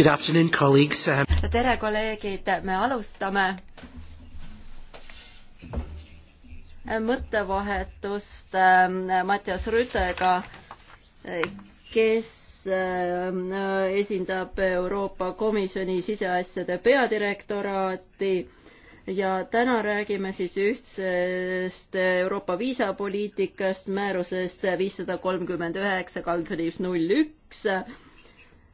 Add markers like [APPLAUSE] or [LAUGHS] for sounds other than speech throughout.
Good afternoon, colleagues. Um, tere, kolleegid, me alustame mõttevahetust ähm, Mattias Rütega, kes ähm, esindab Euroopa Komisjoni siseasjade peadirektoraati ja täna räägime siis ühtsest Euroopa viisapoliitikast määrusest viissada kolmkümmend üheksa kaldkriips null üks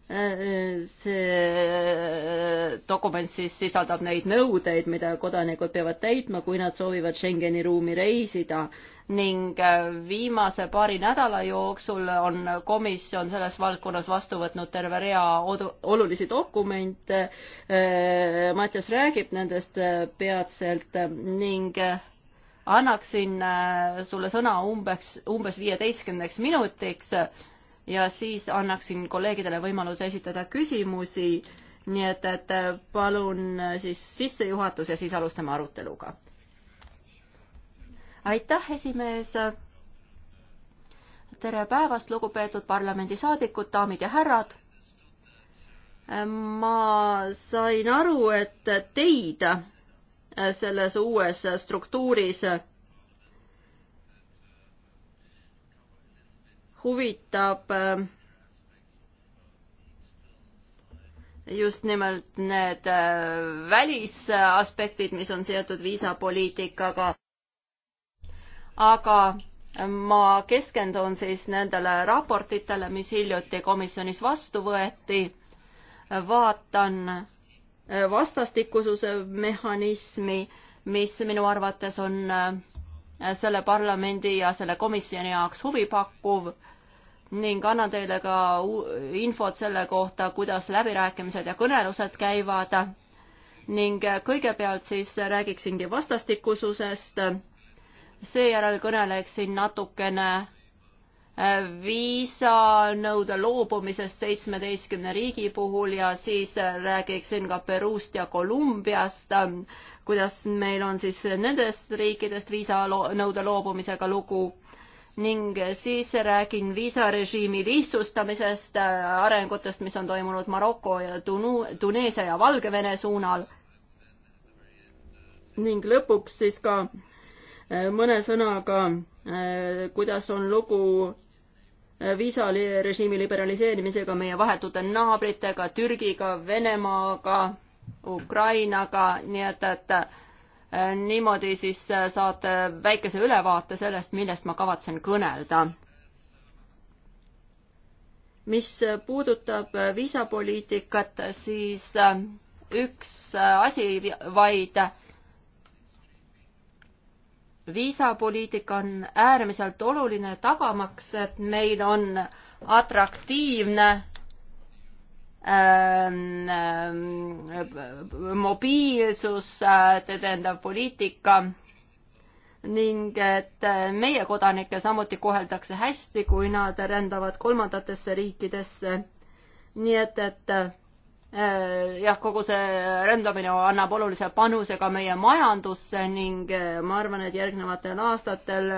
see äh, dokument siis sisaldab neid nõudeid, mida kodanikud peavad täitma, kui nad soovivad Schengeni ruumi reisida ning äh, viimase paari nädala jooksul on komisjon selles valdkonnas vastu võtnud terve rea olulisi dokumente. Äh, Mattias räägib nendest peatselt ning annaksin sulle sõna umbes, umbes viieteistkümneks minutiks ja siis annaksin kolleegidele võimaluse esitada küsimusi. nii et, et äh, palun äh, siis sissejuhatus ja siis alustame aruteluga. aitäh, esimees. tere päevast, lugupeetud parlamendisaadikud, daamid ja härrad. Äh, ma sain aru, et teid selles uues struktuuris huvitab äh, just nimelt need äh, välisaspektid, mis on seotud viisapoliitikaga. aga ma keskendun siis nendele raportitele, mis hiljuti komisjonis vastu võeti. vaatan äh, vastastikususe mehhanismi, mis minu arvates on selle parlamendi ja selle komisjoni jaoks huvipakkuv ning annan teile ka infot selle kohta, kuidas läbirääkimised ja kõnelused käivad. ning kõigepealt siis räägiksingi vastastikususest, seejärel kõneleksin natukene äh, viisanõude loobumisest seitsmeteistkümne riigi puhul ja siis räägiksin ka Peruust ja Kolumbiast, kuidas meil on siis nendest riikidest viisanõude loobumisega lugu ning siis räägin viisarežiimi lihtsustamisest, äh, arengutest, mis on toimunud Maroko ja Tunu-, Tuneesia ja Valgevene suunal. ning lõpuks siis ka äh, mõne sõnaga, äh, kuidas on lugu viisarežiimi liberaliseerimisega meie vahetute naabritega, Türgiga, Venemaaga, Ukrainaga, nii et, et niimoodi siis äh, saate äh, väikese ülevaate sellest, millest ma kavatsen kõnelda. mis äh, puudutab viisapoliitikat, siis üks asi vaid viisapoliitika on äärmiselt oluline tagamaks, et meil on atraktiivne Ähm, ähm, mobiilsus, edendav äh, poliitika ning et äh, meie kodanikke samuti koheldakse hästi, kui nad rändavad kolmandatesse riikidesse. nii et, et äh, jah, kogu see rändamine annab olulise panuse ka meie majandusse ning ma arvan, et järgnevatel aastatel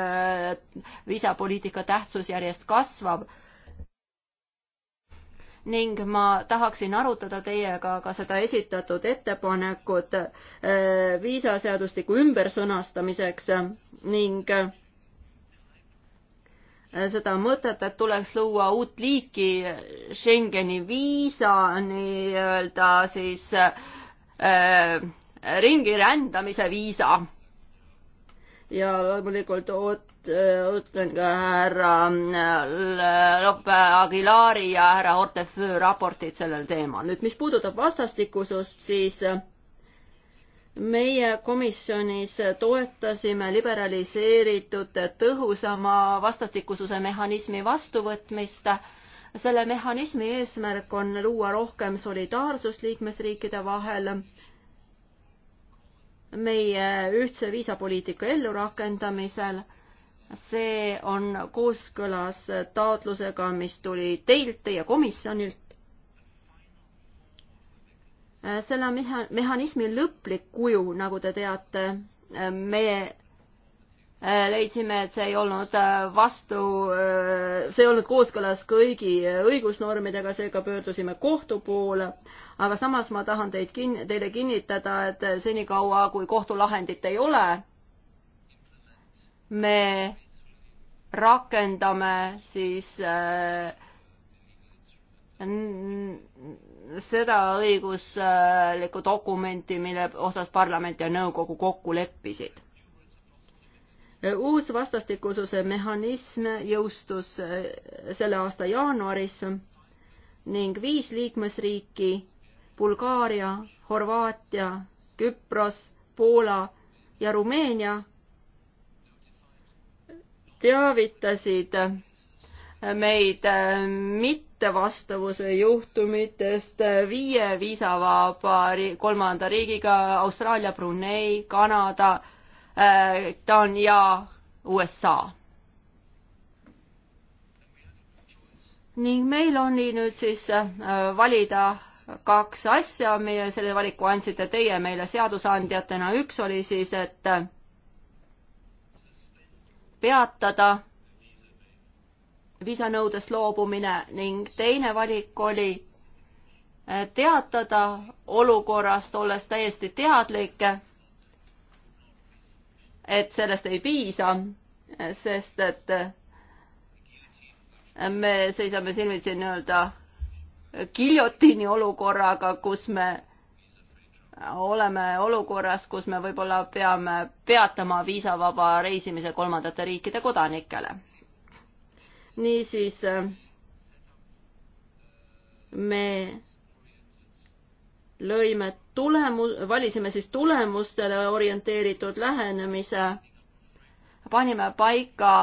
viisapoliitika tähtsus järjest kasvab ning ma tahaksin arutada teiega ka seda esitatud ettepanekut äh, viisaseadustiku ümbersõnastamiseks ning äh, seda mõtet, et tuleks luua uut liiki Schengeni viisa nii-öelda siis äh, äh ringi rändamise viisa. ja loomulikult oot-, ütlen ka härra äh, Lope Aguilari ja härra Ortefeu raportid sellel teemal. nüüd, mis puudutab vastastikusust, siis äh, meie komisjonis toetasime liberaliseeritud tõhusama vastastikususe mehhanismi vastuvõtmist. selle mehhanismi eesmärk on luua rohkem solidaarsust liikmesriikide vahel meie ühtse viisapoliitika ellurakendamisel see on kooskõlas taotlusega, mis tuli teilt, teie komisjonilt. selle meha-, mehhanismi lõplik kuju, nagu te teate, meie äh, leidsime, et see ei olnud äh, vastu, äh, see ei olnud kooskõlas kõigi õigusnormidega, seega pöördusime kohtu poole. aga samas ma tahan teid kin-, teile kinnitada, et senikaua, kui kohtulahendit ei ole, me rakendame siis äh, seda õiguslikku dokumenti, mille osas parlament ja nõukogu kokku leppisid. uus vastastikususe mehhanism jõustus äh, selle aasta jaanuaris ning viis liikmesriiki Bulgaaria, Horvaatia, Küpros, Poola ja Rumeenia teavitasid meid mittevastavuse juhtumitest viie viisavaba kolmanda riigiga Austraalia, Brunei, Kanada, Taani ja USA. ning meil oli nüüd siis äh, valida kaks asja, meie selle valiku andsite teie meile seadusandjatena, üks oli siis, et peatada viisanõudest loobumine ning teine valik oli eh, teatada olukorrast, olles täiesti teadlik, et sellest ei piisa, eh, sest et eh, me seisame silmitsi nii-öelda giljotiini olukorraga, kus me oleme olukorras, kus me võib-olla peame peatama viisavaba reisimise kolmandate riikide kodanikele. niisiis me lõime tulemu-, valisime siis tulemustele orienteeritud lähenemise, panime paika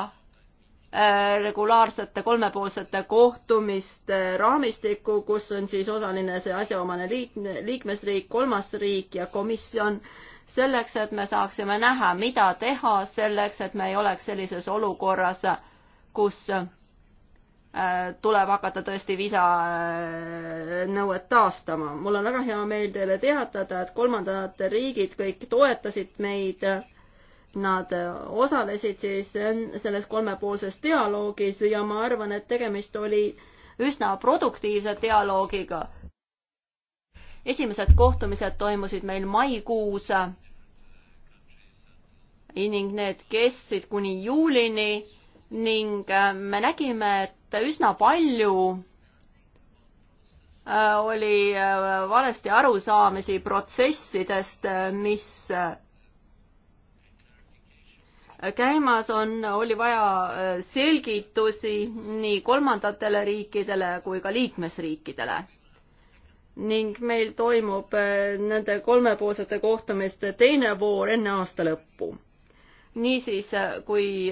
Äh, regulaarsete kolmepoolsete kohtumiste raamistikku, kus on siis osaline see asjaomane liik-, liikmesriik, kolmas riik ja komisjon, selleks, et me saaksime näha, mida teha, selleks, et me ei oleks sellises olukorras, kus äh, tuleb hakata tõesti viisanõuet äh, taastama. mul on väga hea meel teile teatada, et kolmandad riigid kõik toetasid meid Nad osalesid siis selles kolmepoolses dialoogis ja ma arvan, et tegemist oli üsna produktiivse dialoogiga. esimesed kohtumised toimusid meil maikuus ning need kestsid kuni juulini ning äh, me nägime, et üsna palju äh, oli äh, valesti arusaamisi protsessidest, mis käimas on, oli vaja äh, selgitusi nii kolmandatele riikidele kui ka liikmesriikidele. ning meil toimub äh, nende kolmepoolsete kohtumiste teine voor enne aasta lõppu. niisiis, äh, kui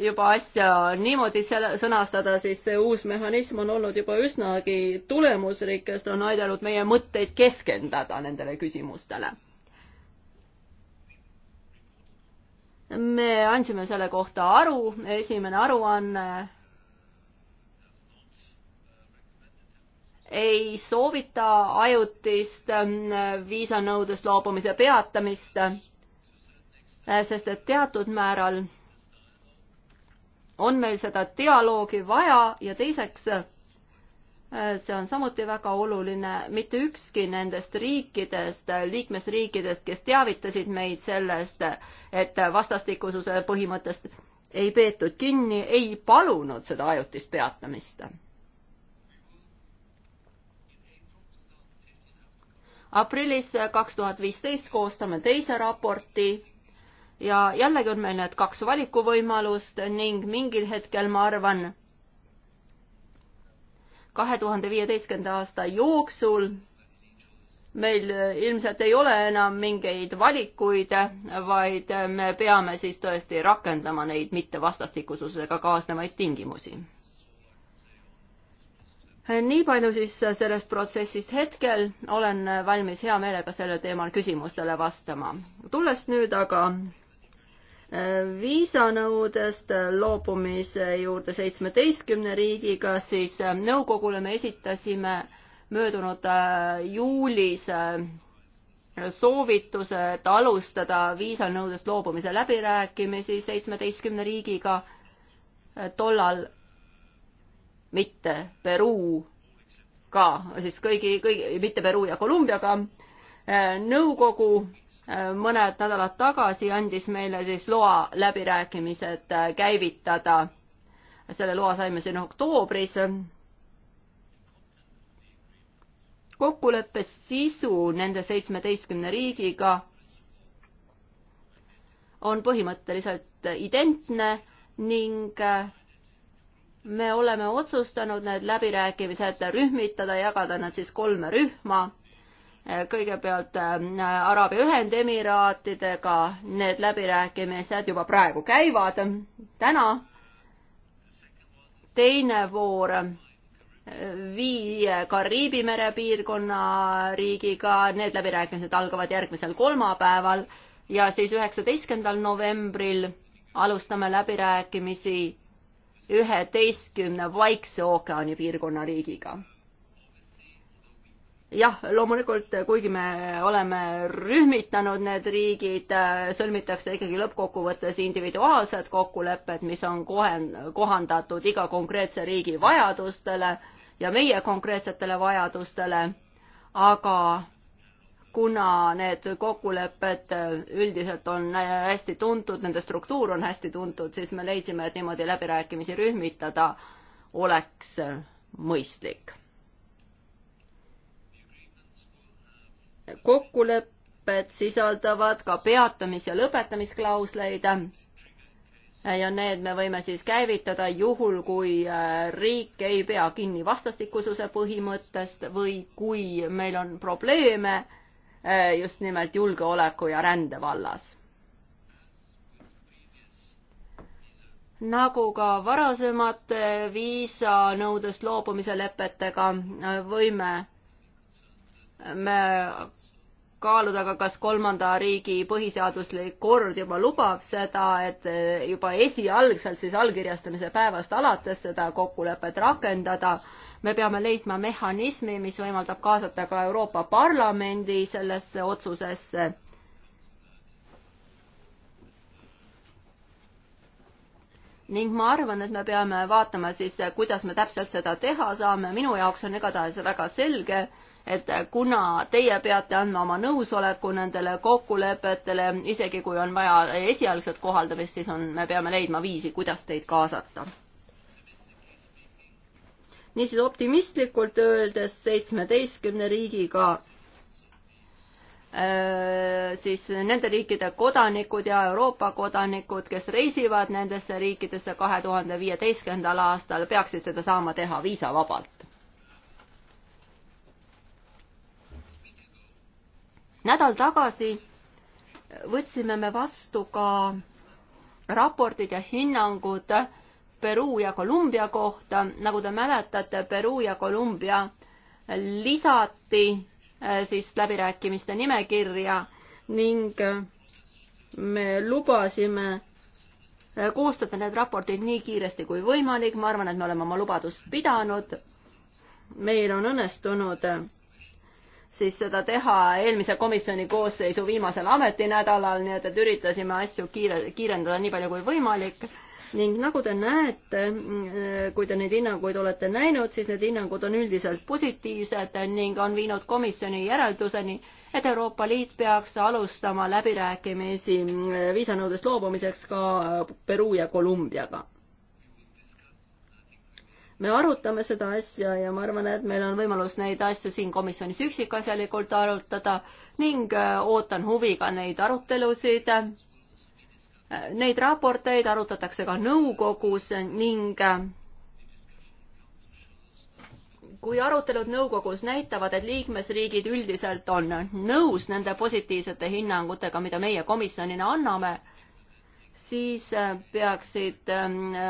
juba asja niimoodi sõnastada, siis see uus mehhanism on olnud juba üsnagi tulemusrik ja seda on aidanud meie mõtteid keskendada nendele küsimustele me andsime selle kohta aru, esimene aruanne ei soovita ajutist ähm, viisanõudest loobumise peatamist, äh, sest et teatud määral on meil seda dialoogi vaja ja teiseks äh, see on samuti väga oluline, mitte ükski nendest riikidest, liikmesriikidest, kes teavitasid meid sellest, et vastastikususe põhimõttest ei peetud kinni, ei palunud seda ajutist peatamist. aprillis kaks tuhat viisteist koostame teise raporti ja jällegi on meil need kaks valikuvõimalust ning mingil hetkel ma arvan, kahe tuhande viieteistkümnenda aasta jooksul. meil ilmselt ei ole enam mingeid valikuid, vaid me peame siis tõesti rakendama neid mitte vastastikususega kaasnevaid tingimusi. nii palju siis sellest protsessist hetkel, olen valmis hea meelega sellel teemal küsimustele vastama. tulles nüüd aga viisanõudest loobumise juurde seitsmeteistkümne riigiga, siis äh, nõukogule me esitasime möödunud äh, juulis äh, soovituse, et alustada viisanõudest loobumise läbirääkimisi seitsmeteistkümne riigiga. tollal mitte Peruu ka, siis kõigi, kõigi, mitte Peruu ja Kolumbiaga Äh, nõukogu äh, mõned nädalad tagasi andis meile siis loa läbirääkimised äh, käivitada. selle loa saime siin oktoobris. kokkuleppe sisu nende seitsmeteistkümne riigiga on põhimõtteliselt identne ning me oleme otsustanud need läbirääkimised rühmitada, jagada nad siis kolme rühma kõigepealt äh, Araabia Ühendemiraatidega, need läbirääkimised juba praegu käivad, täna. teine voor äh, viie Kariibi mere piirkonna riigiga, need läbirääkimised algavad järgmisel kolmapäeval ja siis üheksateistkümnendal novembril alustame läbirääkimisi üheteistkümne Vaikse ookeani piirkonna riigiga jah, loomulikult, kuigi me oleme rühmitanud need riigid, sõlmitakse ikkagi lõppkokkuvõttes individuaalsed kokkulepped, mis on kohe kohandatud iga konkreetse riigi vajadustele ja meie konkreetsetele vajadustele. aga kuna need kokkulepped üldiselt on hästi tuntud, nende struktuur on hästi tuntud, siis me leidsime, et niimoodi läbirääkimisi rühmitada oleks mõistlik kokkulepped sisaldavad ka peatamis- ja lõpetamisklausleid ja need me võime siis käivitada juhul, kui äh, riik ei pea kinni vastastikususe põhimõttest või kui meil on probleeme äh, just nimelt julgeoleku ja rände vallas. nagu ka varasemate viisanõudest loobumise lepetega äh, võime me kaaluda ka, kas kolmanda riigi põhiseaduslik kord juba lubab seda, et juba esialgselt siis allkirjastamise päevast alates seda kokkulepet rakendada. me peame leidma mehhanismi, mis võimaldab kaasata ka Euroopa Parlamendi sellesse otsusesse. ning ma arvan, et me peame vaatama siis, kuidas me täpselt seda teha saame, minu jaoks on igatahes väga selge, et kuna teie peate andma oma nõusoleku nendele kokkulepetele, isegi kui on vaja esialgset kohaldamist, siis on, me peame leidma viisi, kuidas teid kaasata. niisiis optimistlikult öeldes seitsmeteistkümne riigiga äh, siis nende riikide kodanikud ja Euroopa kodanikud, kes reisivad nendesse riikidesse kahe tuhande viieteistkümnendal aastal, peaksid seda saama teha viisavabalt nädal tagasi võtsime me vastu ka raportid ja hinnangud Peruu ja Kolumbia kohta. nagu te mäletate, Peruu ja Kolumbia lisati äh, siis läbirääkimiste nimekirja ning äh, me lubasime äh, koostada need raportid nii kiiresti kui võimalik. ma arvan, et me oleme oma lubadust pidanud. meil on õnnestunud siis seda teha eelmise komisjoni koosseisu viimasel ametinädalal, nii et, et üritasime asju kiire, kiirendada nii palju kui võimalik ning nagu te näete, kui te neid hinnanguid olete näinud, siis need hinnangud on üldiselt positiivsed ning on viinud komisjoni järelduseni, et Euroopa Liit peaks alustama läbirääkimisi viisanõudest loobumiseks ka Peruu ja Kolumbiaga me arutame seda asja ja ma arvan, et meil on võimalus neid asju siin komisjonis üksikasjalikult arutada ning äh, ootan huviga neid arutelusid. Äh, neid raporteid arutatakse ka nõukogus ning äh, kui arutelud nõukogus näitavad, et liikmesriigid üldiselt on nõus nende positiivsete hinnangutega, mida meie komisjonina anname siis äh, peaksid ähm, äh,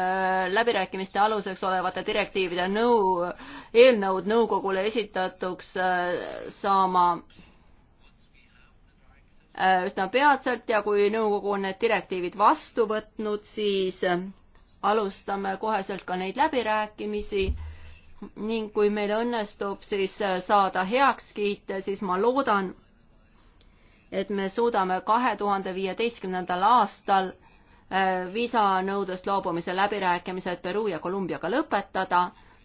läbirääkimiste aluseks olevate direktiivide nõu, eelnõud nõukogule esitatuks äh, saama üsna peatselt ja kui nõukogu on need direktiivid vastu võtnud, siis alustame koheselt ka neid läbirääkimisi ning kui meil õnnestub siis saada heakskiite, siis ma loodan, et me suudame kahe tuhande viieteistkümnendal aastal Äh, viisanõudest loobumise läbirääkimised Peruu ja Kolumbiaga lõpetada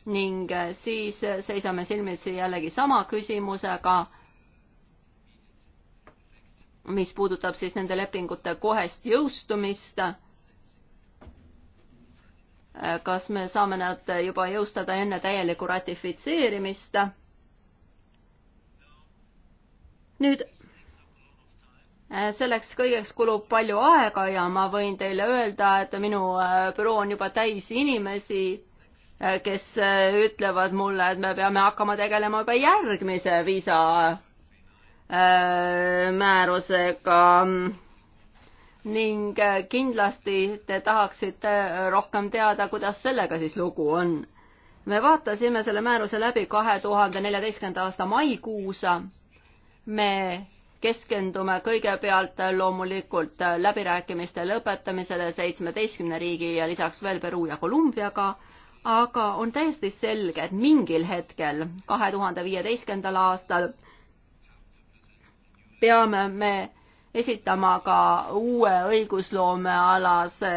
ning äh, siis seisame silmitsi jällegi sama küsimusega, mis puudutab siis nende lepingute kohest jõustumist. Äh, kas me saame nad juba jõustada enne täielikku ratifitseerimist? nüüd Äh, selleks kõigeks kulub palju aega ja ma võin teile öelda, et minu äh, büroo on juba täis inimesi, äh, kes ütlevad mulle, et me peame hakkama tegelema juba järgmise viisa määrusega. ning kindlasti te tahaksite rohkem teada, kuidas sellega siis lugu on. me vaatasime selle määruse läbi kahe tuhande neljateistkümnenda aasta maikuus. me keskendume kõigepealt loomulikult läbirääkimiste lõpetamisele seitsmeteistkümne riigi ja lisaks veel Peruu ja Kolumbiaga, aga on täiesti selge, et mingil hetkel, kahe tuhande viieteistkümnendal aastal, peame me esitama ka uue õigusloomealase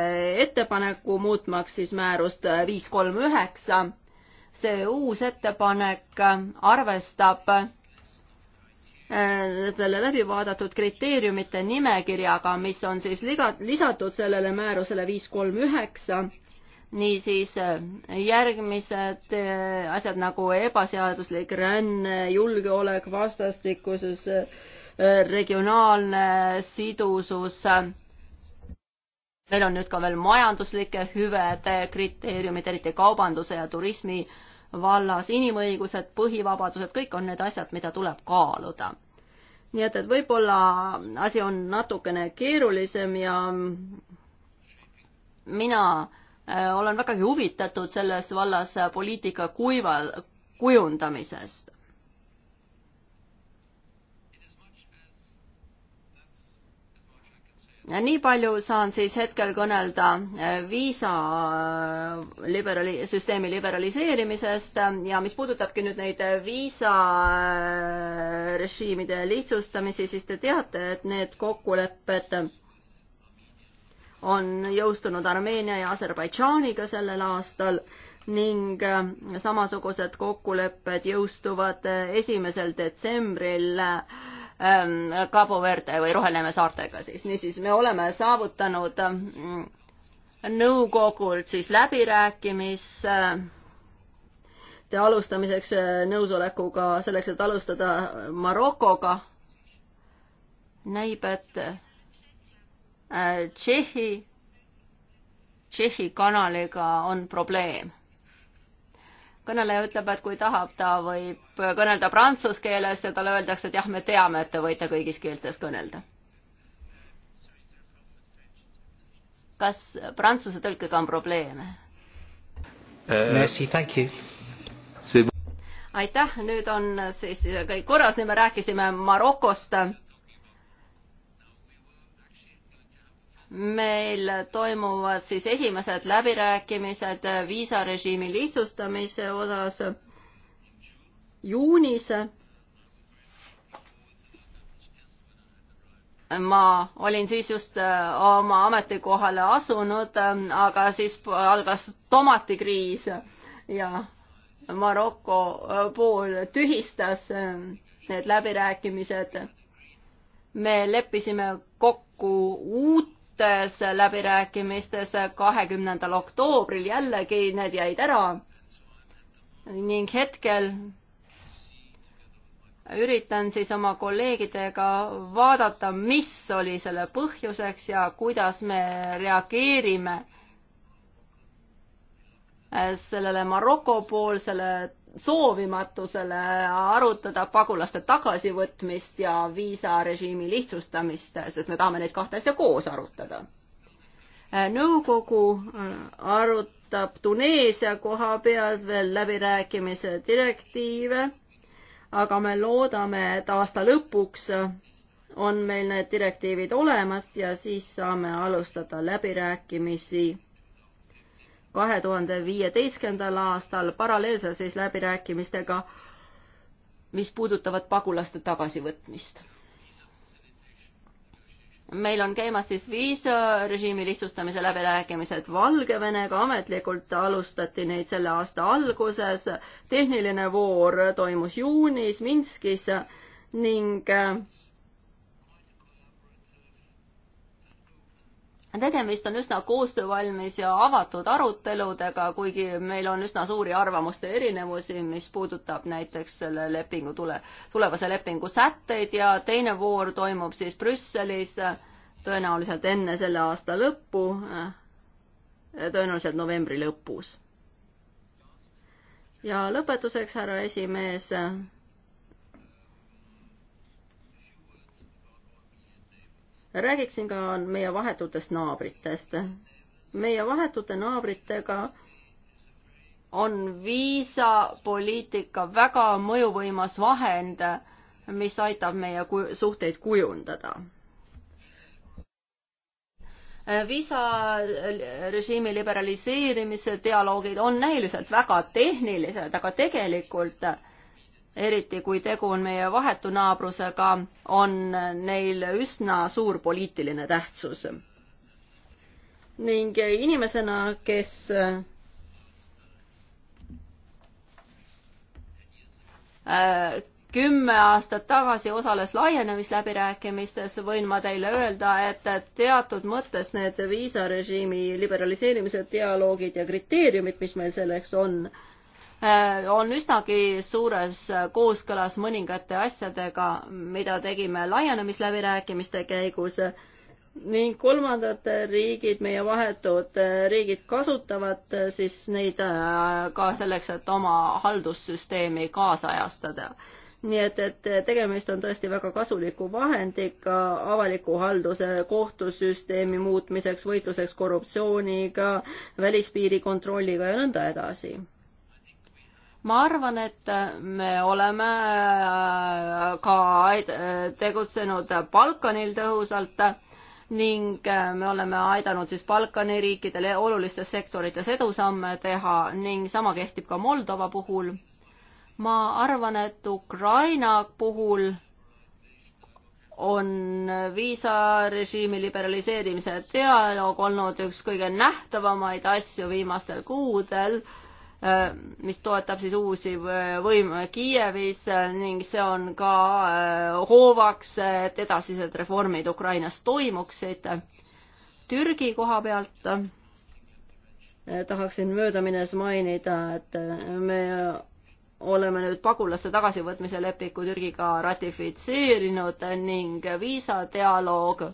ettepaneku, muutmaks siis määrust viis kolm üheksa. see uus ettepanek arvestab Äh, selle läbi vaadatud kriteeriumite nimekirjaga, mis on siis liga, lisatud sellele määrusele viis kolm üheksa niisiis äh, järgmised äh, asjad nagu ebaseaduslik ränne, julgeolek, vastastikusus, regionaalne sidusus. meil on nüüd ka veel majanduslike hüvede kriteeriumid, eriti kaubanduse ja turismi vallas, inimõigused, põhivabadused, kõik on need asjad, mida tuleb kaaluda. nii et, et võib-olla asi on natukene keerulisem ja mina äh, olen vägagi huvitatud selles vallas poliitika kuiva, kujundamisest nii palju saan siis hetkel kõnelda äh, viisa äh, liberali-, süsteemi liberaliseerimisest ja mis puudutabki nüüd neid äh, viisarežiimide lihtsustamisi, siis te teate, et need kokkulepped on jõustunud Armeenia ja Aserbaidžaaniga sellel aastal ning samasugused kokkulepped jõustuvad esimesel detsembril Ähm, Cabo Verde või Roheleme saartega siis. niisiis, me oleme saavutanud mm, nõukogult siis läbirääkimiste äh, alustamiseks äh, nõusolekuga, selleks, et alustada Marokoga. näib, et äh, Tšehhi, Tšehhi kanaliga on probleem kõneleja ütleb, et kui tahab, ta võib kõnelda prantsuse keeles ja talle öeldakse, et jah, me teame, et te võite kõigis keeltes kõnelda. kas prantsuse tõlkega on probleeme äh...? aitäh, nüüd on siis kõik korras, nüüd me rääkisime Marokost meil toimuvad siis esimesed läbirääkimised viisarežiimi lihtsustamise osas juunis. ma olin siis just äh, oma ametikohale asunud, äh, aga siis algas tomatikriis ja Maroko äh, pool tühistas need läbirääkimised. me leppisime kokku uut uutes läbirääkimistes kahekümnendal oktoobril, jällegi need jäid ära. ning hetkel üritan siis oma kolleegidega vaadata, mis oli selle põhjuseks ja kuidas me reageerime sellele Maroko poolsele soovimatusele arutada pagulaste tagasivõtmist ja viisarežiimi lihtsustamist, sest me tahame neid kahte asja koos arutada. nõukogu äh, arutab Tuneesia koha pealt veel läbirääkimise direktiive, aga me loodame, et aasta lõpuks on meil need direktiivid olemas ja siis saame alustada läbirääkimisi kahe tuhande viieteistkümnendal aastal paralleelselt siis läbirääkimistega, mis puudutavad pagulaste tagasivõtmist. meil on käimas siis viisarežiimi lihtsustamise läbirääkimised Valgevenega, ametlikult alustati neid selle aasta alguses, tehniline voor toimus juunis Minskis ning tegemist on üsna koostöövalmis ja avatud aruteludega, kuigi meil on üsna suuri arvamuste erinevusi, mis puudutab näiteks selle lepingu tule, tulevase lepingu sätteid ja teine voor toimub siis Brüsselis tõenäoliselt enne selle aasta lõppu, tõenäoliselt novembri lõpus. ja lõpetuseks, härra esimees räägiksin ka meie vahetutest naabritest. meie vahetute naabritega on viisapoliitika väga mõjuvõimas vahend, mis aitab meie ku suhteid kujundada. viisarežiimi liberaliseerimise dialoogid on näiliselt väga tehnilised, aga tegelikult äh, eriti kui tegu on meie vahetu naabrusega, on neil üsna suur poliitiline tähtsus. ning inimesena, kes äh, kümme aastat tagasi osales laienemisläbirääkimistes, võin ma teile öelda, et teatud mõttes need viisarežiimi liberaliseerimise dialoogid ja kriteeriumid, mis meil selleks on, Äh, on üsnagi suures kooskõlas mõningate asjadega, mida tegime laienemisläbirääkimiste käigus ning kolmandad riigid, meie vahetud riigid kasutavad äh, siis neid äh, ka selleks, et oma haldussüsteemi kaasajastada. nii et, et tegemist on tõesti väga kasuliku vahendiga avaliku halduse kohtusüsteemi muutmiseks, võitluseks korruptsiooniga, välispiiri kontrolliga ja nõnda edasi ma arvan, et me oleme äh, ka äh, tegutsenud Balkanil tõhusalt ning äh, me oleme aidanud siis Balkani riikidele olulistes sektorites edusamme teha ning sama kehtib ka Moldova puhul. ma arvan, et Ukraina puhul on viisarežiimi liberaliseerimise dialoog olnud üks kõige nähtavamaid asju viimastel kuudel Äh, mis toetab siis uusi võime Kiievis äh, ning see on ka äh, hoovaks, et edasised reformid Ukrainas toimuksid. Türgi koha pealt tahaksin möödaminnes mainida, et me oleme nüüd pagulaste tagasivõtmise lepingu Türgiga ratifitseerinud ning viisadialoog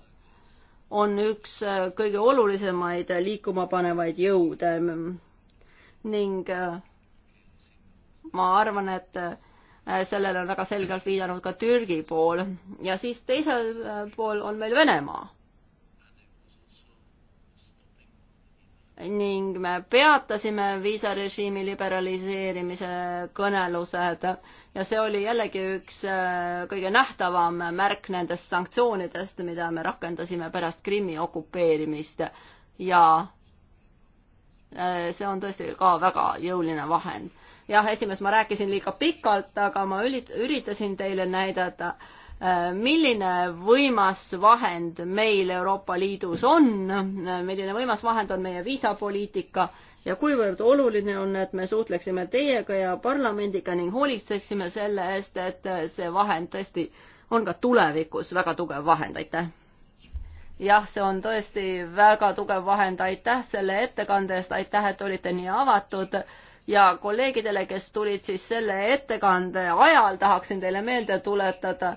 on üks kõige olulisemaid liikuma panevaid jõude ning äh, ma arvan, et äh, sellele on väga selgelt viidanud ka Türgi pool ja siis teisel äh, pool on meil Venemaa. ning me peatasime viisarežiimi liberaliseerimise kõnelused ja see oli jällegi üks kõige nähtavam märk nendest sanktsioonidest, mida me rakendasime pärast Krimmi okupeerimist ja Äh, see on tõesti ka väga jõuline vahend. jah, esimees, ma rääkisin liiga pikalt, aga ma üritasin teile näidata, äh, milline võimas vahend meil Euroopa Liidus on, äh, milline võimas vahend on meie viisapoliitika ja kuivõrd oluline on, et me suhtleksime teiega ja parlamendiga ning hoolitseksime selle eest, et see vahend tõesti on ka tulevikus väga tugev vahend, aitäh! jah, see on tõesti väga tugev vahend, aitäh selle ettekande eest, aitäh, et olite nii avatud ja kolleegidele, kes tulid siis selle ettekande ajal, tahaksin teile meelde tuletada,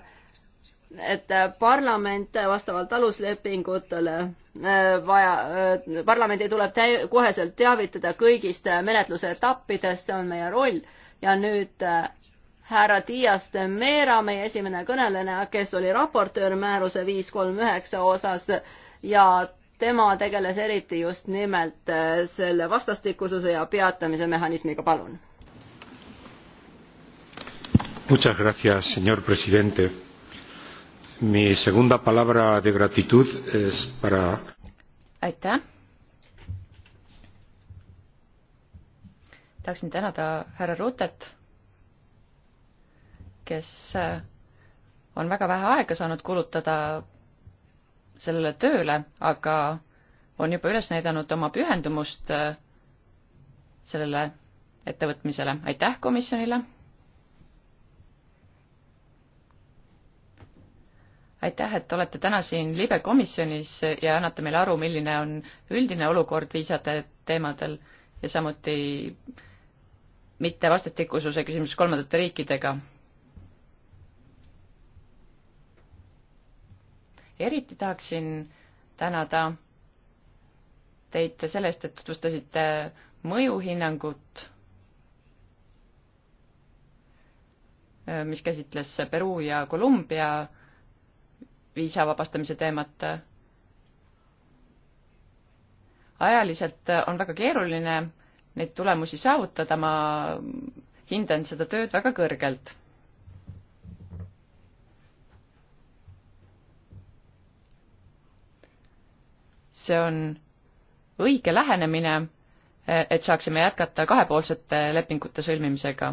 et parlament vastavalt aluslepingutele äh, vaja, äh, parlamendi tuleb täi-, koheselt teavitada kõigist menetluse etappidest, see on meie roll ja nüüd äh, härra Dias de Meera, meie esimene kõneleja, kes oli raportöör määruse viis kolm üheksa osas ja tema tegeles eriti just nimelt äh, selle vastastikususe ja peatamise mehhanismiga, palun. Muchas gracias, señor presidente. Mi segunda palabra de gratitud es para. aitäh. tahaksin tänada härra Rutet kes äh, on väga vähe aega saanud kulutada sellele tööle, aga on juba üles näidanud oma pühendumust äh, sellele ettevõtmisele. aitäh komisjonile! aitäh, et olete täna siin libe komisjonis ja annate meile aru, milline on üldine olukord viisade teemadel ja samuti mitte vastastikususe küsimus kolmandate riikidega eriti tahaksin tänada teid selle eest, et tutvustasite mõjuhinnangut, mis käsitles Peruu ja Kolumbia viisa vabastamise teemat. ajaliselt on väga keeruline neid tulemusi saavutada, ma hindan seda tööd väga kõrgelt see on õige lähenemine, et saaksime jätkata kahepoolsete lepingute sõlmimisega.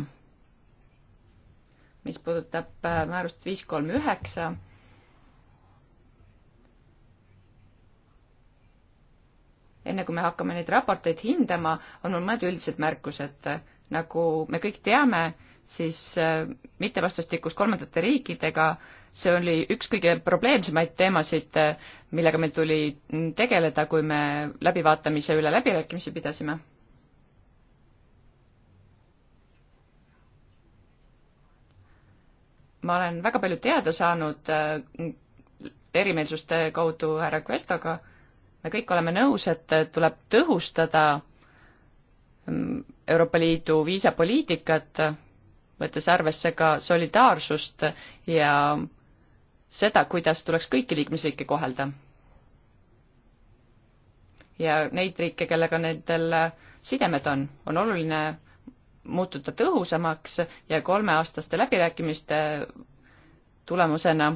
mis puudutab äh, määrust viis kolm üheksa, enne kui me hakkame neid raporteid hindama, on mul mõned üldised märkused. nagu me kõik teame, siis äh, mittevastastikus kolmandate riikidega äh, see oli üks kõige probleemsemaid teemasid, millega meil tuli tegeleda, kui me läbivaatamise üle läbirääkimisi pidasime. ma olen väga palju teada saanud äh, erimeelsuste kaudu härra Questoga, me kõik oleme nõus, et tuleb tõhustada mm, Euroopa Liidu viisapoliitikat, võttes arvesse ka solidaarsust ja seda, kuidas tuleks kõiki liikmesriike kohelda. ja neid riike, kellega nendel sidemed on, on oluline muutuda tõhusamaks ja kolmeaastaste läbirääkimiste tulemusena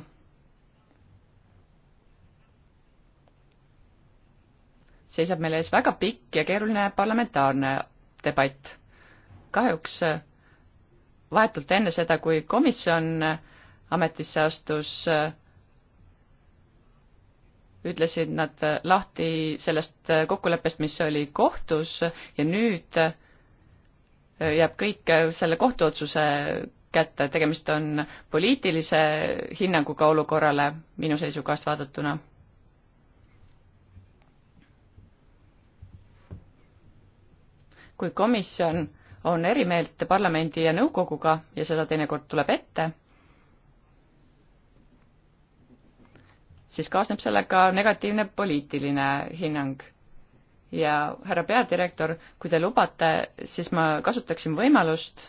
seisab meil ees väga pikk ja keeruline parlamentaarne debatt. kahjuks vahetult enne seda, kui komisjon ametisse astus, äh, ütlesid nad äh, lahti sellest äh, kokkuleppest, mis oli kohtus ja nüüd jääb kõik selle kohtuotsuse kätte, tegemist on poliitilise hinnanguga olukorrale minu seisukohast vaadatuna kui komisjon on eri meelt parlamendi ja nõukoguga ja seda teinekord tuleb ette, siis kaasneb sellega negatiivne poliitiline hinnang. ja härra peadirektor, kui te lubate, siis ma kasutaksin võimalust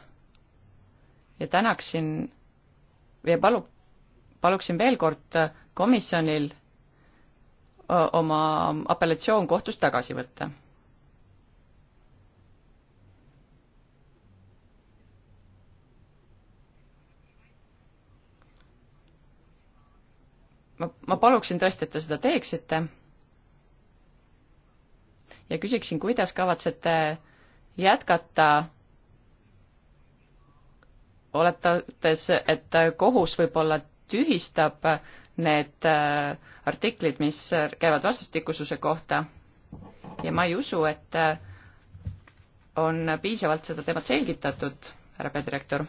ja tänaksin ja palu-, paluksin veel kord komisjonil oma apellatsioon kohtust tagasi võtta ma, ma paluksin tõesti, et te seda teeksite ja küsiksin, kuidas kavatsete jätkata oletades, et kohus võib-olla tühistab need äh, artiklid, mis käivad vastastikususe kohta ja ma ei usu, et äh, on piisavalt seda teemat selgitatud, härra peadirektor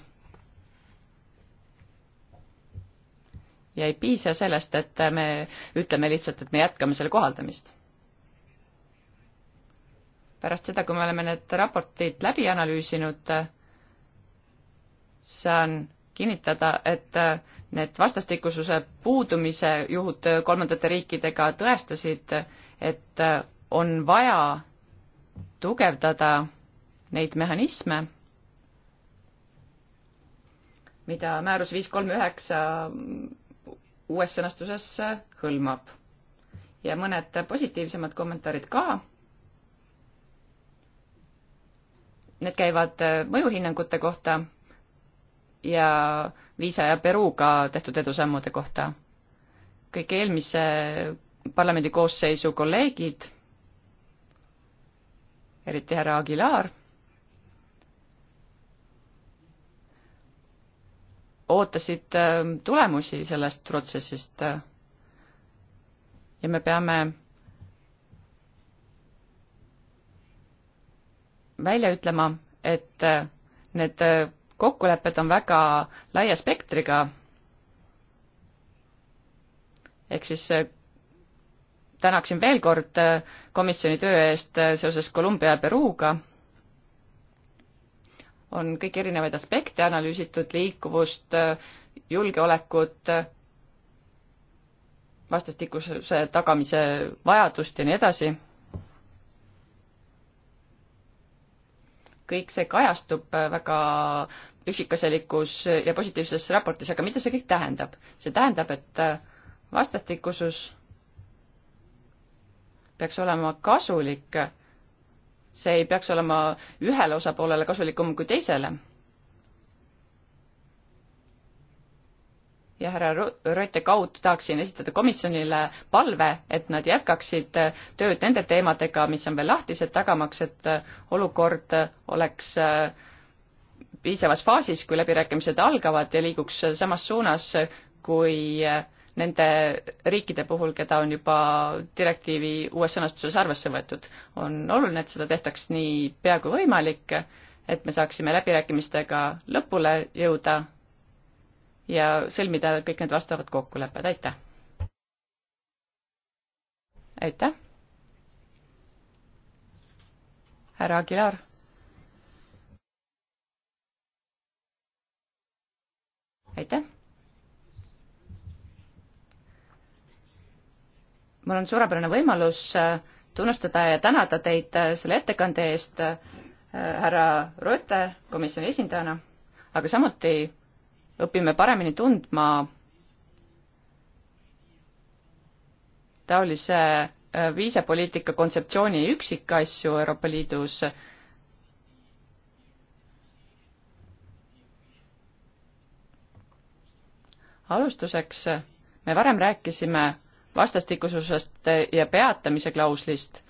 ja ei piisa sellest, et me ütleme lihtsalt, et me jätkame selle kohaldamist. pärast seda, kui me oleme need raportid läbi analüüsinud, saan kinnitada, et need vastastikususe puudumise juhud kolmandate riikidega tõestasid, et on vaja tugevdada neid mehhanisme, mida määrus viis kolm üheksa uues sõnastuses hõlmab. ja mõned positiivsemad kommentaarid ka. Need käivad mõjuhinnangute kohta ja Viisa ja Peruga tehtud edusammude kohta. kõik eelmise parlamendi koosseisu kolleegid, eriti härra Aguilar ootasid ähm, tulemusi sellest protsessist. ja me peame välja ütlema, et äh, need äh, kokkulepped on väga laia spektriga. ehk siis äh, tänaksin veel kord komisjoni töö eest seoses Kolumbia ja Peruuga on kõiki erinevaid aspekte analüüsitud, liikuvust, julgeolekut, vastastikuse tagamise vajadust ja nii edasi. kõik see kajastub väga üksikasjalikus ja positiivses raportis, aga mida see kõik tähendab? see tähendab, et vastastikusus peaks olema kasulik see ei peaks olema ühele osapoolele kasulikum kui teisele. ja härra Rööte kaudu tahaksin esitada komisjonile palve, et nad jätkaksid tööd nende teemadega, mis on veel lahtised, tagamaks, et olukord oleks piisavas faasis, kui läbirääkimised algavad ja liiguks samas suunas, kui äh, nende riikide puhul, keda on juba direktiivi uues sõnastuses arvesse võetud. on oluline, et seda tehtaks nii pea kui võimalik, et me saaksime läbirääkimistega lõpule jõuda ja sõlmida kõik need vastavad kokkulepped, aitäh! aitäh! härra Aguilar. aitäh. mul on suurepärane võimalus äh, tunnustada ja tänada teid äh, selle ettekande eest äh, härra Röte komisjoni esindajana, aga samuti õpime paremini tundma taolise viisapoliitika kontseptsiooni üksikasju Euroopa Liidus. alustuseks me varem rääkisime vastastikususest ja peatamise klauslist.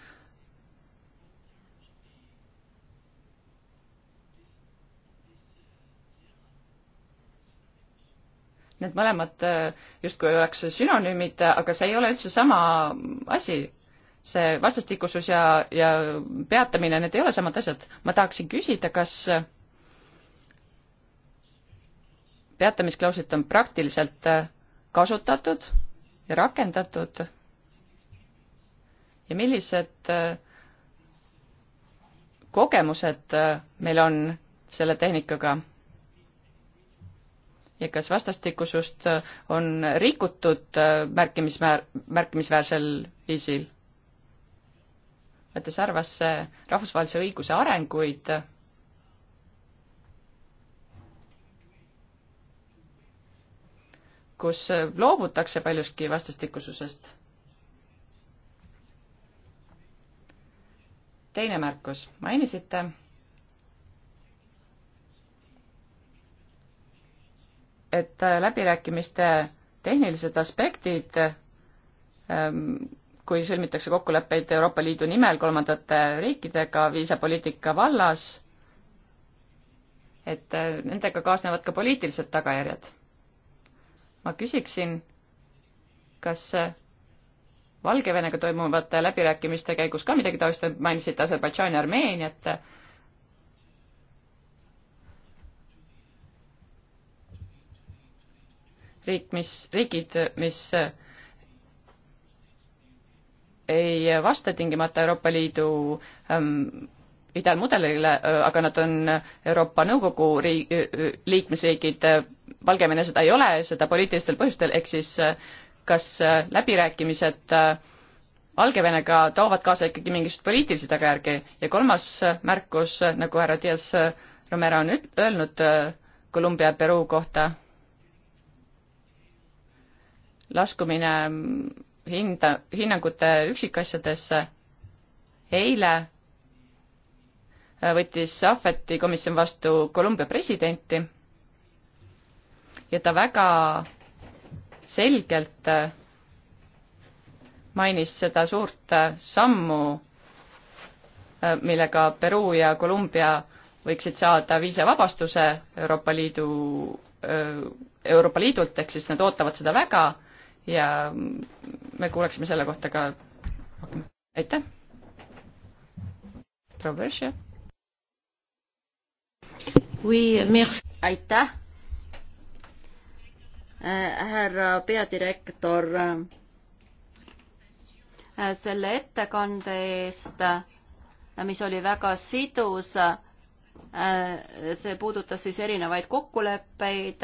Need mõlemad äh, justkui oleks sünonüümid, aga see ei ole üldse sama asi see vastastikusus ja, ja peatamine, need ei ole samad asjad. ma tahaksin küsida, kas peatamisklauslit on praktiliselt äh, kasutatud ja rakendatud ja millised äh, kogemused äh, meil on selle tehnikaga ja kas vastastikusust äh, on rikutud märkimismäär, märkimisväärsel viisil? võttes arvesse rahvusvahelise õiguse arenguid kus loobutakse paljuski vastastikususest. teine märkus, mainisite, et läbirääkimiste tehnilised aspektid, ähm, kui sõlmitakse kokkuleppeid Euroopa Liidu nimel kolmandate riikidega viisapoliitika vallas, et äh, nendega kaasnevad ka poliitilised tagajärjed ma küsiksin, kas äh, Valgevenega toimuvate äh, läbirääkimiste käigus ka midagi taustal, mainisite Aserbaidžaani, Armeeniat. Äh. riik, mis, riigid, mis ei vasta tingimata Euroopa Liidu ähm, ideaalmudelile, aga nad on Euroopa Nõukogu riik, liikmesriigid Valgevene seda ei ole, seda poliitilistel põhjustel, ehk siis äh, kas äh, läbirääkimised äh, Valgevenega toovad kaasa ikkagi mingisuguseid poliitilisi tagajärgi ja kolmas märkus, nagu härra Dias Romero on öelnud Kolumbia ja Peruu kohta, laskumine mm, hinda, hinnangute üksikasjadesse. eile võttis Ahveti komisjon vastu Kolumbia presidenti ja ta väga selgelt äh, mainis seda suurt äh, sammu, äh, millega Peru ja Kolumbia võiksid saada viisavabastuse Euroopa Liidu, Euroopa Liidult, ehk siis nad ootavad seda väga ja me kuuleksime selle kohta ka rohkem. aitäh! proua Veržia. aitäh! Äh, härra peadirektor, äh, selle ettekande eest, äh, mis oli väga sidus. see puudutas siis erinevaid kokkuleppeid.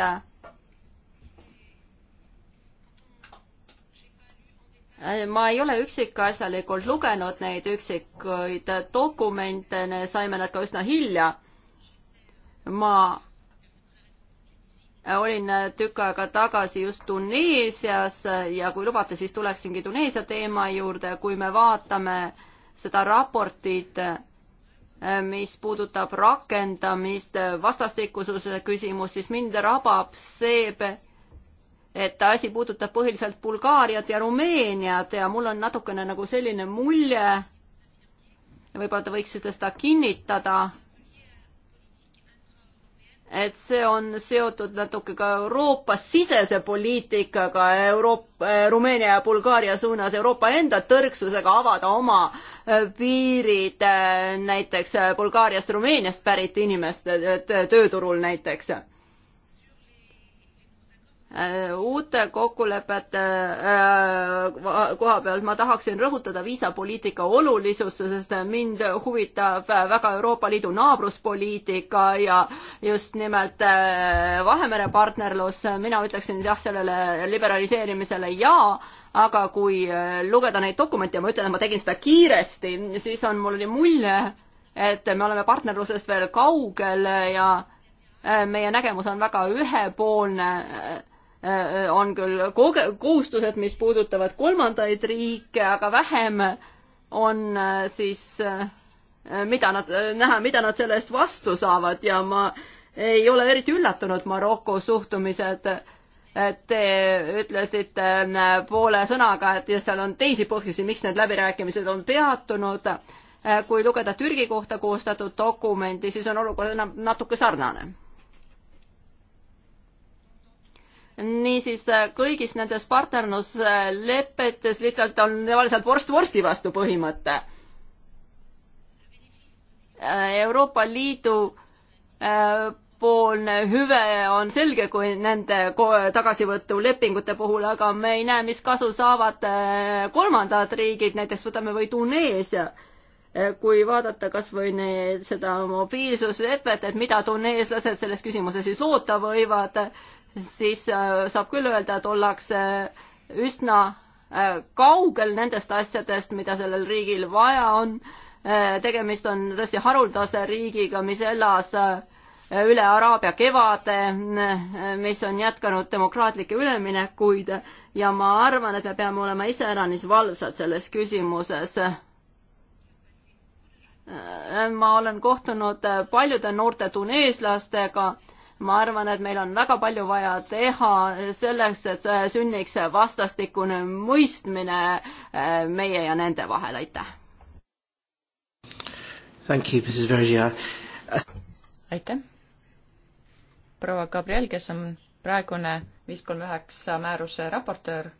ma ei ole üksikasjalikult lugenud neid üksikuid dokumente, saime nad ka üsna hilja. ma olin äh, tükk aega tagasi just Tuneesias äh, ja kui lubate, siis tuleksingi Tuneesia teema juurde, kui me vaatame seda raportit, äh, mis puudutab rakendamist, vastastikususe küsimust, siis mind rabab see, et asi puudutab põhiliselt Bulgaariat ja Rumeeniat ja mul on natukene nagu selline mulje, võib-olla te võiksite seda kinnitada et see on seotud natuke ka Euroopa sisese poliitikaga Euroopa, eh, Rumeenia ja Bulgaaria suunas, Euroopa enda tõrksusega avada oma eh, piirid eh, näiteks Bulgaariast, Rumeeniast pärit inimeste tööturul näiteks Äh, uute kokkulepete äh, koha pealt ma tahaksin rõhutada viisapoliitika olulisust, sest mind huvitab äh, väga Euroopa Liidu naabruspoliitika ja just nimelt Vahemere partnerlus, mina ütleksin jah, sellele liberaliseerimisele jaa, aga kui lugeda neid dokumente ja ma ütlen, et ma tegin seda kiiresti, siis on mul oli mulje, et me oleme partnerlusest veel kaugel ja meie nägemus on väga ühepoolne Äh, on küll koge-, kohustused, mis puudutavad kolmandaid riike, aga vähem on äh, siis, äh, mida nad, näha, mida nad selle eest vastu saavad ja ma ei ole eriti üllatunud Maroko suhtumised. Te ütlesite poole sõnaga, et seal on teisi põhjusi, miks need läbirääkimised on peatunud. kui lugeda Türgi kohta koostatud dokumenti, siis on olukord natuke sarnane niisiis äh, kõigis nendes partnerluslepetes lihtsalt on tavaliselt vorst vorsti vastu põhimõte. Äh, Euroopa Liidu äh, poolne hüve on selge kui nende tagasivõtulepingute puhul, aga me ei näe, mis kasu saavad kolmandad riigid, näiteks võtame või Tuneesia kui vaadata kas või need, seda mobiilsuslepet, et mida tuneeslased selles küsimuses siis loota võivad, siis äh, saab küll öelda, et ollakse äh, üsna äh, kaugel nendest asjadest, mida sellel riigil vaja on. tegemist on tõesti haruldase riigiga, mis elas üle Araabia kevade, mis on jätkanud demokraatlikke üleminekuid ja ma arvan, et me peame olema iseäranis valvsad selles küsimuses ma olen kohtunud paljude noorte tuneeslastega ma arvan, et meil on väga palju vaja teha selleks, et sünniks vastastikune mõistmine eh, meie ja nende vahel, aitäh. aitäh. proua Gabriel, kes on praegune viis kolm üheksa määruse raportöör,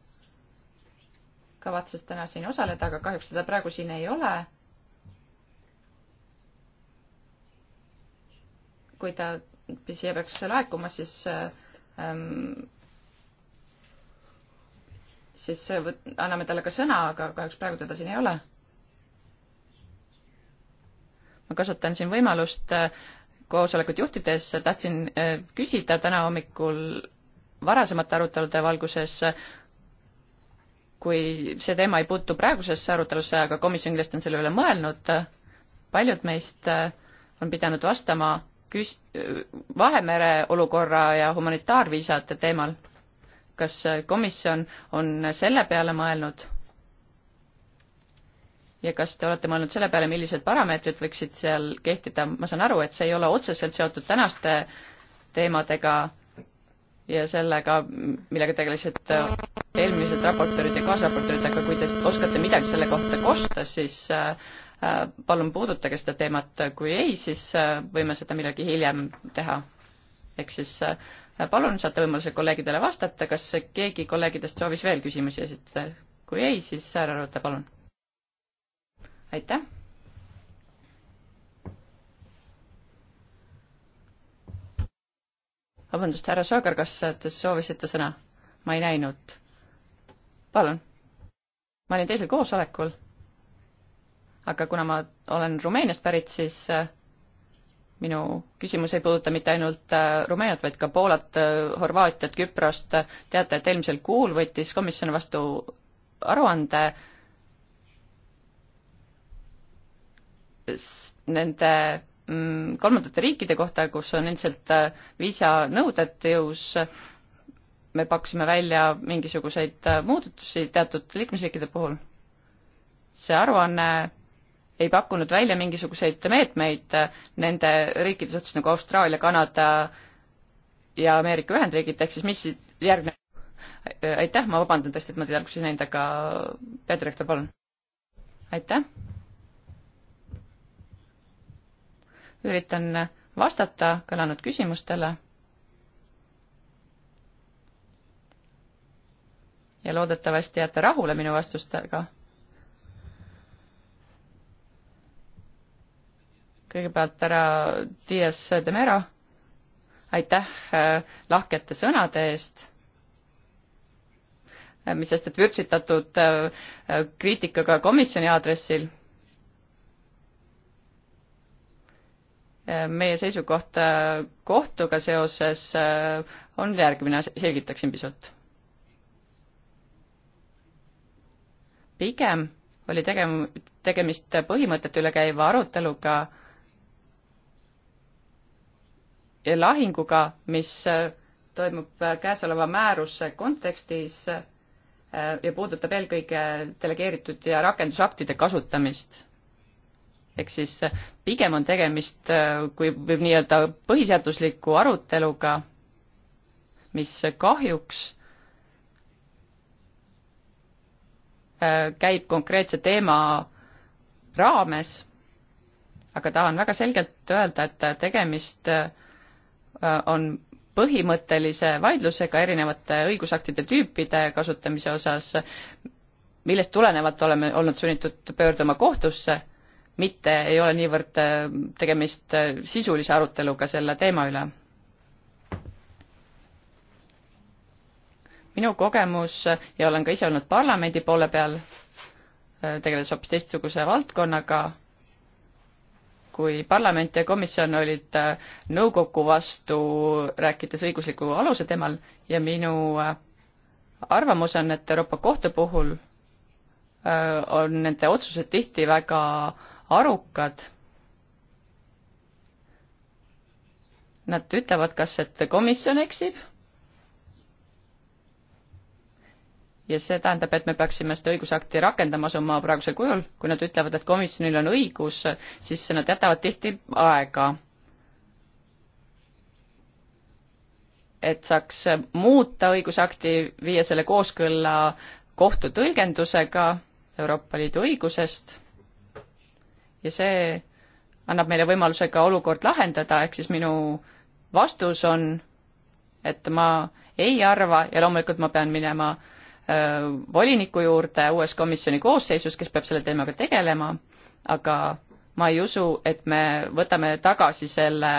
kavatses täna siin osaleda, aga kahjuks teda praegu siin ei ole kui ta siia peaks laekuma, siis ähm, siis äh, võt-, anname talle ka sõna, aga kahjuks praegu teda siin ei ole. ma kasutan siin võimalust äh, koosolekut juhtides, tahtsin äh, küsida täna hommikul varasemate arutelude valguses, kui see teema ei puutu praegusesse arutelusse, aga komisjon kindlasti on selle üle mõelnud, paljud meist on pidanud vastama küs-, Vahemere olukorra ja humanitaarviisade teemal. kas komisjon on selle peale mõelnud? ja kas te olete mõelnud selle peale, millised parameetrid võiksid seal kehtida, ma saan aru, et see ei ole otseselt seotud tänaste teemadega ja sellega, millega tegelesid eelmised raportöörid ja kaasraportöörid, aga kui te oskate midagi selle kohta kosta, siis äh, Äh, palun puudutage seda teemat, kui ei, siis äh, võime seda millalgi hiljem teha. ehk siis äh, palun, saate võimaluse kolleegidele vastata, kas keegi kolleegidest soovis veel küsimusi esitada? kui ei, siis härra Rõõta, palun. aitäh. vabandust, härra Soogar, kas te soovisite sõna? ma ei näinud. palun. ma olin teisel koosolekul aga kuna ma olen Rumeeniast pärit, siis äh, minu küsimus ei puuduta mitte ainult äh, Rumeeniat, vaid ka Poolat, äh, Horvaatiat, Küprost. teate, et eelmisel kuul võttis komisjon vastu aruande nende mm, kolmandate riikide kohta, kus on endiselt viisanõuded jõus, me pakkusime välja mingisuguseid muudatusi teatud liikmesriikide puhul. see aruanne ei pakkunud välja mingisuguseid meetmeid äh, nende riikide suhtes nagu Austraalia, Kanada ja Ameerika Ühendriigid, ehk siis mis järgneb? Äh, aitäh, ma vabandan tõesti, et ma teid alguses ei näinud, aga peadirektor, palun. aitäh. üritan vastata kõlanud küsimustele. ja loodetavasti jääte rahule minu vastustega kõigepealt härra Dias de Mera, aitäh äh, lahkete sõnade eest, äh, mis sest, et vürtsitatud äh, kriitikaga komisjoni aadressil meie seisukoht kohtuga seoses on järgmine, selgitaksin pisut. pigem oli tegem-, tegemist põhimõtete üle käiva aruteluga lahinguga, mis äh, toimub äh, käesoleva määruse kontekstis äh, ja puudutab eelkõige delegeeritud ja rakendusaktide kasutamist. ehk siis pigem on tegemist, kui võib nii öelda, põhiseadusliku aruteluga, mis kahjuks käib konkreetse teema raames, aga tahan väga selgelt öelda, et tegemist Äh, on põhimõttelise vaidlusega erinevate õigusaktide tüüpide kasutamise osas, millest tulenevalt oleme olnud sunnitud pöörduma kohtusse, mitte ei ole niivõrd äh, tegemist äh, sisulise aruteluga selle teema üle. minu kogemus ja olen ka ise olnud parlamendi poole peal, tegeledes hoopis teistsuguse valdkonnaga kui parlament ja komisjon olid äh, nõukogu vastu, rääkides õigusliku aluse teemal ja minu äh, arvamus on, et Euroopa Kohtu puhul äh, on nende otsused tihti väga arukad. Nad ütlevad kas, et komisjon eksib ja see tähendab, et me peaksime seda õigusakti rakendama asuma praegusel kujul, kui nad ütlevad, et komisjonil on õigus, siis nad jätavad tihti aega. et saaks muuta õigusakti, viia selle kooskõlla kohtu tõlgendusega Euroopa Liidu õigusest ja see annab meile võimaluse ka olukord lahendada, ehk siis minu vastus on, et ma ei arva ja loomulikult ma pean minema äh, Äh, voliniku juurde uues komisjoni koosseisus, kes peab selle teemaga tegelema, aga ma ei usu, et me võtame tagasi selle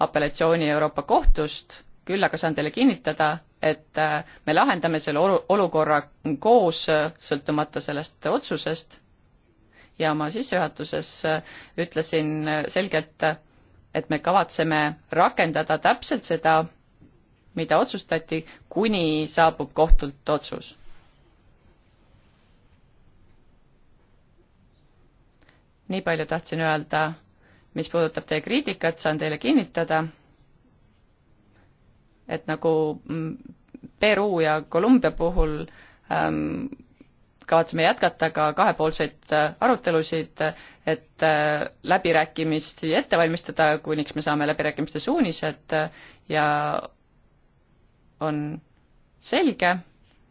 apellatsiooni Euroopa Kohtust, küll aga saan teile kinnitada, et äh, me lahendame selle olukorra koos, äh, sõltumata sellest otsusest ja oma sissejuhatuses ütlesin selgelt, et me kavatseme rakendada täpselt seda mida otsustati, kuni saabub kohtult otsus. nii palju tahtsin öelda, mis puudutab teie kriitikat, saan teile kinnitada, et nagu Peru ja Kolumbia puhul ähm, kavatseme jätkata ka kahepoolseid äh, arutelusid, et äh, läbirääkimisi ette valmistada, kuniks me saame läbirääkimiste suunised äh, ja on selge,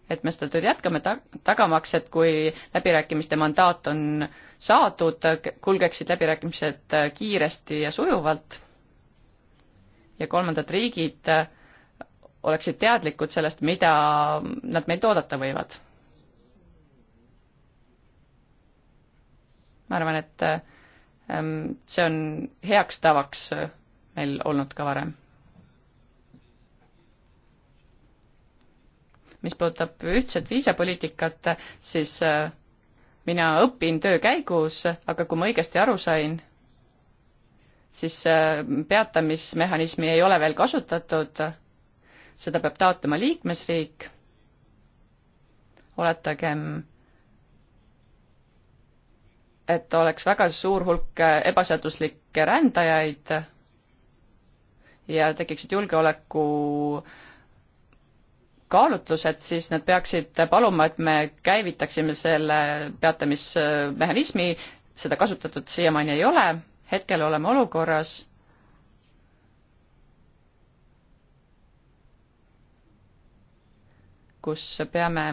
et me seda tööd jätkame ta-, tagamaks, et kui läbirääkimiste mandaat on saadud, kulgeksid läbirääkimised kiiresti ja sujuvalt ja kolmandad riigid oleksid teadlikud sellest, mida nad meilt oodata võivad. ma arvan, et ehm, see on heaks tavaks meil olnud ka varem mis puudutab ühtset viisapoliitikat, siis äh, mina õpin töö käigus, aga kui ma õigesti aru sain, siis äh, peatamismehhanismi ei ole veel kasutatud, seda peab taotlema liikmesriik, oletagem, et oleks väga suur hulk äh, ebaseaduslikke rändajaid ja tekiksid julgeoleku äh, kaalutlused, siis nad peaksid paluma, et me käivitaksime selle peatamismehhanismi, seda kasutatud siiamaani ei ole, hetkel oleme olukorras, kus peame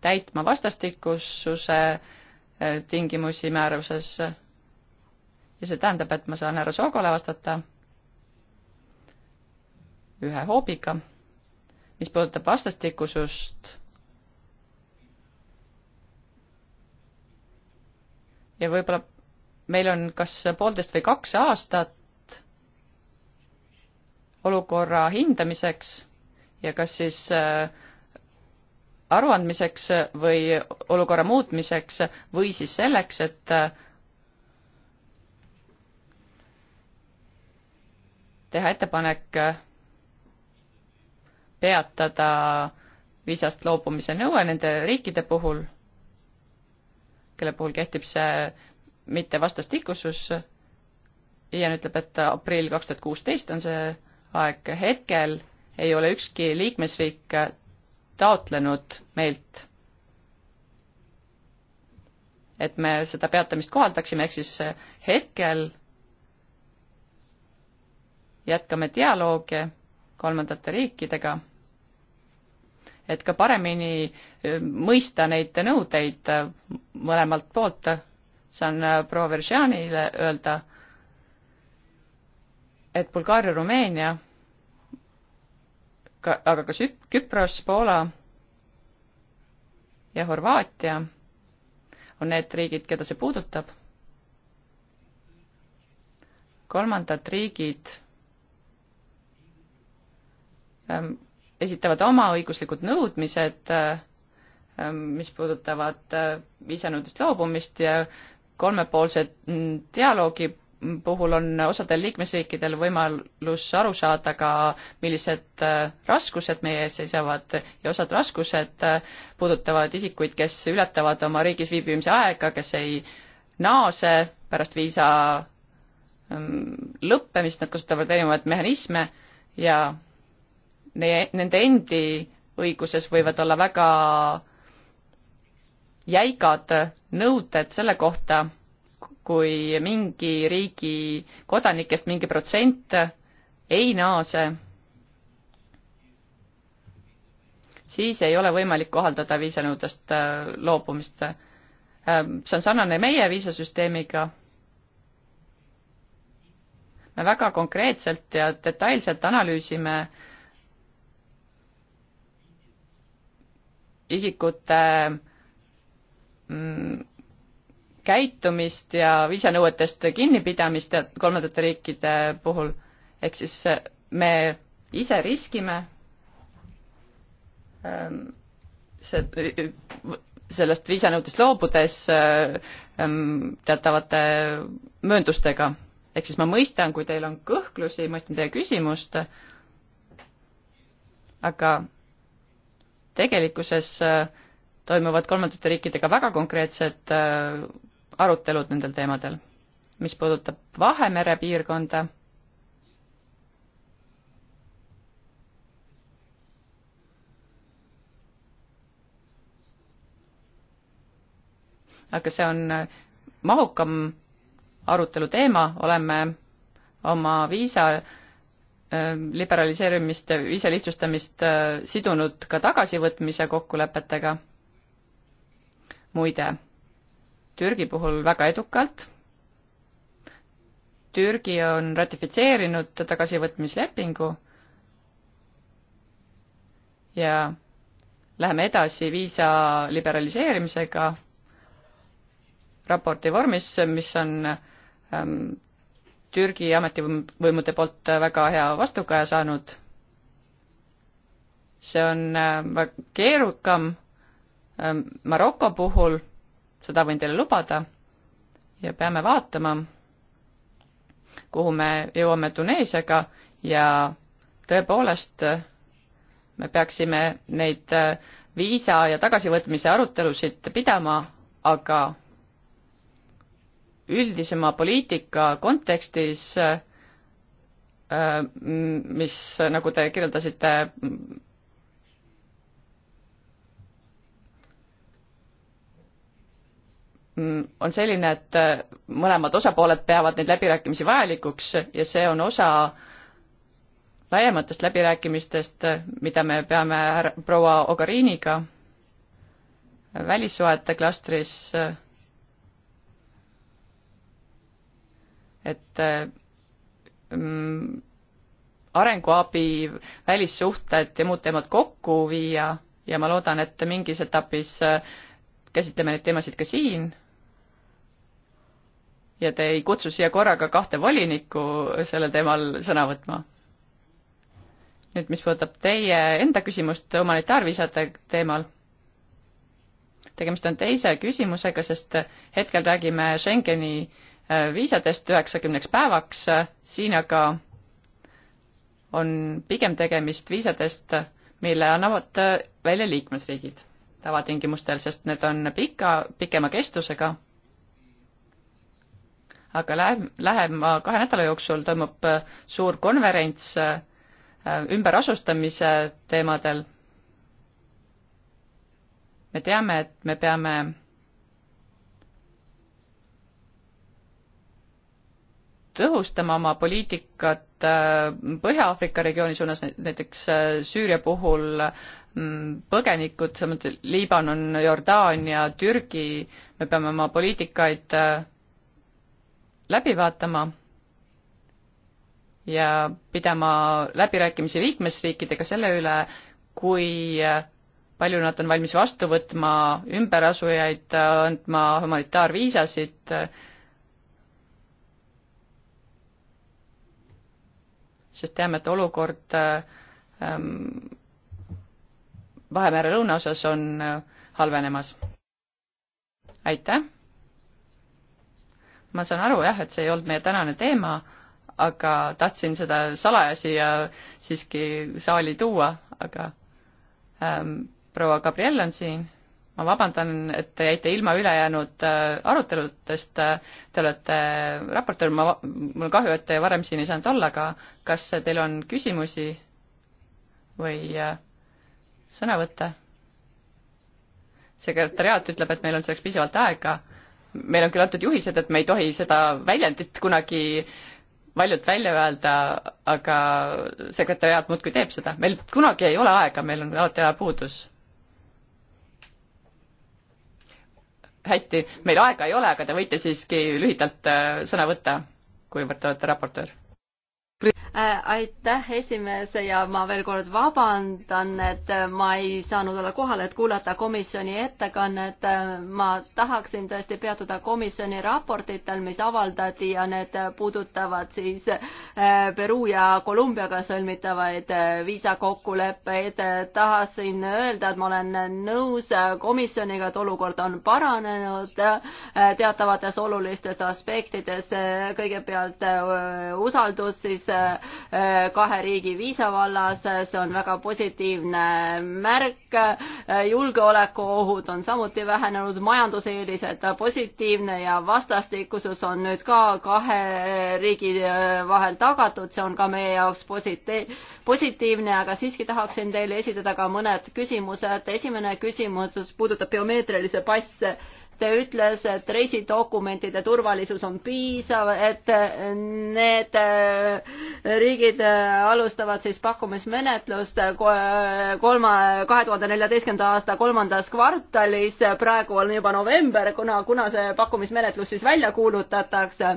täitma vastastikususe eh, tingimusi määruses ja see tähendab, et ma saan härra Soogole vastata ühe hoobiga mis puudutab vastastikusust ja võib-olla meil on kas poolteist või kaks aastat olukorra hindamiseks ja kas siis äh, aruandmiseks või olukorra muutmiseks või siis selleks, et äh, teha ettepanek äh, peatada viisast loobumise nõue nende riikide puhul, kelle puhul kehtib see mitte vastastikusus. Ian ütleb, et aprill kaks tuhat kuusteist on see aeg, hetkel ei ole ükski liikmesriik taotlenud meilt, et me seda peatamist kohaldaksime, ehk siis hetkel jätkame dialoogi kolmandate riikidega et ka paremini eh, mõista neid nõudeid eh, mõlemalt poolt. saan eh, proua Veržanile öelda, et Bulgaaria, Rumeenia, aga ka Süp-, Küpros, Poola ja Horvaatia on need riigid, keda see puudutab. kolmandad riigid ähm, esitavad oma õiguslikud nõudmised, äh, ähm, mis puudutavad viisanõudest äh, loobumist ja kolmepoolse mm, dialoogi puhul on osadel liikmesriikidel võimalus aru saada ka, millised äh, raskused meie ees seisavad ja osad raskused puudutavad isikuid, kes ületavad oma riigis viibimise aega, kes ei naase pärast viisa ähm, lõppemist, nad kasutavad erinevaid mehhanisme ja ne-, nende endi õiguses võivad olla väga jäigad nõuded selle kohta, kui mingi riigi kodanikest mingi protsent ei naase, siis ei ole võimalik kohaldada viisanõudest äh, loobumist. Äh, see on sarnane meie viisasüsteemiga. me väga konkreetselt ja detailselt analüüsime äh, isikute mm, käitumist ja viisanõuetest kinnipidamist kolmandate riikide puhul, ehk siis eh, me ise riskime ehm, see, sellest viisanõudest loobudes eh, ehm, teatavate mööndustega. ehk siis ma mõistan, kui teil on kõhklusi, mõistan teie küsimust, aga tegelikkuses äh, toimuvad kolmandate riikidega väga konkreetsed äh, arutelud nendel teemadel. mis puudutab Vahemere piirkonda, aga see on äh, mahukam arutelu teema, oleme oma viisa Ähm, liberaliseerimist, viisalihtsustamist äh, sidunud ka tagasivõtmise kokkulepetega. muide, Türgi puhul väga edukalt. Türgi on ratifitseerinud tagasivõtmislepingu ja läheme edasi viisa liberaliseerimisega raporti vormis, mis on ähm, Türgi ametivõimude poolt väga hea vastukaja saanud. see on äh, keerukam ähm, Maroko puhul, seda võin teile lubada, ja peame vaatama, kuhu me jõuame Tuneesiaga ja tõepoolest äh, me peaksime neid äh, viisa ja tagasivõtmise arutelusid pidama, aga üldisema poliitika kontekstis, mis, nagu te kirjeldasite, on selline, et mõlemad osapooled peavad neid läbirääkimisi vajalikuks ja see on osa laiematest läbirääkimistest, mida me peame proua Ogariiniga välissuhete klastris äh, et äh, mm, arenguabi, välissuhted ja muud teemad kokku viia ja ma loodan, et mingis etapis äh, käsitleme neid teemasid ka siin. ja te ei kutsu siia korraga kahte volinikku sellel teemal sõna võtma. nüüd, mis puudutab teie enda küsimust humanitaarviisade teemal, tegemist on teise küsimusega, sest hetkel räägime Schengeni äh, Äh, viisadest üheksakümneks päevaks, äh, siin aga on pigem tegemist viisadest, mille annavad äh, välja liikmesriigid tavatingimustel, sest need on pika, pikema kestusega. aga lähe-, lähema kahe nädala jooksul toimub suur konverents ümberasustamise teemadel. me teame, et me peame tõhustama oma poliitikat äh, Põhja-Aafrika regiooni suunas, näiteks äh, Süüria puhul mm, põgenikud, samuti Liibanon, Jordaania, Türgi, me peame oma poliitikaid äh, läbi vaatama ja pidama läbirääkimisi liikmesriikidega selle üle, kui palju nad on valmis vastu võtma ümberasujaid, andma humanitaarviisasid äh, sest teame, et olukord ähm, Vahemere lõunaosas on äh, halvenemas. aitäh! ma saan aru jah, et see ei olnud meie tänane teema, aga tahtsin seda salaja siia siiski saali tuua, aga ähm, proua Gabriel on siin ma vabandan, et te jäite ilma ülejäänud äh, aruteludest, äh, te olete raportöör, ma, mul on kahju, et te varem siin ei saanud olla, aga kas teil on küsimusi või äh, sõnavõtte? sekretäriaat ütleb, et meil on selleks piisavalt aega, meil on küll antud juhised, et me ei tohi seda väljendit kunagi valjult välja öelda, aga sekretäriaat muudkui teeb seda, meil kunagi ei ole aega, meil on alati ajapuudus hästi, meil aega ei ole, aga te võite siiski lühidalt äh, sõna võtta, kuivõrd te olete raportöör. Äh, aitäh, esimees ja ma veel kord vabandan, et äh, ma ei saanud olla kohal, et kuulata komisjoni ettekannet. Äh, ma tahaksin tõesti peatuda komisjoni raportitel, mis avaldati ja need puudutavad siis Peruu ja Kolumbiaga sõlmitavaid viisakokkuleppeid. tahtsin öelda, et ma olen nõus komisjoniga, et olukord on paranenud teatavates olulistes aspektides. kõigepealt usaldus siis Äh, kahe riigi viisa vallas, see on väga positiivne märk. Äh, julgeolekuohud on samuti vähenenud, majanduseelised positiivne ja vastastikusus on nüüd ka kahe riigi äh, vahel tagatud, see on ka meie jaoks positi-, positiivne, aga siiski tahaksin teile esitada ka mõned küsimused. esimene küsimus puudutab biomeetrilisi passe ütles, et reisidokumentide turvalisus on piisav, et need äh, riigid äh, alustavad siis pakkumismenetlust äh, kolma, kahe tuhande neljateistkümnenda aasta kolmandas kvartalis, praegu on juba november, kuna, kuna see pakkumismenetlus siis välja kuulutatakse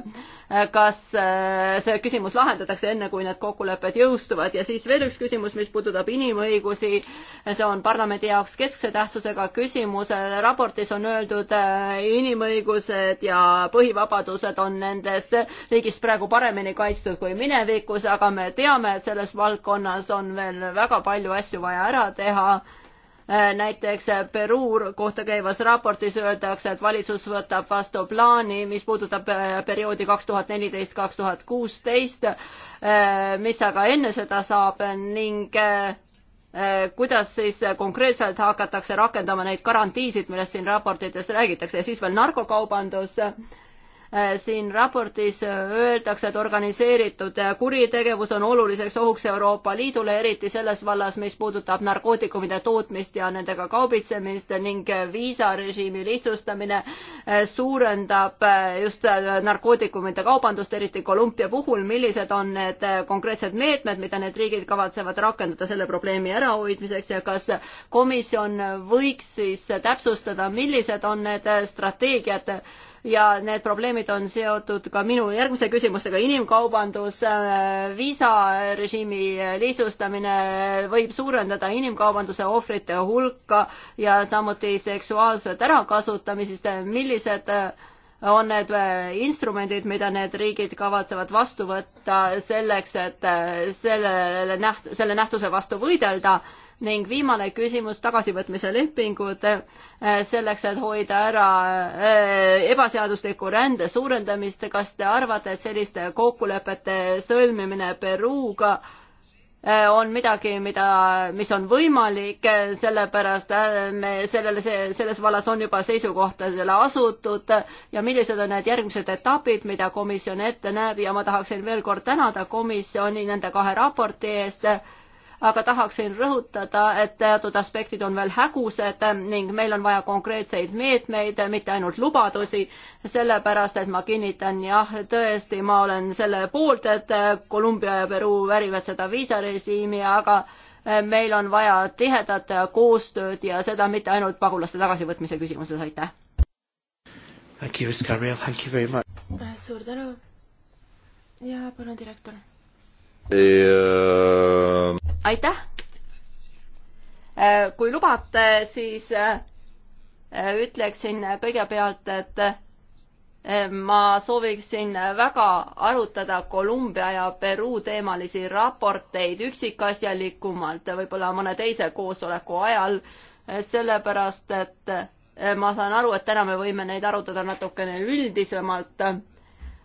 Äh, kas äh, see küsimus lahendatakse enne, kui need kokkulepped jõustuvad ja siis veel üks küsimus, mis puudutab inimõigusi. see on parlamendi jaoks keskse tähtsusega küsimus. raportis on öeldud, äh, inimõigused ja põhivabadused on nendes riigis praegu paremini kaitstud kui minevikus, aga me teame, et selles valdkonnas on veel väga palju asju vaja ära teha Äh, näiteks Peruu kohta käivas raportis öeldakse, et valitsus võtab vastu plaani, mis puudutab äh, perioodi kaks tuhat neliteist, kaks tuhat kuusteist, äh, mis aga enne seda saab ning kuidas siis konkreetselt hakatakse rakendama neid garantiisid, millest siin raportites räägitakse ja siis veel narkokaubandus äh, Äh, siin raportis äh, öeldakse, et organiseeritud äh, kuritegevus on oluliseks ohuks Euroopa Liidule, eriti selles vallas, mis puudutab narkootikumide tootmist ja nendega kaubitsemist ning viisarežiimi lihtsustamine suurendab just narkootikumide kaubandust, eriti Kolumbia puhul. millised on need konkreetsed meetmed, mida need riigid kavatsevad rakendada selle probleemi ärahoidmiseks ja kas komisjon võiks siis täpsustada, millised on need strateegiad, ja need probleemid on seotud ka minu järgmise küsimustega, inimkaubandus, äh, viisarežiimi äh, lihtsustamine äh, võib suurendada inimkaubanduse ohvrite hulka ja samuti seksuaalset ärakasutamist, millised on need instrumendid, mida need riigid kavatsevad vastu võtta selleks, et sellele näht-, selle nähtuse vastu võidelda ning viimane küsimus, tagasivõtmise lepingud, äh, selleks, et hoida ära äh, ebaseadusliku rände suurendamist, kas te arvate, et selliste kokkulepete sõlmimine Peruga äh, on midagi, mida, mis on võimalik, sellepärast me sellele, selles vallas on juba seisukohtadele asutud ja millised on need järgmised etapid, mida komisjon ette näeb ja ma tahaksin veel kord tänada komisjoni nende kahe raporti eest aga tahaksin rõhutada, et teatud aspektid on veel hägused ning meil on vaja konkreetseid meetmeid, mitte ainult lubadusi, sellepärast et ma kinnitan, jah, tõesti, ma olen selle poolt, et Kolumbia ja Peruu värivad seda viisarežiimi, aga meil on vaja tihedat koostööd ja seda mitte ainult pagulaste tagasivõtmise küsimuses, aitäh. suur tänu ja palun direktor Euh, aitäh! Äh, kui lubate, siis äh, ütleksin kõigepealt, et äh, ma sooviksin väga arutada Kolumbia ja Peruu teemalisi raporteid üksikasjalikumalt, võib-olla mõne teise koosoleku ajal, sellepärast et ma saan aru, et täna me võime neid arutada natukene üldisemalt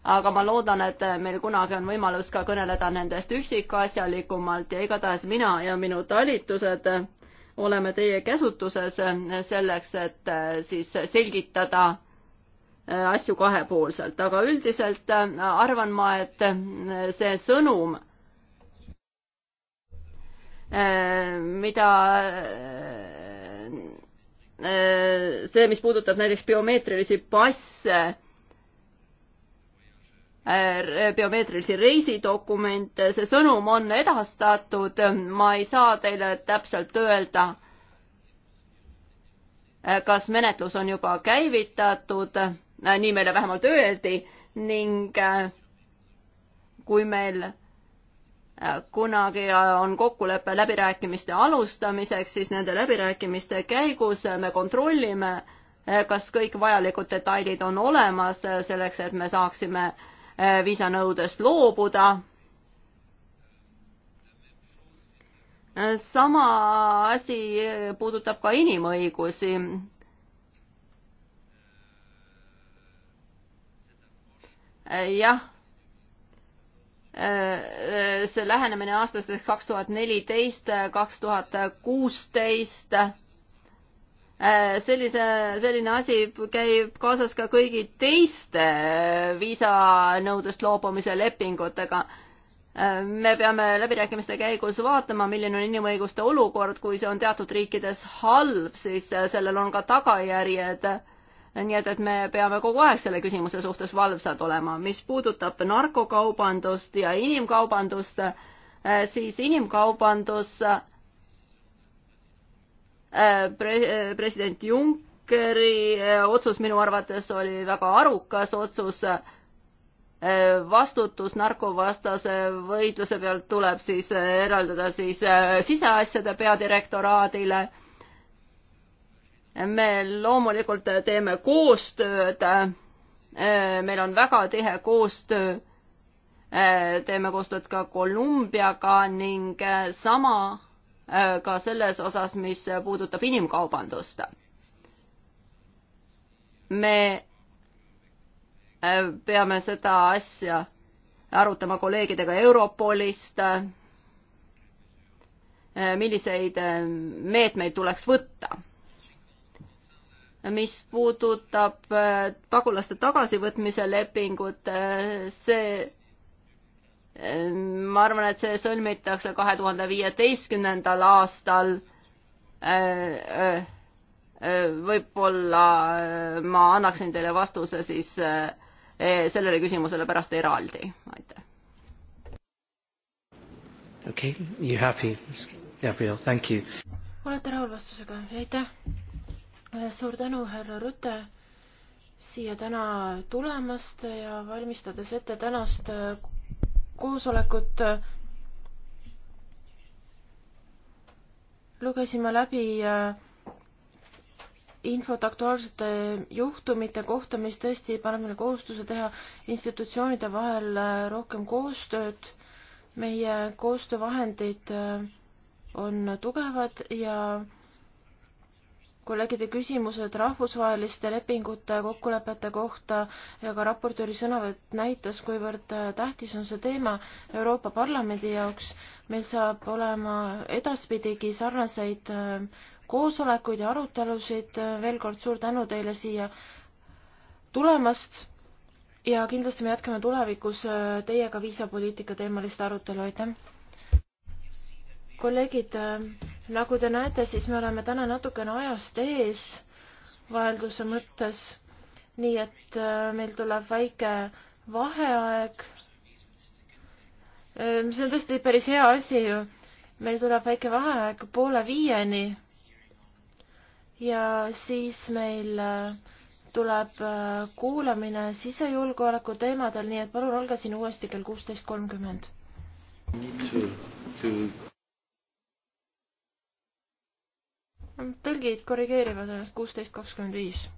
aga ma loodan, et meil kunagi on võimalus ka kõneleda nendest üksikasjalikumalt ja igatahes mina ja minu talitused oleme teie käsutuses selleks, et äh, siis selgitada äh, asju kahepoolselt, aga üldiselt äh, arvan ma, et see sõnum, mida see, mis puudutab näiteks biomeetrilisi passe, Äh, biomeetrilisi reisidokumente, see sõnum on edastatud, ma ei saa teile täpselt öelda, äh, kas menetlus on juba käivitatud, äh, nii meile vähemalt öeldi, ning kui meil kunagi on kokkulepe läbirääkimiste alustamiseks, siis nende läbirääkimiste käigus me kontrollime, kas kõik vajalikud detailid on olemas selleks, et me saaksime äh, Äh, viisanõudest loobuda. Äh, sama asi äh, puudutab ka inimõigusi jah, see lähenemine aastatest kaks tuhat neliteist, kaks tuhat kuusteist Äh, sellise, selline asi käib kaasas ka kõigi teiste äh, viisanõudest loobumise lepingutega. Äh, me peame läbirääkimiste käigus vaatama, milline on inimõiguste olukord, kui see on teatud riikides halb, siis sellel on ka tagajärjed. nii et, et me peame kogu aeg selle küsimuse suhtes valvsad olema. mis puudutab narkokaubandust ja inimkaubandust, siis inimkaubandus äh, Äh, pre-, äh, president Junckeri äh, otsus minu arvates oli väga arukas otsus, vastutus narkovastase võitluse pealt tuleb siis eraldada siis siseasjade peadirektoraadile. me loomulikult teeme koostööd, meil on väga tihe koostöö, teeme koostööd ka Kolumbiaga ning sama Äh, ka selles osas, mis puudutab inimkaubandust. me äh, peame seda asja arutama kolleegidega Europolist, äh, milliseid meetmeid tuleks võtta. mis puudutab pagulaste tagasivõtmise lepingut, see Ehm, ma arvan, et see sõlmitakse kahe tuhande viieteistkümnendal aastal. Ehm, eh, eh, võib-olla eh, ma annaksin teile vastuse siis sellele küsimusele pärast eraldi, aitäh. okei okay,, you happy, Gabriel, thank you. olete rahul vastusega, aitäh. suur tänu, härra Rute siia täna tulemast ja valmistades ette tänast koosolekut lugesime läbi äh, infot aktuaalsete juhtumite kohta, mis tõesti paneb meile kohustuse teha institutsioonide vahel äh, rohkem koostööd. meie koostöövahendid äh, on tugevad ja kolleegide küsimused rahvusvaheliste lepingute ja kokkulepete kohta ja ka raportööri sõnavõtt näitas, kuivõrd äh, tähtis on see teema Euroopa Parlamendi jaoks. meil saab olema edaspidigi sarnaseid äh, koosolekuid ja arutelusid. Äh, veel kord suur tänu teile siia tulemast ja kindlasti me jätkame tulevikus teiega viisapoliitika teemalist arutelu, aitäh! kolleegid, äh, nagu te näete, siis me oleme täna natukene ajast ees vahelduse mõttes, nii et äh, meil tuleb väike vaheaeg. Äh, see on tõesti päris hea asi ju. meil tuleb väike vaheaeg poole viieni. ja siis meil tuleb kuulamine sisejulgeoleku teemadel, nii et palun olge siin uuesti kell kuusteist kolmkümmend. tõlgid korrigeerivad ennast kuusteist kakskümmend viis.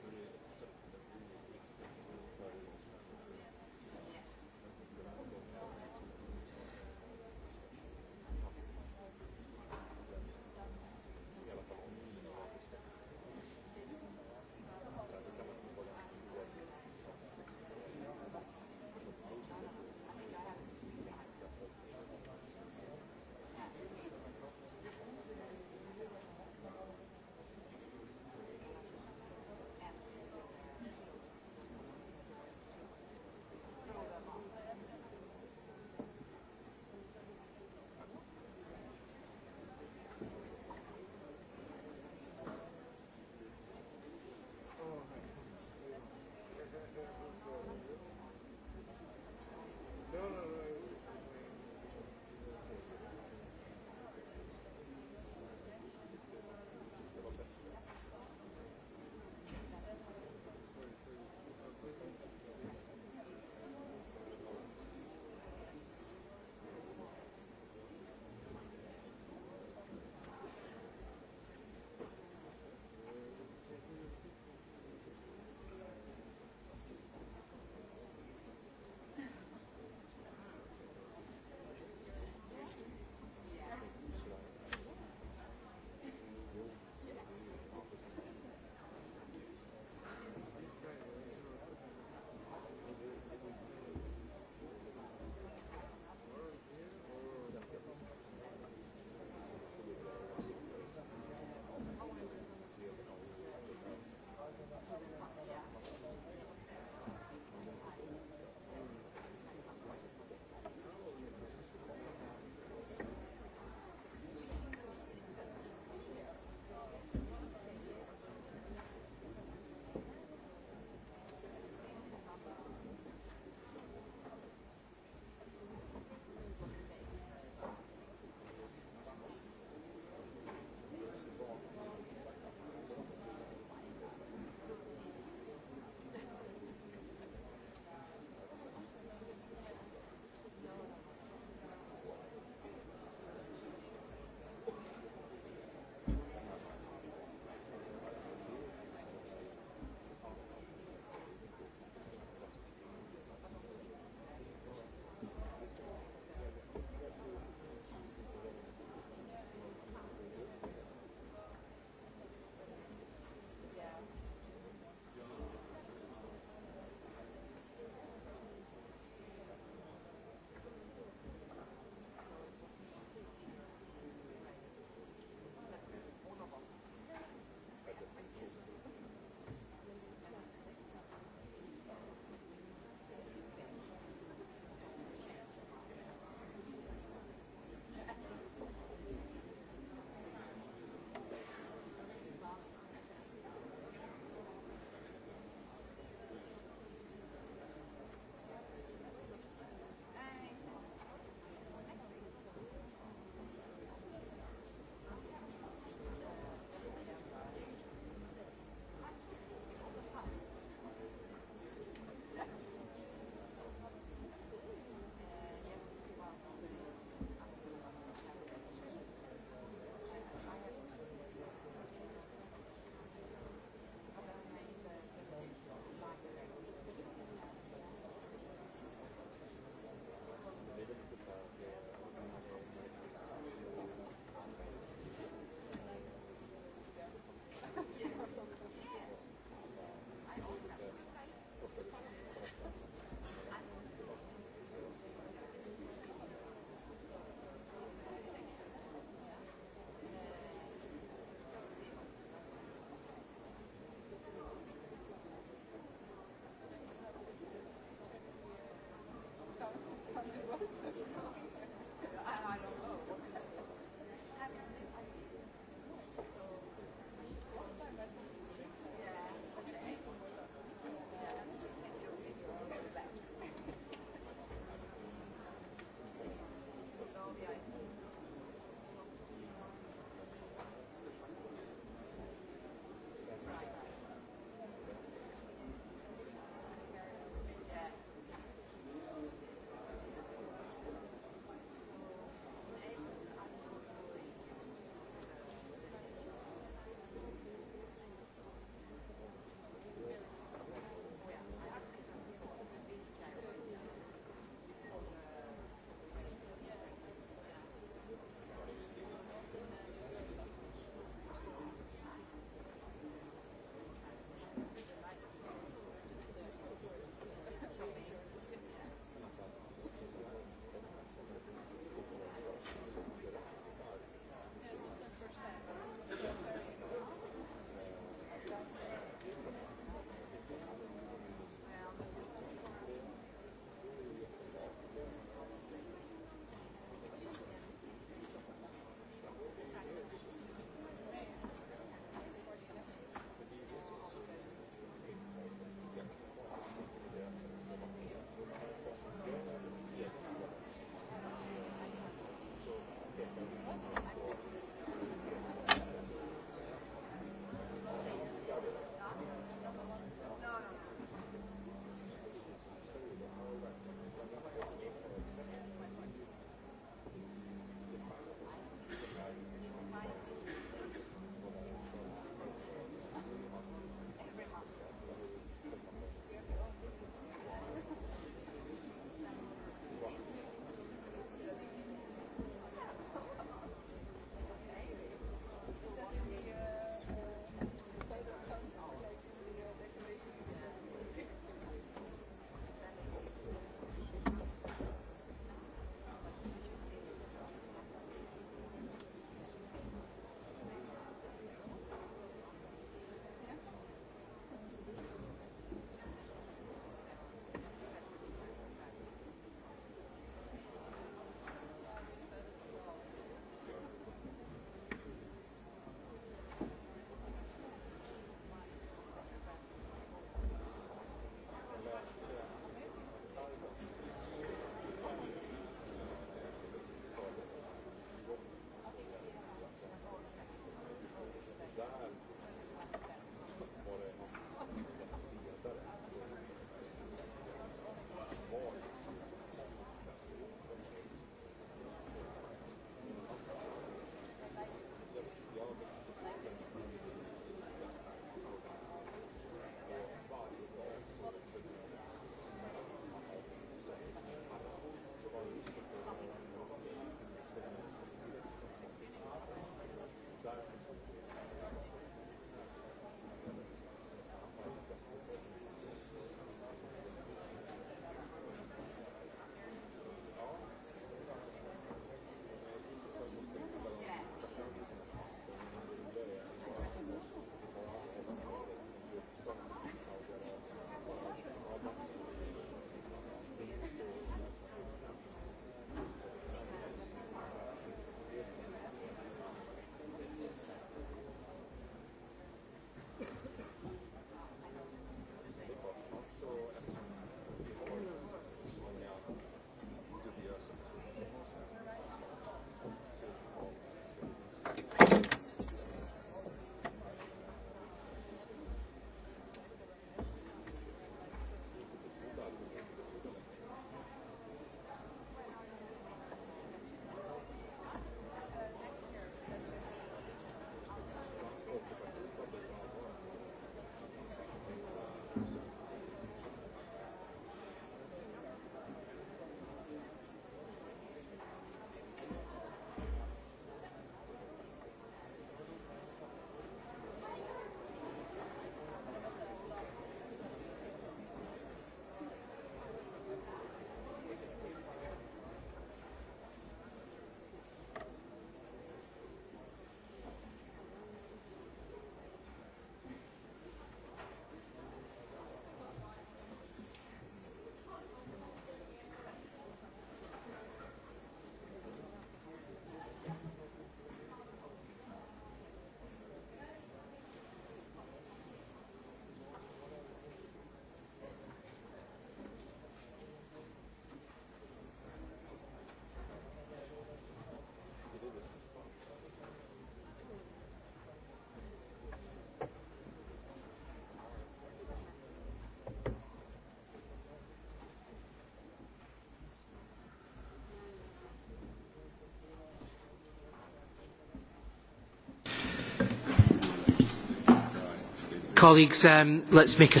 colleagues, um, let's make a...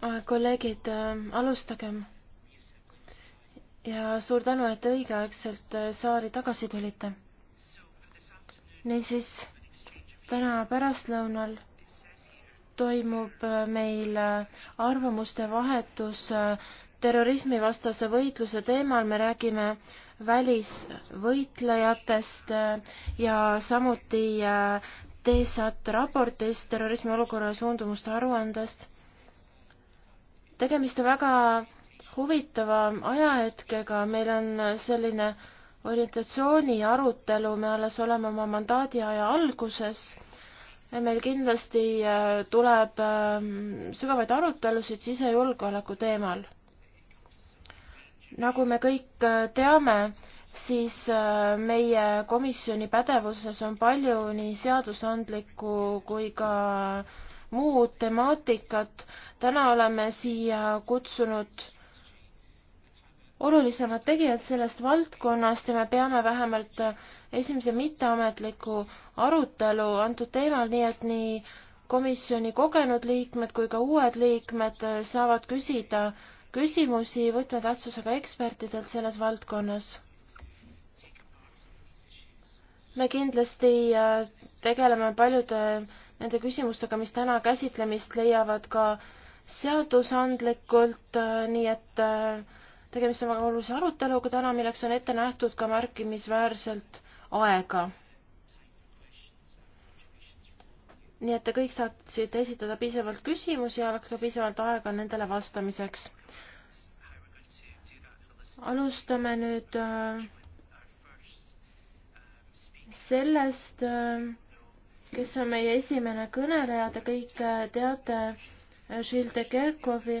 Ah, kolleegid, ähm, alustagem. ja suur tänu, et õigeaegselt äh, saali tagasi tulite. niisiis, täna pärastlõunal toimub äh, meil äh, arvamuste vahetus terrorismivastase võitluse teemal, me räägime välisvõitlejatest ja samuti DESAT raportist, terrorismi olukorra suundumuste aruandest. tegemist on väga huvitava ajahetkega, meil on selline orientatsiooni arutelu, me alles oleme oma mandaadi aja alguses meil kindlasti äh, tuleb ähm, sügavaid arutelusid sisejulgeoleku teemal. nagu me kõik äh, teame, siis äh, meie komisjoni pädevuses on palju nii seadusandlikku kui ka muud temaatikat. täna oleme siia kutsunud olulisemad tegijad sellest valdkonnast ja me peame vähemalt esimese mitteametliku arutelu antud teemal, nii et nii komisjoni kogenud liikmed kui ka uued liikmed saavad küsida küsimusi võtmetähtsusega ekspertidelt selles valdkonnas me kindlasti äh, tegeleme paljude nende küsimustega, mis täna käsitlemist leiavad ka seadusandlikult, äh, nii et äh, tegemist on väga olulise aruteluga täna, milleks on ette nähtud ka märkimisväärselt aega. nii et te kõik saaksite esitada piisavalt küsimusi ja oleks ka piisavalt aega nendele vastamiseks. alustame nüüd äh, sellest, kes on meie esimene kõneleja, te kõik teate Žilde Kerkovi,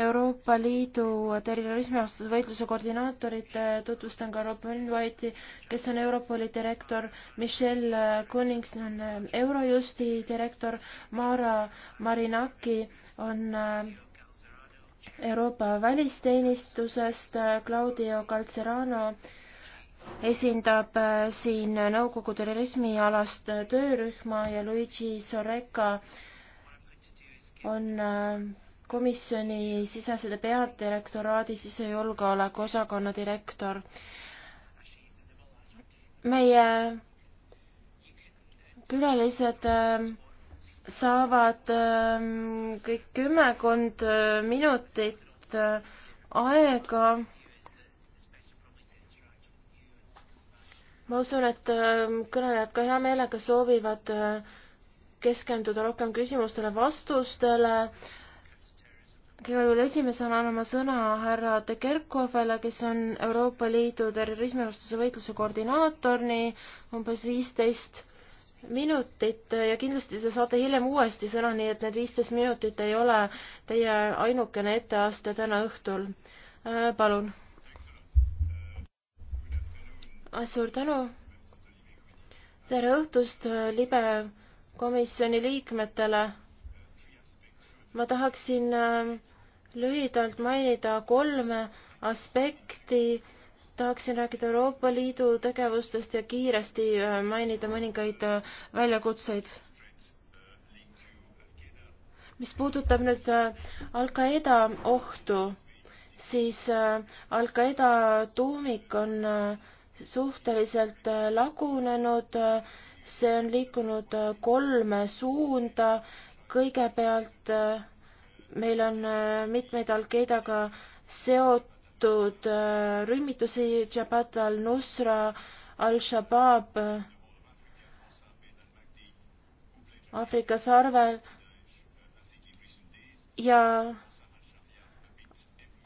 Euroopa Liidu terrorismivastase võitluse koordinaatorit, tutvustan ka Robin White'i, kes on Europoli direktor, Michelle Cunnings on Eurojusti direktor, Mara Marinaki on Euroopa välisteenistusest, Claudio Calcerano esindab äh, siin nõukogu terrorismialast äh, töörühma ja Luigi Soreka on äh, komisjoni sisesede peadirektoraadi sisejulgeoleku osakonna direktor. meie külalised saavad ähm, kõik kümmekond minutit aega ma usun, et ähm, kõnelejad ka hea meelega soovivad äh, keskenduda rohkem küsimustele, vastustele. igal juhul esimesena annan ma sõna härra De Kerkhoffele, kes on Euroopa Liidu terrorismivastase võitluse koordinaator, nii umbes viisteist minutit ja kindlasti te saate hiljem uuesti sõna, nii et need viisteist minutit ei ole teie ainukene etteaste täna õhtul. Äh, palun Ah, suur tänu. tere õhtust äh, libe komisjoni liikmetele. ma tahaksin äh, lühidalt mainida kolme aspekti. tahaksin rääkida Euroopa Liidu tegevustest ja kiiresti äh, mainida mõningaid väljakutseid. mis puudutab nüüd Al-Qaeda ohtu, siis Al-Qaeda tuumik on äh, suhteliselt äh, lagunenud, äh, see on liikunud äh, kolme suunda, kõigepealt meil on mitmeid Al-Qaedaga seotud rühmitusi, Jabhat al-Nusra, Al-Shabaab, Aafrika sarvel ja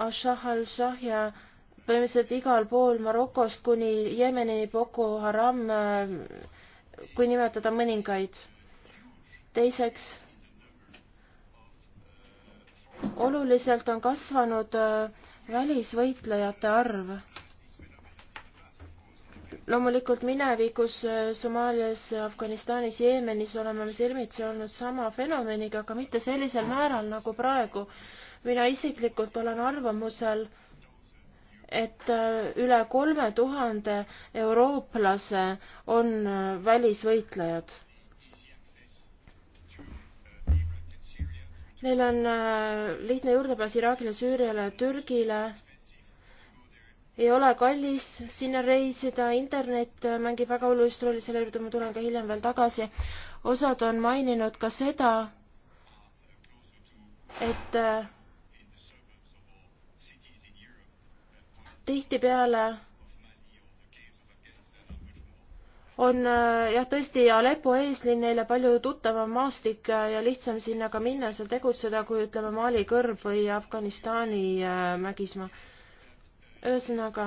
Ashah al-Shahja al põhimõtteliselt igal pool Marokost kuni Jeemeni Boko Haram, kui nimetada mõningaid. teiseks, oluliselt on kasvanud äh, välisvõitlejate arv. loomulikult minevikus äh, Somaalias, Afganistanis, Jeemenis oleme me silmitsi olnud sama fenomeniga, aga mitte sellisel määral nagu praegu. mina isiklikult olen arvamusel, et äh, üle kolme tuhande eurooplase on äh, välisvõitlejad. Neil on äh, lihtne juurdepääs Iraagile, Süüriale, Türgile. ei ole kallis sinna reisida, internet mängib väga olulist rolli, selle juurde ma tulen ka hiljem veel tagasi. osad on maininud ka seda, et äh, tihtipeale on äh, jah, tõesti Aleppo eeslinn neile palju tuttavam maastik äh, ja lihtsam sinna ka minna, seal tegutseda, kui ütleme Mali kõrv või Afganistani äh, mägismaa. ühesõnaga,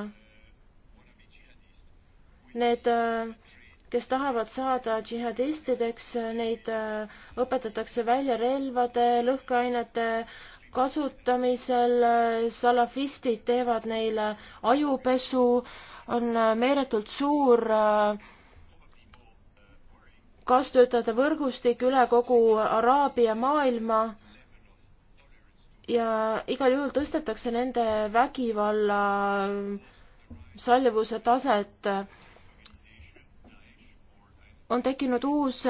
need, kes tahavad saada džihadistideks, neid õpetatakse välja relvade, lõhkeainete kasutamisel, salafistid teevad neile ajupesu, on äh, meeletult suur äh, kaastöötajate võrgustik üle kogu Araabia maailma ja igal juhul tõstetakse nende vägivalla äh, sallivuse taset. on tekkinud uus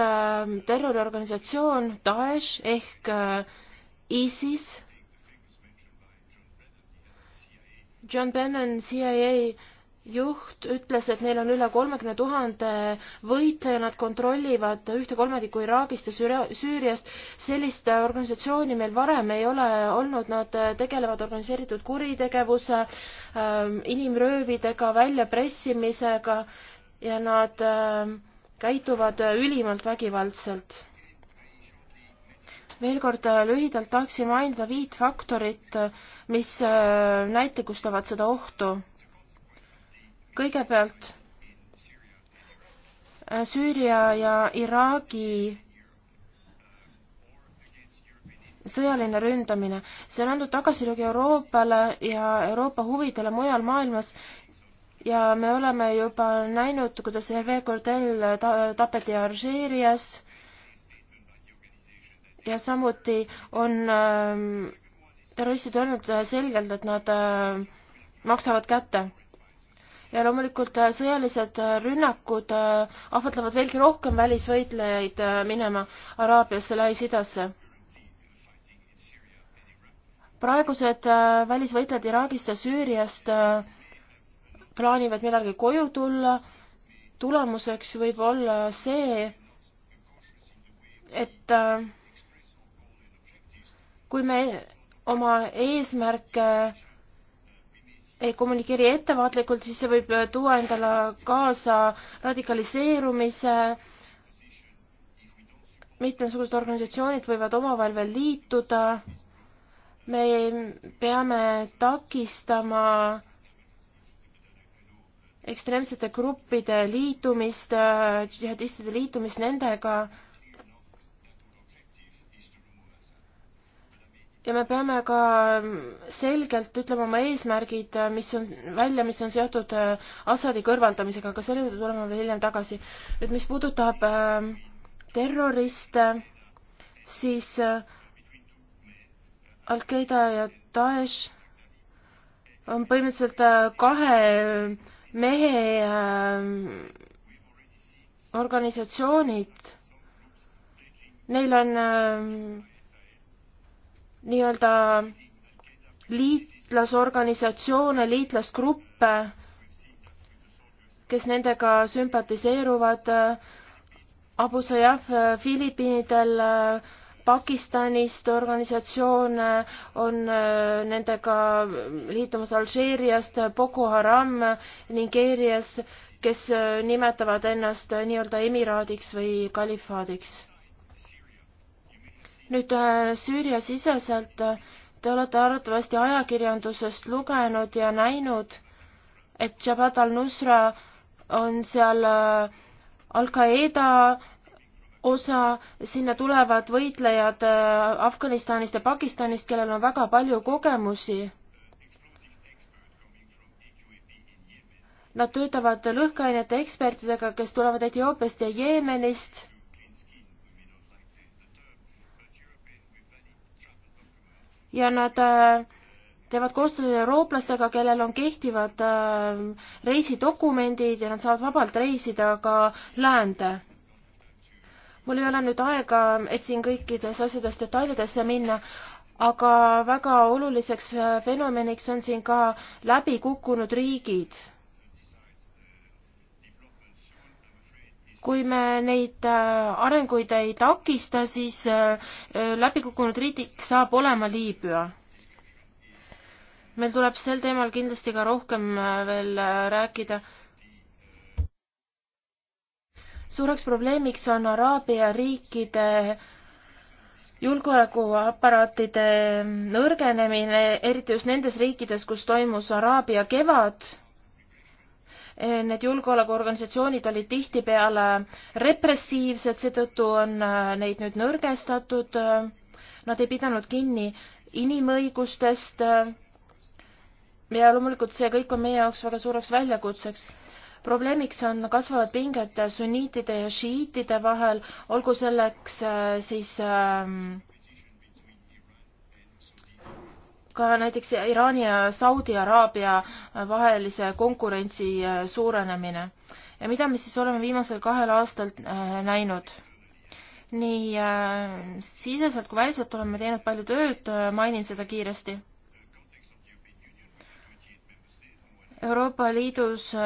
terroriorganisatsioon Daesh ehk ISIS John Bannon, CIA juht ütles, et neil on üle kolmekümne tuhande võitleja, nad kontrollivad ühte kolmandikku Iraagist ja Süüriast. sellist organisatsiooni meil varem ei ole olnud, nad tegelevad organiseeritud kuritegevuse, ähm, inimröövidega, väljapressimisega ja nad ähm, käituvad ülimalt vägivaldselt veel kord äh, lühidalt tahaksin mainida viit faktorit, äh, mis äh, näitlikustavad seda ohtu. kõigepealt Süüria ja Iraagi sõjaline ründamine, see on andnud tagasilöögi Euroopale ja Euroopa huvidele mujal maailmas ja me oleme juba näinud, kuidas Hervé Cordel tapeti Alžeerias ja samuti on ähm, terroristid öelnud äh, selgelt, et nad äh, maksavad kätte. ja loomulikult äh, sõjalised rünnakud ahvatlevad veelgi rohkem välisvõitlejaid minema Araabiasse, Lähis-Idasse. praegused välisvõitlejad Iraagist ja Süüriast plaanivad millalgi koju tulla, tulemuseks võib olla see, et äh, kui me oma eesmärke ei kommunikeeri ettevaatlikult, siis see võib tuua endale kaasa radikaliseerumise. mitmesugused organisatsioonid võivad omavahel veel liituda. me peame takistama ekstreemsete gruppide liitumist, džihadistide liitumist nendega ja me peame ka selgelt ütlema oma eesmärgid, mis on välja, mis on seotud äh, Assadi kõrvaldamisega, aga selle juurde tuleme veel hiljem tagasi. nüüd, mis puudutab äh, terroriste, siis äh, Al-Qaeda ja Daesh on põhimõtteliselt kahe mehe organisatsioonid. Neil on äh, nii-öelda liitlasorganisatsioone, liitlasgruppe, kes nendega sümpatiseeruvad. Abu Sayyaf Filipiinidel, Pakistanist organisatsioon on nendega liitumas Alžeeriast, Boko Haram Nigeerias, kes nimetavad ennast nii-öelda emiraadiks või kalifaadiks nüüd äh, Süüria siseselt äh, te olete arvatavasti ajakirjandusest lugenud ja näinud, et Jabhat al-Nusra on seal äh, Al-Qaeda osa, sinna tulevad võitlejad Afganistanist ja Pakistanist, kellel on väga palju kogemusi Nad töötavad lõhkeainete ekspertidega, kes tulevad Etioopiast ja Jeemenist. ja nad äh, teevad koostööd eurooplastega, kellel on kehtivad äh, reisidokumendid ja nad saavad vabalt reisida ka läände. mul ei ole nüüd aega, et siin kõikides asjades detailidesse minna, aga väga oluliseks äh, fenomeniks on siin ka läbikukkunud riigid kui me neid äh, arenguid ei takista, siis äh, äh, läbikukkunud riigiks saab olema Liibüa. meil tuleb sel teemal kindlasti ka rohkem veel rääkida. suureks probleemiks on Araabia riikide julgeolekuaparaatide mm, nõrgenemine, eriti just nendes riikides, kus toimus Araabia kevad Eh, need julgeolekuorganisatsioonid olid tihtipeale repressiivsed, seetõttu on eh, neid nüüd nõrgestatud. Eh, nad ei pidanud kinni inimõigustest. ja loomulikult see kõik on meie jaoks väga suureks väljakutseks probleemiks on kasvavad pinged sunniitide ja šiiitide vahel, olgu selleks siis äh, ka näiteks Iraani ja Saudi Araabia vahelise konkurentsi äh, suurenemine. ja mida me siis oleme viimasel kahel aastal äh, näinud? nii äh, siseselt kui väliselt oleme teinud palju tööd, äh, mainin seda kiiresti. Euroopa Liidus äh,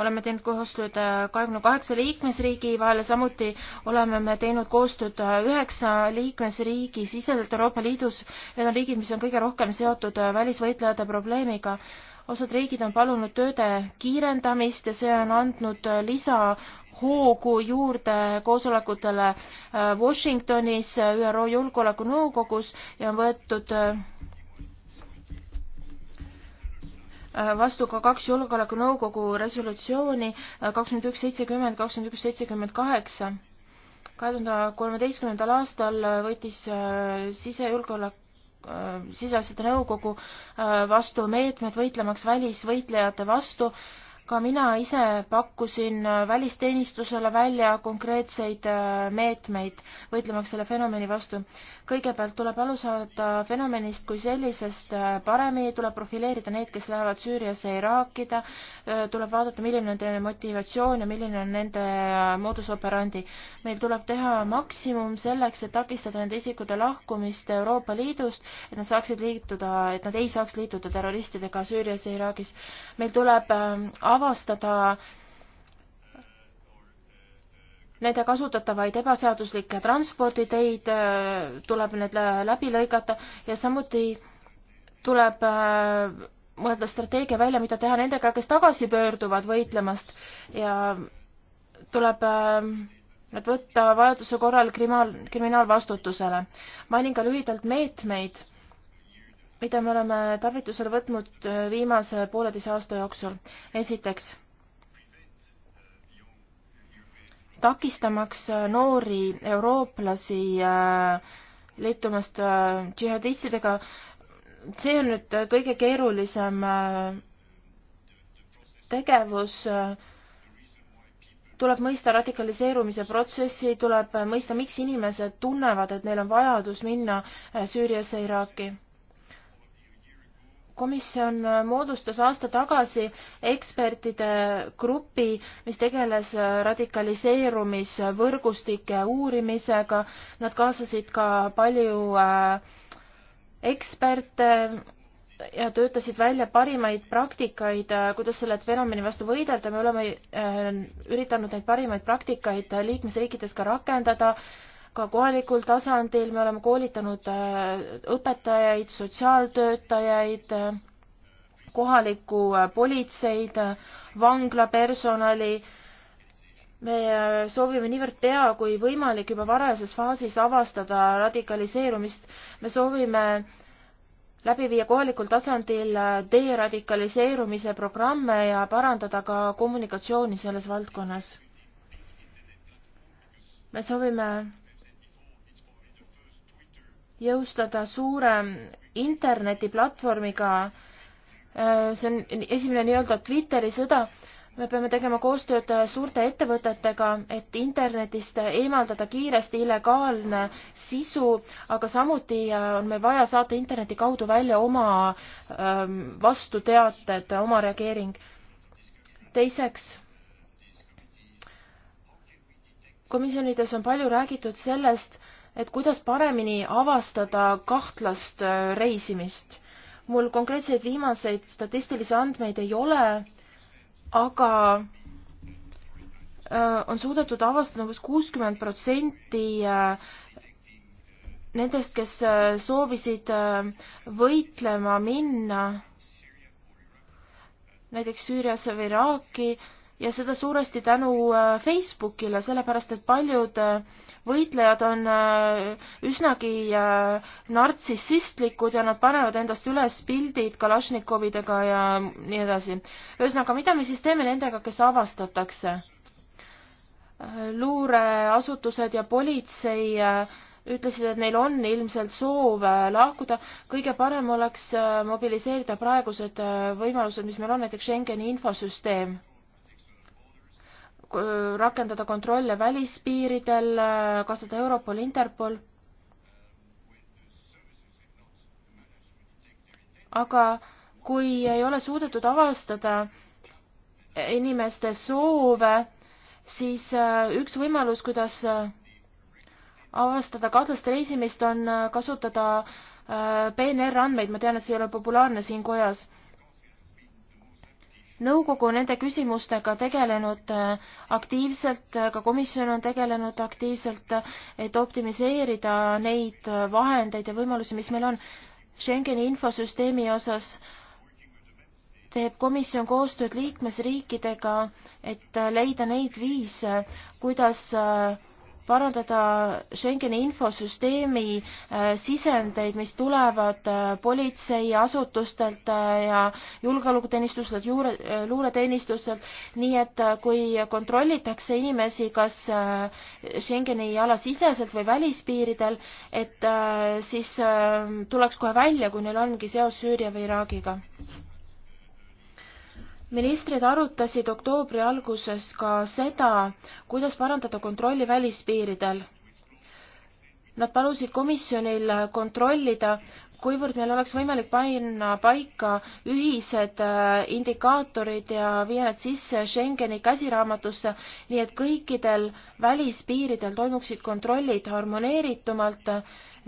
oleme teinud koostööd äh, kahekümne kaheksa liikmesriigi vahel ja samuti oleme me teinud koostööd äh, üheksa liikmesriigi siseselt Euroopa Liidus. Need on riigid, mis on kõige rohkem seotud äh, välisvõitlejate probleemiga. osad riigid on palunud tööde kiirendamist ja see on andnud lisahoogu juurde koosolekutele Washingtonis, ÜRO Julgeolekunõukogus ja on võetud Äh, vastu ka kaks Julgeolekunõukogu resolutsiooni äh, kakskümmend üks seitsekümmend, kakskümmend üks seitsekümmend kaheksa. kahe tuhande kolmeteistkümnendal aastal võttis äh, sisejulgeolek, siseasjade nõukogu vastu meetmed võitlemaks välisvõitlejate vastu. ka mina ise pakkusin välisteenistusele välja konkreetseid meetmeid võitlemaks selle fenomeni vastu kõigepealt tuleb alu saada fenomenist kui sellisest äh, paremini, tuleb profileerida neid, kes lähevad Süüriasse ja Iraakida, äh, tuleb vaadata, milline on nende motivatsioon ja milline on nende äh, modus operandi. meil tuleb teha maksimum selleks, et takistada nende isikute lahkumist Euroopa Liidust, et nad saaksid liituda, et nad ei saaks liituda terroristidega Süürias ja Iraagis. meil tuleb ähm, avastada nende kasutatavaid ebaseaduslikke transporditeid, äh, tuleb need läbi lõigata ja samuti tuleb äh, mõelda strateegia välja, mida teha nendega, kes tagasi pöörduvad võitlemast ja tuleb äh, nad võtta vajaduse korral krimaal, kriminaalvastutusele. mainin ka lühidalt meetmeid, mida me oleme tarvitusele võtnud viimase pooleteise aasta jooksul. esiteks takistamaks äh, noori eurooplasi äh, liitumast äh, džihadistidega, see on nüüd kõige keerulisem tegevus, tuleb mõista radikaliseerumise protsessi, tuleb mõista, miks inimesed tunnevad, et neil on vajadus minna Süüriasse, Iraaki komisjon moodustas aasta tagasi ekspertide grupi, mis tegeles radikaliseerumisvõrgustike uurimisega. Nad kaasasid ka palju äh, eksperte ja töötasid välja parimaid praktikaid, äh, kuidas selle fenomeni vastu võidelda. me oleme äh, üritanud neid parimaid praktikaid liikmesriikides ka rakendada ka kohalikul tasandil, me oleme koolitanud äh, õpetajaid, sotsiaaltöötajaid, kohalikku äh, politseid, vanglapersonali. me äh, soovime niivõrd pea kui võimalik juba varajases faasis avastada radikaliseerumist. me soovime läbi viia kohalikul tasandil deradikaliseerumise programme ja parandada ka kommunikatsiooni selles valdkonnas. me soovime jõustada suure internetiplatvormiga, äh, see on esimene nii-öelda Twitteri sõda, me peame tegema koostööd suurte ettevõtetega, et internetist eemaldada kiiresti illegaalne sisu, aga samuti äh, on meil vaja saata interneti kaudu välja oma ähm, vastuteated, oma reageering. teiseks, komisjonides on palju räägitud sellest, et kuidas paremini avastada kahtlast äh, reisimist. mul konkreetseid viimaseid statistilisi andmeid ei ole, aga äh, on suudetud avastada umbes kuuskümmend protsenti äh, nendest, kes soovisid võitlema minna näiteks Süüriasse või Iraaki, ja seda suuresti tänu äh, Facebookile, sellepärast et paljud äh, võitlejad on äh, üsnagi nartsissistlikud ja nad panevad endast üles pildid Kalašnikovidega ja nii edasi. ühesõnaga, mida me siis teeme nendega, kes avastatakse? luureasutused ja politsei ütlesid, et neil on ilmselt soov lahkuda, kõige parem oleks mobiliseerida praegused võimalused, mis meil on, näiteks Schengeni infosüsteem Äh, rakendada kontrolle välispiiridel, äh, kaasada Europol, Interpol. aga kui ei ole suudetud avastada inimeste soove, siis äh, üks võimalus, kuidas avastada kahtlast reisimist, on kasutada PNR andmeid, ma tean, et see ei ole populaarne siin kojas nõukogu on nende küsimustega tegelenud äh, aktiivselt, äh, ka komisjon on tegelenud aktiivselt, äh, et optimiseerida neid vahendeid ja võimalusi, mis meil on. Schengeni infosüsteemi osas teeb komisjon koostööd liikmesriikidega, et leida neid viise, kuidas äh, parandada Schengeni infosüsteemi äh, sisendeid, mis tulevad äh, politseiasutustelt äh, ja julgeolekuteenistuselt, juure, luureteenistustelt, nii et kui kontrollitakse inimesi kas Schengeni ala siseselt või välispiiridel, et siis tuleks kohe välja, kui neil ongi seos Süüria või Iraagiga ministrid arutasid oktoobri alguses ka seda, kuidas parandada kontrolli välispiiridel. Nad palusid komisjonil kontrollida, kuivõrd meil oleks võimalik panna paika ühised äh, indikaatorid ja viia need sisse Schengeni käsiraamatusse, nii et kõikidel välispiiridel toimuksid kontrollid harmoneeritumalt,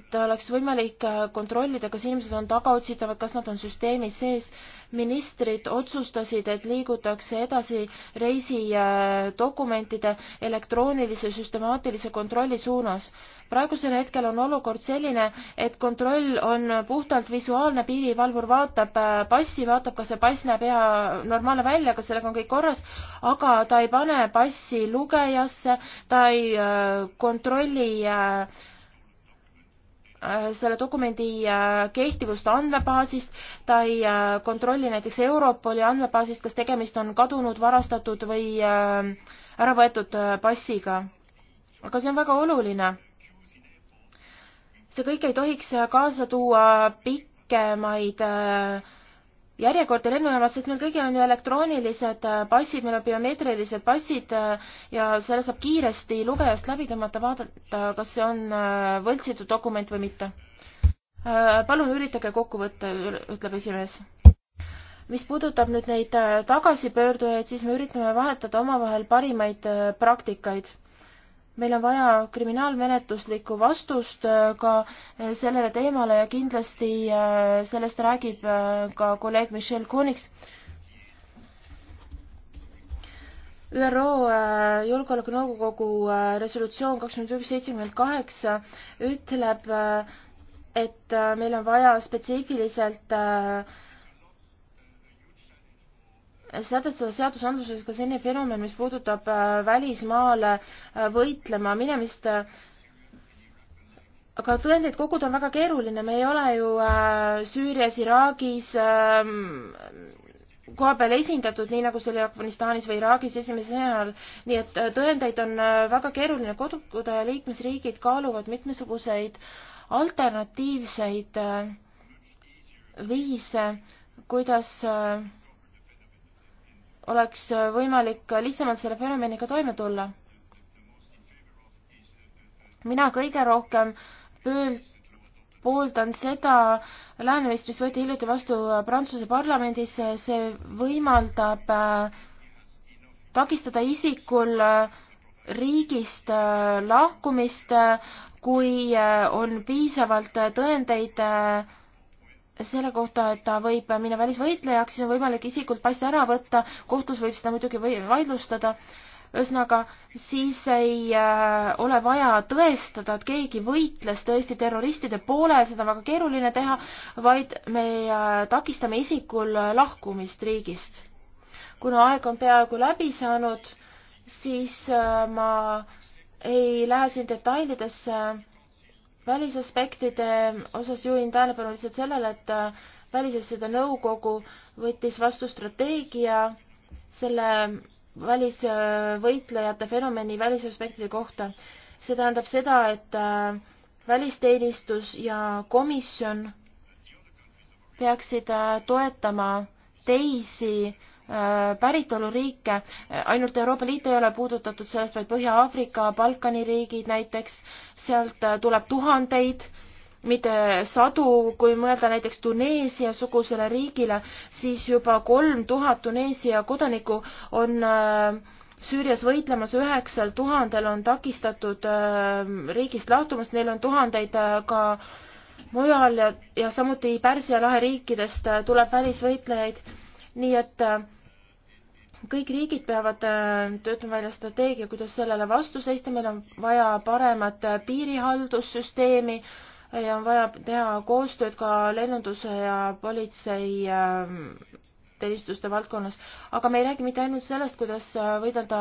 et oleks võimalik äh, kontrollida, kas inimesed on tagaotsitavad, kas nad on süsteemi sees ministrid otsustasid, et liigutakse edasi reisidokumentide äh, elektroonilise süstemaatilise kontrolli suunas. praegusel hetkel on olukord selline, et kontroll on puhtalt visuaalne, piirivalvur vaatab äh, passi, vaatab, kas see pass näeb hea, normaalne välja, kas sellega on kõik korras, aga ta ei pane passi lugejasse, ta ei äh, kontrolli äh, Äh, selle dokumendi äh, kehtivust andmebaasist, ta ei äh, kontrolli näiteks Europoli andmebaasist, kas tegemist on kadunud, varastatud või ära võetud passiga. aga see on väga oluline. see kõik ei tohiks kaasa tuua pikemaid äh, järjekordi lennujaamas, sest meil kõigil on ju elektroonilised äh, passid, meil on biomeetrilised passid äh, ja selle saab kiiresti lugejast läbi tõmmata, vaadata, kas see on äh, võltsitud dokument või mitte. palun üritage kokku võtta, ütleb esimees. mis puudutab nüüd neid tagasipöördujaid, siis me üritame vahetada omavahel parimaid praktikaid meil on vaja kriminaalmenetluslikku vastust äh, ka äh, sellele teemale ja kindlasti äh, sellest räägib ka kolleeg Michel Kuniks. ÜRO Julgeolekunõukogu resolutsioon kakskümmend üks seitsekümmend kaheksa ütleb, et meil on vaja spetsiifiliselt äh, sätestada seadusandluses ka selline fenomen, mis puudutab äh, välismaale äh, võitlema minemist. aga tõendeid koguda on väga keeruline, me ei ole ju äh, Süürias, Iraagis ähm, koha peal esindatud, nii nagu see oli Afganistanis või Iraagis esimesel ajal. nii et tõendeid on väga keeruline koduda ja liikmesriigid kaaluvad mitmesuguseid alternatiivseid viise, kuidas äh, oleks võimalik lihtsamalt selle fenomeniga toime tulla. mina kõige rohkem pööld-, pooldan seda lähenemist, mis võeti hiljuti vastu Prantsuse parlamendis, see võimaldab äh, takistada isikul äh, riigist äh, lahkumist, kui on piisavalt tõendeid selle kohta, et ta võib minna välisvõitlejaks, siis on võimalik isikult pass ära võtta, kohtus võib seda muidugi või vaidlustada. ühesõnaga, siis ei äh, ole vaja tõestada, et keegi võitles tõesti terroristide poole, seda on väga keeruline teha, vaid me äh, takistame isikul äh, lahkumist riigist. kuna aeg on peaaegu läbi saanud, siis äh, ma ei lähe siin detailidesse äh, välisaspektide osas juhin tähelepanu lihtsalt sellele, et äh, välisasjade nõukogu võttis vastu strateegia selle välisvõitlejate äh, fenomeni välisaspektide kohta. see tähendab seda, et äh, välisteenistus ja komisjon peaksid toetama teisi Äh, päritoluriike, äh, ainult Euroopa Liit ei ole puudutatud sellest, vaid Põhja-Aafrika, Balkani riigid näiteks, sealt äh, tuleb tuhandeid, mitte sadu, kui mõelda näiteks Tuneesia sugusele riigile, siis juba kolm tuhat Tuneesia kodanikku on Süürias võitlemas üheksal tuhandel on takistatud riigist lahtumast, neil on tuhandeid ka mujal ja, ja samuti Pärsia lahe riikidest tuleb välisvõitlejaid. nii et äh, kõik riigid peavad äh, töötama välja strateegia, kuidas sellele vastu seista, meil on vaja paremat äh, piirihaldussüsteemi ja on vaja teha koostööd ka lennunduse ja politsei ähm, teenistuste valdkonnas. aga me ei räägi mitte ainult sellest, kuidas äh, võidelda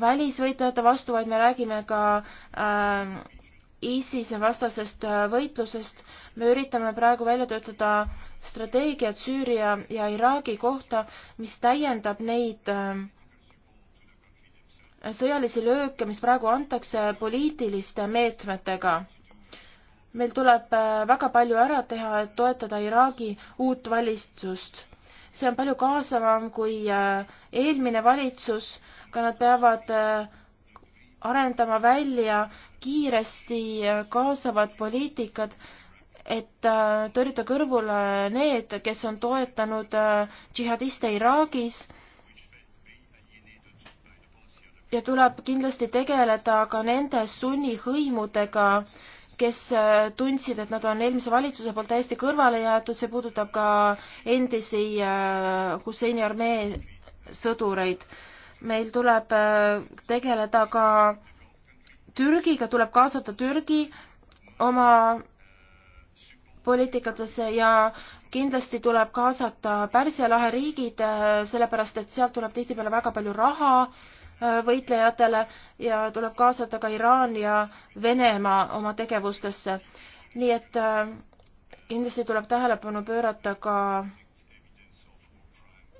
välisvõitlejate vastu, vaid me räägime ka äh, ISISe vastasest äh, võitlusest. me üritame praegu välja töötada strateegiat Süüria ja Iraagi kohta, mis täiendab neid äh, sõjalisi lööke, mis praegu antakse poliitiliste meetmetega. meil tuleb äh, väga palju ära teha, et toetada Iraagi uut valitsust. see on palju kaasavam kui eelmine valitsus, aga nad peavad arendama välja kiiresti kaasavad poliitikad, et äh, tõrjuda kõrvule need, kes on toetanud äh, džihadiste Iraagis ja tuleb kindlasti tegeleda ka nende sunnihõimudega, kes äh, tundsid, et nad on eelmise valitsuse poolt täiesti kõrvale jäetud, see puudutab ka endisi Husseini armee sõdureid. meil tuleb tegeleda ka Türgiga tuleb kaasata Türgi oma poliitikatesse ja kindlasti tuleb kaasata Pärsia lahe riigid, äh, sellepärast et sealt tuleb tihtipeale väga palju raha äh, võitlejatele ja tuleb kaasata ka Iraan ja Venemaa oma tegevustesse. nii et äh, kindlasti tuleb tähelepanu pöörata ka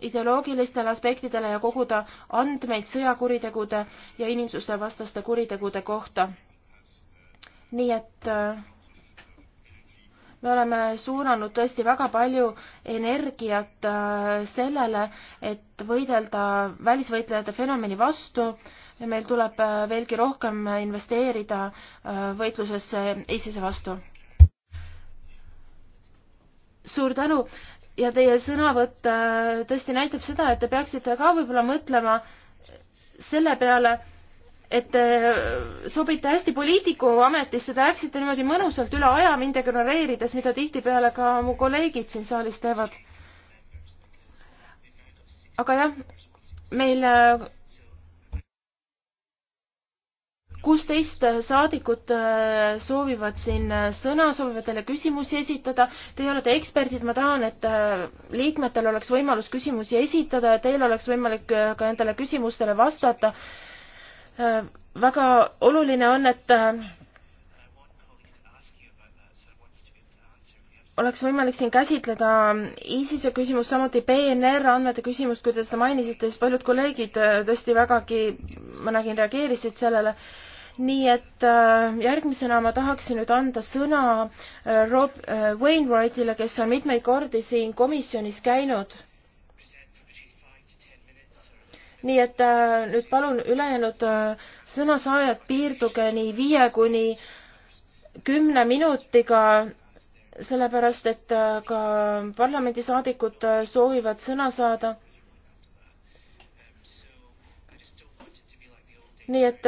ideoloogilistele aspektidele ja koguda andmeid sõjakuritegude ja inimsuste vastaste kuritegude kohta. nii et äh, me oleme suunanud tõesti väga palju energiat äh, sellele, et võidelda välisvõitlejate fenomeni vastu ja meil tuleb äh, veelgi rohkem investeerida võitlusesse ISISe vastu. suur tänu, ja teie sõnavõtt äh, tõesti näitab seda, et te peaksite ka võib-olla mõtlema selle peale, et te sobite hästi poliitiku ametisse, te läksite niimoodi mõnusalt üle aja mind ignoreerides, mida tihtipeale ka mu kolleegid siin saalis teevad. aga jah, meil äh, kuusteist saadikut äh, soovivad siin äh, sõna, soovivad teile küsimusi esitada. Teie olete eksperdid, ma tahan, et äh, liikmetel oleks võimalus küsimusi esitada ja teil oleks võimalik ka endale küsimustele vastata. väga oluline on, et oleks võimalik siin käsitleda ISISe küsimust, samuti PNR andmete küsimust, kui te seda mainisite, siis paljud kolleegid tõesti vägagi, ma nägin, reageerisid sellele nii et äh, järgmisena ma tahaksin nüüd anda sõna äh, Rob äh, Wainwrightile, kes on mitmeid kordi siin komisjonis käinud. nii et nüüd palun ülejäänud sõnasaajad piirduge nii viie kuni kümne minutiga, sellepärast et ka parlamendisaadikud soovivad sõna saada. nii et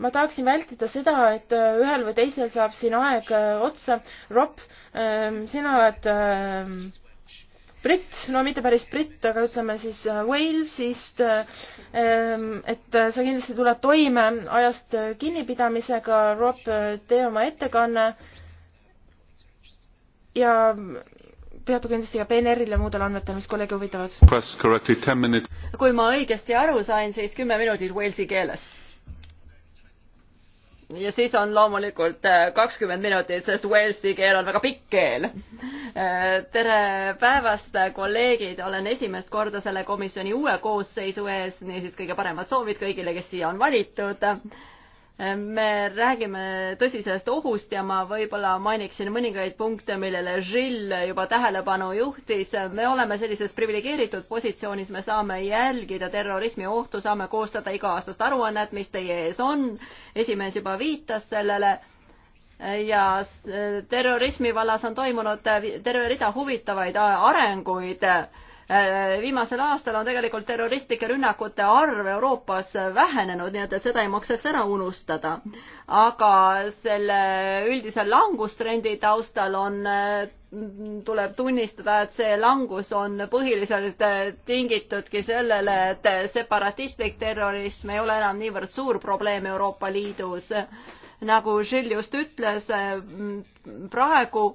ma tahaksin vältida seda, et äh, ühel või teisel saab siin aeg äh, otsa. Rob, ähm, sina oled ähm, britt, no mitte päris britt, aga ütleme siis äh, Walesist. Ähm, et sa kindlasti tuled toime ajast kinnipidamisega. Rob, tee oma ettekanne. ja peatu kindlasti ka PNR-il ja muudel andmetel, mis kolleege huvitavad. kui ma õigesti aru sain, siis kümme minutit Walesi keeles ja siis on loomulikult äh, kakskümmend minutit, sest Walesi keel on väga pikk keel. Äh, tere päevast, äh, kolleegid, olen esimest korda selle komisjoni uue koosseisu ees, niisiis kõige paremad soovid kõigile, kes siia on valitud me räägime tõsisest ohust ja ma võib-olla mainiksin mõningaid punkte, millele Žill juba tähelepanu juhtis. me oleme sellises priviligeeritud positsioonis, me saame jälgida terrorismi ohtu, saame koostada iga-aastast aruannet, mis teie ees on. esimees juba viitas sellele ja terrorismi vallas on toimunud terve rida huvitavaid arenguid Äh, viimasel aastal on tegelikult terroristlike rünnakute arv Euroopas vähenenud, nii et seda ei maksaks ära unustada. aga selle üldise langustrendi taustal on, äh, tuleb tunnistada, et see langus on põhiliselt äh, tingitudki sellele, et separatistlik terrorism ei ole enam niivõrd suur probleem Euroopa Liidus. nagu Žil just ütles, praegu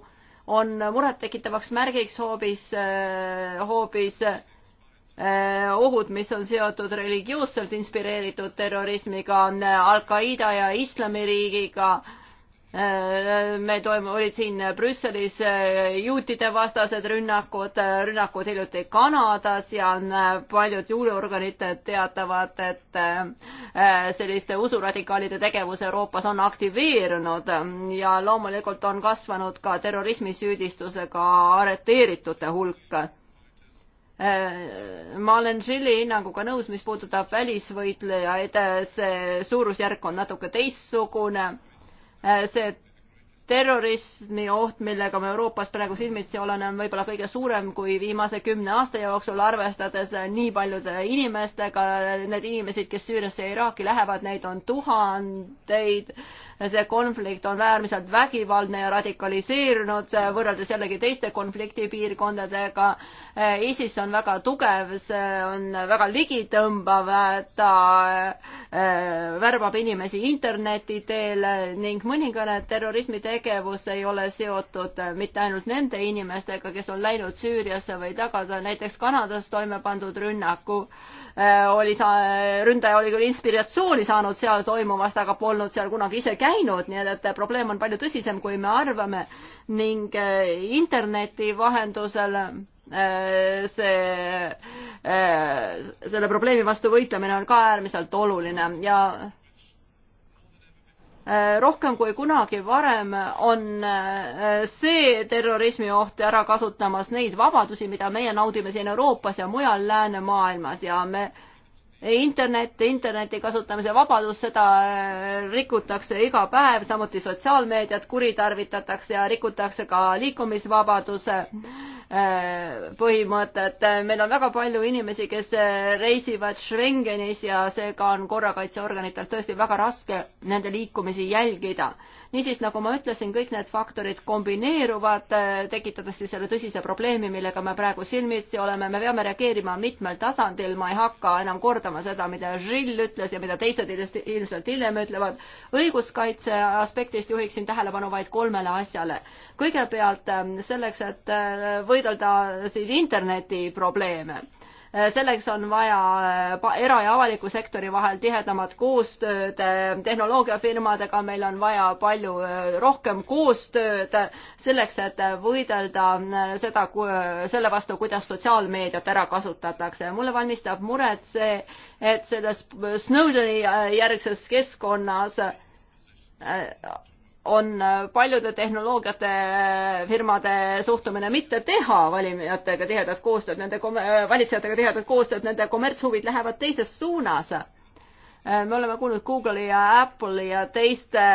on murettekitavaks märgiks hoopis, eh, hoopis eh, ohud, mis on seotud religioosselt inspireeritud terrorismiga, on Al-Qaeda ja Islamiriigiga Äh, me toimu-, olid siin Brüsselis äh, juutide vastased rünnakud, äh, rünnakud hiljuti Kanadas ja on paljud juuliorganid teatavad, et selliste usuradikaalide tegevus Euroopas on aktiveerunud ja loomulikult on kasvanud ka terrorismisüüdistusega arreteeritute hulk. ma olen Žili hinnanguga nõus, mis puudutab välisvõitlejaid, see suurusjärk on natuke teistsugune Äh, see terrorismi oht, millega me Euroopas praegu silmitsi oleme, on võib-olla kõige suurem kui viimase kümne aasta jooksul, arvestades nii paljude inimestega, need inimesed, kes Süüriasse ja Iraaki lähevad, neid on tuhandeid see konflikt on äärmiselt vägivaldne ja radikaliseerunud võrreldes jällegi teiste konfliktipiirkondadega. ISIS on väga tugev, see on väga ligitõmbav, ta äh, värbab inimesi interneti teel ning mõningane terrorismitegevus ei ole seotud mitte ainult nende inimestega, kes on läinud Süüriasse või tagada näiteks Kanadas toime pandud rünnaku Äh, oli sa-, ründaja oli küll inspiratsiooni saanud seal toimuvast, aga polnud seal kunagi ise käinud, nii et, et probleem on palju tõsisem, kui me arvame ning äh, interneti vahendusel äh, see, selle probleemi vastu võitlemine on ka äärmiselt oluline ja Äh, rohkem kui kunagi varem on äh, see terrorismioht ära kasutamas neid vabadusi, mida meie naudime siin Euroopas ja mujal läänemaailmas ja me internet, interneti kasutamise vabadus, seda äh, rikutakse iga päev, samuti sotsiaalmeediat kuritarvitatakse ja rikutakse ka liikumisvabaduse äh, põhimõtet. meil on väga palju inimesi, kes reisivad Schengenis ja seega on korrakaitseorganitel tõesti väga raske nende liikumisi jälgida. niisiis, nagu ma ütlesin, kõik need faktorid kombineeruvad, tekitades siis selle tõsise probleemi, millega me praegu silmitsi oleme. me peame reageerima mitmel tasandil, ma ei hakka enam kordama seda, mida Žill ütles ja mida teised ilmselt hiljem ütlevad. õiguskaitse aspektist juhiksin tähelepanu vaid kolmele asjale. kõigepealt selleks, et või võidelda siis interneti probleeme selleks on vaja eh, era- ja avaliku sektori vahel tihedamat koostööd, eh, tehnoloogiafirmadega meil on vaja palju eh, rohkem koostööd selleks, et võidelda seda, selle vastu, kuidas sotsiaalmeediat ära kasutatakse. mulle valmistab muret see, et selles Snowdeni järgses keskkonnas on paljude tehnoloogiate äh, firmade suhtumine mitte teha valimijatega tihedat koostööd, nende äh, valitsejatega tihedat koostööd, nende kommertshuvid lähevad teises suunas. Äh, me oleme kuulnud Google'i ja Apple'i ja teiste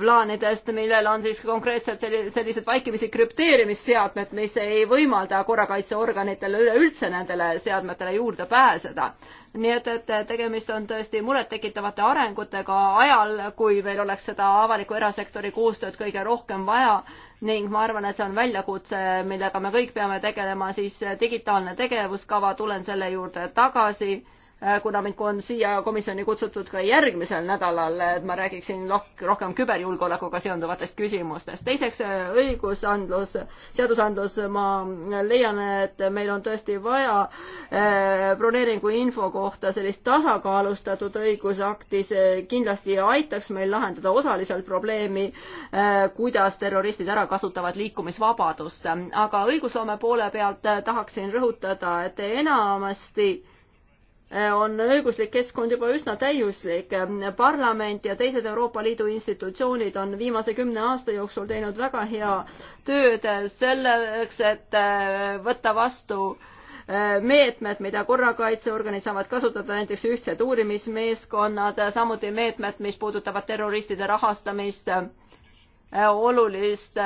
plaanidest, millel on siis konkreetselt sellised vaikimisi krüpteerimisseadmed, mis ei võimalda korrakaitseorganitele üleüldse nendele seadmetele juurde pääseda. nii et, et tegemist on tõesti murettekitavate arengutega ajal, kui meil oleks seda avaliku erasektori koostööd kõige rohkem vaja ning ma arvan, et see on väljakutse, millega me kõik peame tegelema, siis digitaalne tegevuskava, tulen selle juurde tagasi Äh, kuna mind on siia komisjoni kutsutud ka järgmisel nädalal, et ma räägiksin rohkem küberjulgeolekuga seonduvatest küsimustest. teiseks, äh, õigusandlus, seadusandlus, ma leian, et meil on tõesti vaja äh, broneeringu info kohta sellist tasakaalustatud õigusakti, see kindlasti aitaks meil lahendada osaliselt probleemi, kuidas terroristid ära kasutavad liikumisvabadust. aga õigusloome poole pealt tahaksin rõhutada, et enamasti on õiguslik keskkond juba üsna täiuslik. parlament ja teised Euroopa Liidu institutsioonid on viimase kümne aasta jooksul teinud väga hea tööd selleks, et äh, võtta vastu äh, meetmed, mida korrakaitseorganid saavad kasutada, näiteks ühtsed uurimismeeskonnad, samuti meetmed, mis puudutavad terroristide rahastamist, äh, olulist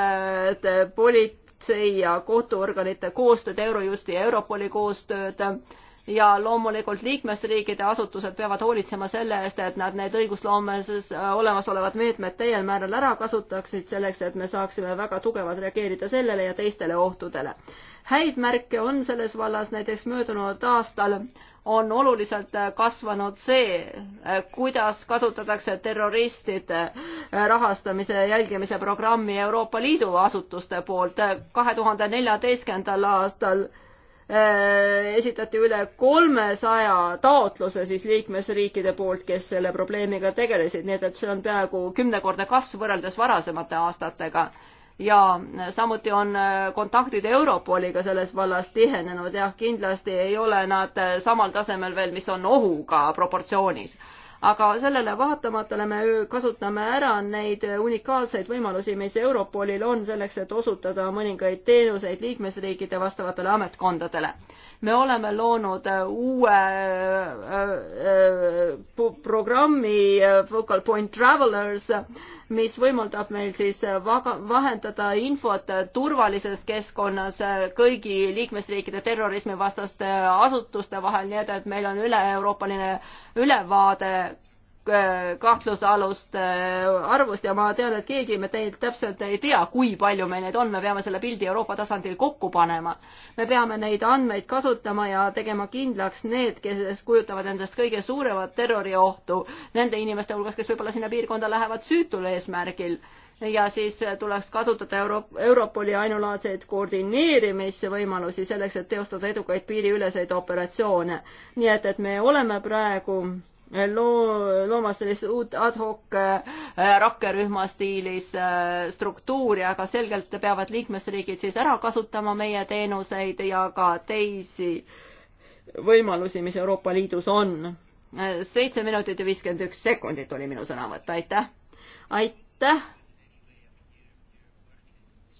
politsei ja kohtuorganite koostööd, Eurojusti ja Europoli koostööd ja loomulikult liikmesriigide asutused peavad hoolitsema selle eest, et nad need õigusloomes äh, olemasolevad meetmed täiel määral ära kasutaksid, selleks et me saaksime väga tugevalt reageerida sellele ja teistele ohtudele. häid märke on selles vallas, näiteks möödunud aastal on oluliselt äh, kasvanud see, äh, kuidas kasutatakse terroristide rahastamise jälgimise programmi Euroopa Liidu asutuste poolt. kahe tuhande neljateistkümnendal aastal Äh, esitati üle kolmesaja taotluse siis liikmesriikide poolt, kes selle probleemiga tegelesid, nii et, et see on peaaegu kümnekordne kasv võrreldes varasemate aastatega. ja samuti on äh, kontaktid Europoliga selles vallas tihenenud, jah, kindlasti ei ole nad äh, samal tasemel veel, mis on ohuga proportsioonis aga sellele vaatamata me kasutame ära neid unikaalseid võimalusi, mis Europolil on selleks, et osutada mõningaid teenuseid liikmesriikide vastavatele ametkondadele me oleme loonud äh, uue äh, äh, programmi Focal Point Travelers, mis võimaldab meil siis vahendada infot turvalises keskkonnas kõigi liikmesriikide terrorismivastaste asutuste vahel, nii et, et meil on üle-euroopaline ülevaade Äh, kahtlusaluste äh, arvust ja ma tean, et keegi me teilt täpselt ei tea, kui palju meil neid on, me peame selle pildi Euroopa tasandil kokku panema. me peame neid andmeid kasutama ja tegema kindlaks need, kes kujutavad endast kõige suuremat terroriohtu, nende inimeste hulgas, kes võib-olla sinna piirkonda lähevad süütul eesmärgil ja siis tuleks kasutada Euro-, Europoli ainulaadseid koordineerimisvõimalusi selleks, et teostada edukaid piiriüleseid operatsioone. nii et, et me oleme praegu loo, loomas sellist uut ad hoc äh, rakkerühma stiilis äh, struktuuri, aga selgelt peavad liikmesriigid siis ära kasutama meie teenuseid ja ka teisi võimalusi, mis Euroopa Liidus on. Äh, seitse minutit ja viiskümmend üks sekundit oli minu sõnavõtt, aitäh. aitäh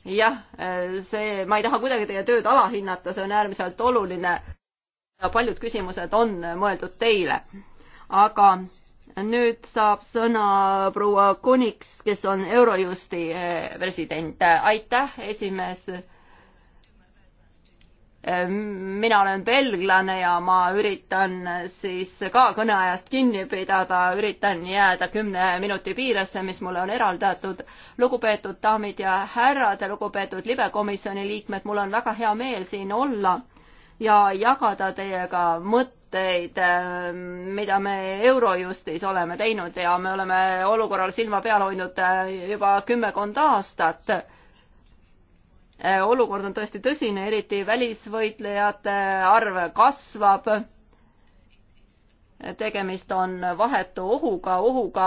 jah, see, ma ei taha kuidagi teie tööd alahinnata, see on äärmiselt oluline. paljud küsimused on mõeldud teile aga nüüd saab sõna proua Kuniks, kes on Eurojusti eh, president. aitäh, esimees. Eh, mina olen belglane ja ma üritan siis ka kõneajast kinni pidada, üritan jääda kümne minuti piiresse, mis mulle on eraldatud. lugupeetud daamid ja härrad, lugupeetud libekomisjoni liikmed, mul on väga hea meel siin olla ja jagada teiega mõtteid mõtteid, ähm, mida me Eurojustis oleme teinud ja me oleme olukorral silma peal hoidnud äh, juba kümmekond aastat. Äh, olukord on tõesti tõsine, eriti välisvõitlejate arv kasvab. tegemist on vahetu ohuga, ohuga,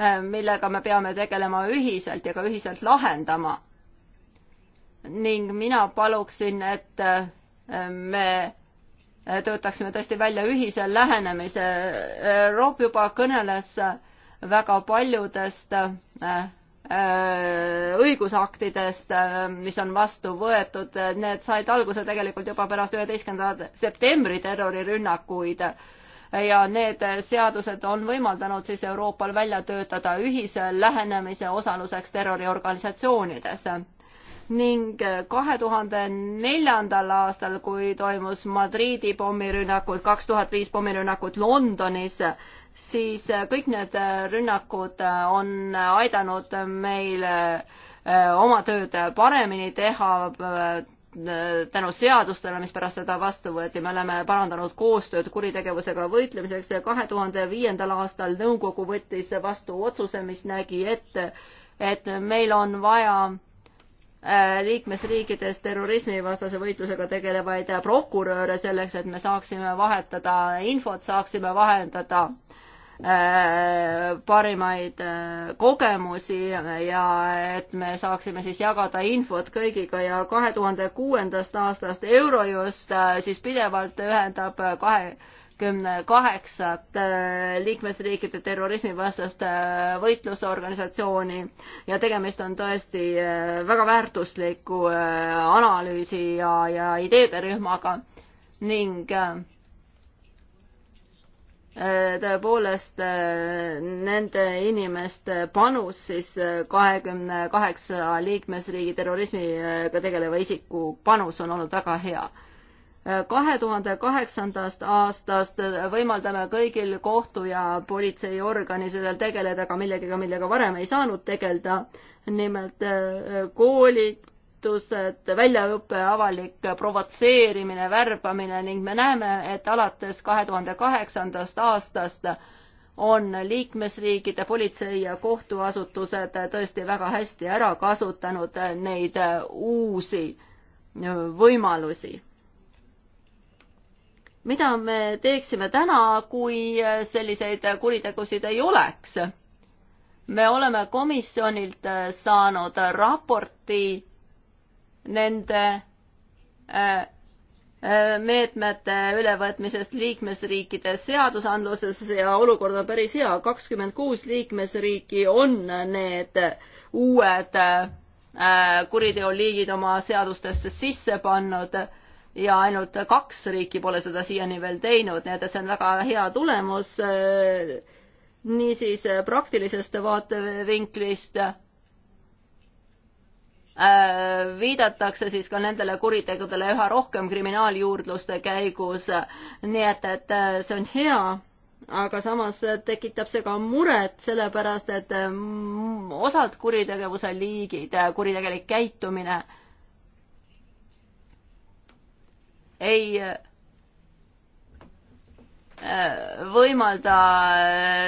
äh, millega me peame tegelema ühiselt ja ka ühiselt lahendama ning mina paluksin, et me töötaksime tõesti välja ühise lähenemise. Rob juba kõneles väga paljudest äh, õigusaktidest, mis on vastu võetud, need said alguse tegelikult juba pärast üheteistkümnenda septembri terrorirünnakuid ja need seadused on võimaldanud siis Euroopal välja töötada ühise lähenemise osaluseks terroriorganisatsioonides ning kahe tuhande neljandal aastal, kui toimus Madriidi pommirünnakud, kaks tuhat viis pommirünnakud Londonis, siis kõik need rünnakud on aidanud meil äh, oma tööd paremini teha äh, tänu seadustele, mis pärast seda vastu võeti, me oleme parandanud koostööd kuritegevusega võitlemiseks ja kahe tuhande viiendal aastal nõukogu võttis vastu otsuse, mis nägi ette, et meil on vaja Äh, liikmesriikides terrorismivastase võitlusega tegelevaid prokuröre selleks, et me saaksime vahetada infot, saaksime vahendada äh, parimaid äh, kogemusi ja et me saaksime siis jagada infot kõigiga ja kahe tuhande kuuendast aastast Eurojust siis pidevalt ühendab kahe kahekümne kaheksat äh, liikmesriikide terrorismivastast äh, võitlusorganisatsiooni ja tegemist on tõesti äh, väga väärtusliku analüüsi ja, ja ideede rühmaga ning tõepoolest nende inimeste panus siis kahekümne kaheksa liikmesriigi terrorismiga tegeleva isiku panus on olnud väga hea kahe tuhande kaheksandast aastast võimaldame kõigil kohtu- ja politseiorganitedel tegeleda ka millegagi, millega varem ei saanud tegeleda. nimelt äh, koolitused, väljaõpe, avalik provotseerimine, värbamine ning me näeme, et alates kahe tuhande kaheksandast aastast on liikmesriigide politsei ja kohtuasutused tõesti väga hästi ära kasutanud neid uusi võimalusi mida me teeksime täna, kui selliseid kuritegusid ei oleks? me oleme komisjonilt saanud raporti nende äh, äh, meetmete ülevõtmisest liikmesriikide seadusandluses ja olukord on päris hea, kakskümmend kuus liikmesriiki on need uued äh, kuriteoliigid oma seadustesse sisse pannud ja ainult kaks riiki pole seda siiani veel teinud, nii et see on väga hea tulemus. Äh, niisiis äh, praktilisest vaatevinklist äh, viidatakse siis ka nendele kuritegudele üha rohkem kriminaaljuurdluste käigus. nii et, et see on hea, aga samas tekitab see ka muret, sellepärast et mm, osad kuritegevuse liigid, kuritegelik käitumine ei äh, võimalda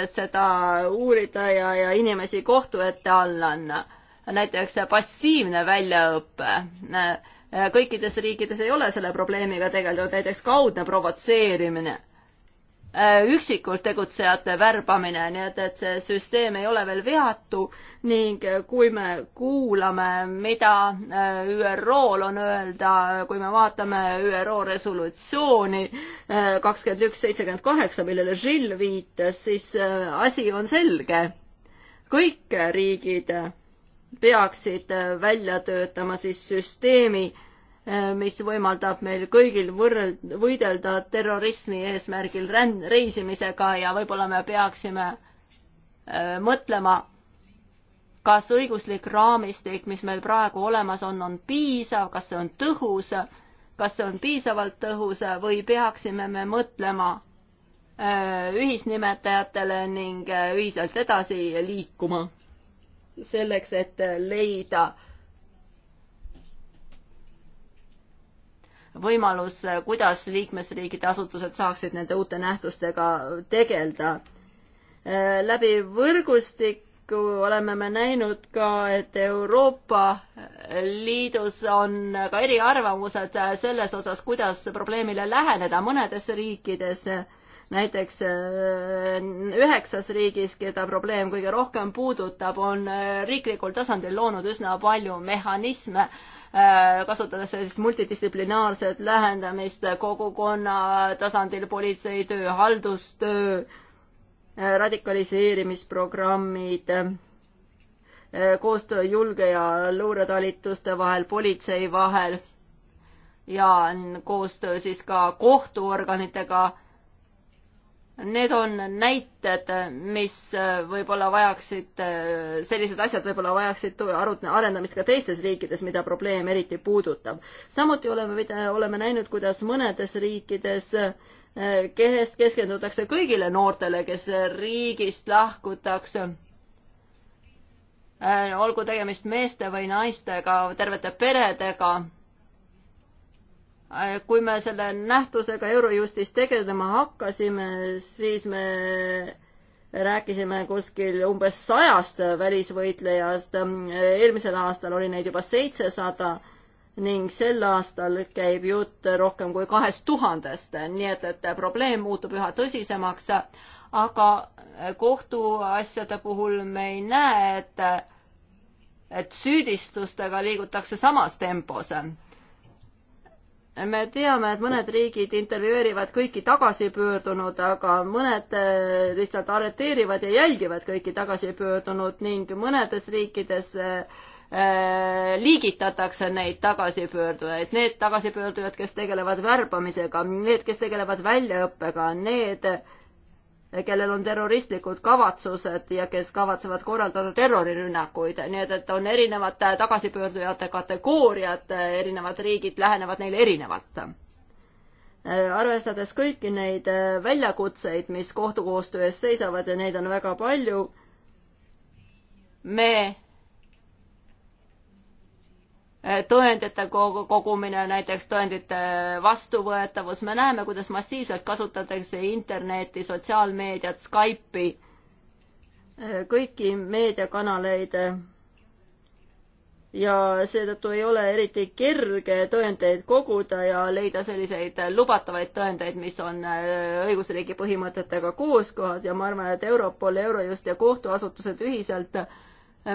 äh, seda uurida ja, ja inimesi kohtu ette alla anda. näiteks passiivne väljaõpe. Äh, kõikides riikides ei ole selle probleemiga tegeldud, näiteks kaudne provotseerimine Äh, üksikult tegutsejate värbamine, nii et, et see süsteem ei ole veel veatu ning äh, kui me kuulame, mida äh, ÜRO-l on öelda, kui me vaatame ÜRO resolutsiooni kakskümmend üks seitsekümmend kaheksa, millele Žil viitas, siis asi on selge. kõik riigid peaksid välja töötama siis süsteemi, Äh, mis võimaldab meil kõigil võrreld-, võidelda terrorismi eesmärgil ränd-, reisimisega ja võib-olla me peaksime äh, mõtlema, kas õiguslik raamistik, mis meil praegu olemas on, on piisav, kas see on tõhus, kas see on piisavalt tõhus või peaksime me mõtlema äh, ühisnimetajatele ning ühiselt edasi liikuma selleks, et leida äh, võimalus, äh, kuidas liikmesriigide asutused saaksid nende uute nähtustega tegeleda. Äh, läbi võrgustiku oleme me näinud ka, et Euroopa Liidus on ka eriarvamused äh, selles osas, kuidas probleemile läheneda mõnedes riikides, näiteks üheksas riigis, keda probleem kõige rohkem puudutab, on riiklikul tasandil loonud üsna palju mehhanisme Äh, kasutades sellist multidistsiplinaarset lähendamist kogukonna tasandil, politseitöö, haldustöö, äh, radikaliseerimisprogrammid, äh, koostöö julge- ja luuretalituste vahel, politsei vahel ja koostöö siis ka kohtuorganitega Need on näited, mis äh, võib-olla vajaksid, äh, sellised asjad võib-olla vajaksid arut-, arendamist ka teistes riikides, mida probleem eriti puudutab. samuti oleme, oleme näinud, kuidas mõnedes riikides äh, kes keskendutakse kõigile noortele, kes riigist lahkutakse. olgu tegemist meeste või naistega, tervete peredega Äh, kui me selle nähtusega Eurojustis tegelema hakkasime, siis me rääkisime kuskil umbes sajast välisvõitlejast, eelmisel aastal oli neid juba seitsesada ning sel aastal käib jutt rohkem kui kahest tuhandest, nii et, et probleem muutub üha tõsisemaks, aga kohtuasjade puhul me ei näe, et, et süüdistustega liigutakse samas tempos me teame, et mõned riigid intervjueerivad kõiki tagasipöördunud, aga mõned äh, lihtsalt arreteerivad ja jälgivad kõiki tagasipöördunud ning mõnedes riikides äh, äh, liigitatakse neid tagasipöördujaid, need tagasipöördujad, kes tegelevad värbamisega, need, kes tegelevad väljaõppega, need, kellel on terroristlikud kavatsused ja kes kavatsevad korraldada terrorirünnakuid, nii et, et on erinevad tagasipöördujate kategooriad, erinevad riigid lähenevad neile erinevalt arvestades kõiki neid väljakutseid, mis kohtukoostöö ees seisavad ja neid on väga palju, me Äh, tõendite kogumine, näiteks tõendite vastuvõetavus, me näeme, kuidas massiivselt kasutatakse Internetti, sotsiaalmeediat, Skype'i, äh, kõiki meediakanaleid. ja seetõttu ei ole eriti kerge tõendeid koguda ja leida selliseid lubatavaid tõendeid, mis on äh, õigusriigi põhimõtetega kooskõlas ja ma arvan, et Europol, Eurojust ja kohtuasutused ühiselt äh,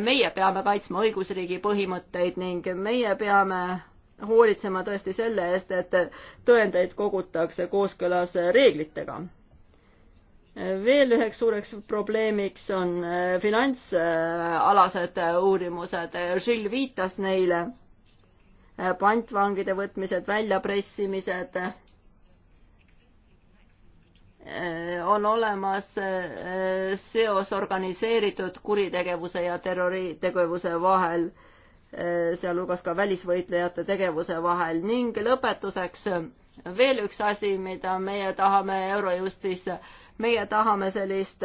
meie peame kaitsma õigusriigi põhimõtteid ning meie peame hoolitsema tõesti selle eest, et tõendeid kogutakse kooskõlas reeglitega. veel üheks suureks probleemiks on finantsalased uurimused, Žil viitas neile, pantvangide võtmised, väljapressimised Äh, on olemas äh, seos organiseeritud kuritegevuse ja terroritegevuse vahel, äh, sealhulgas ka välisvõitlejate tegevuse vahel ning lõpetuseks veel üks asi, mida meie tahame Eurojustis, meie tahame sellist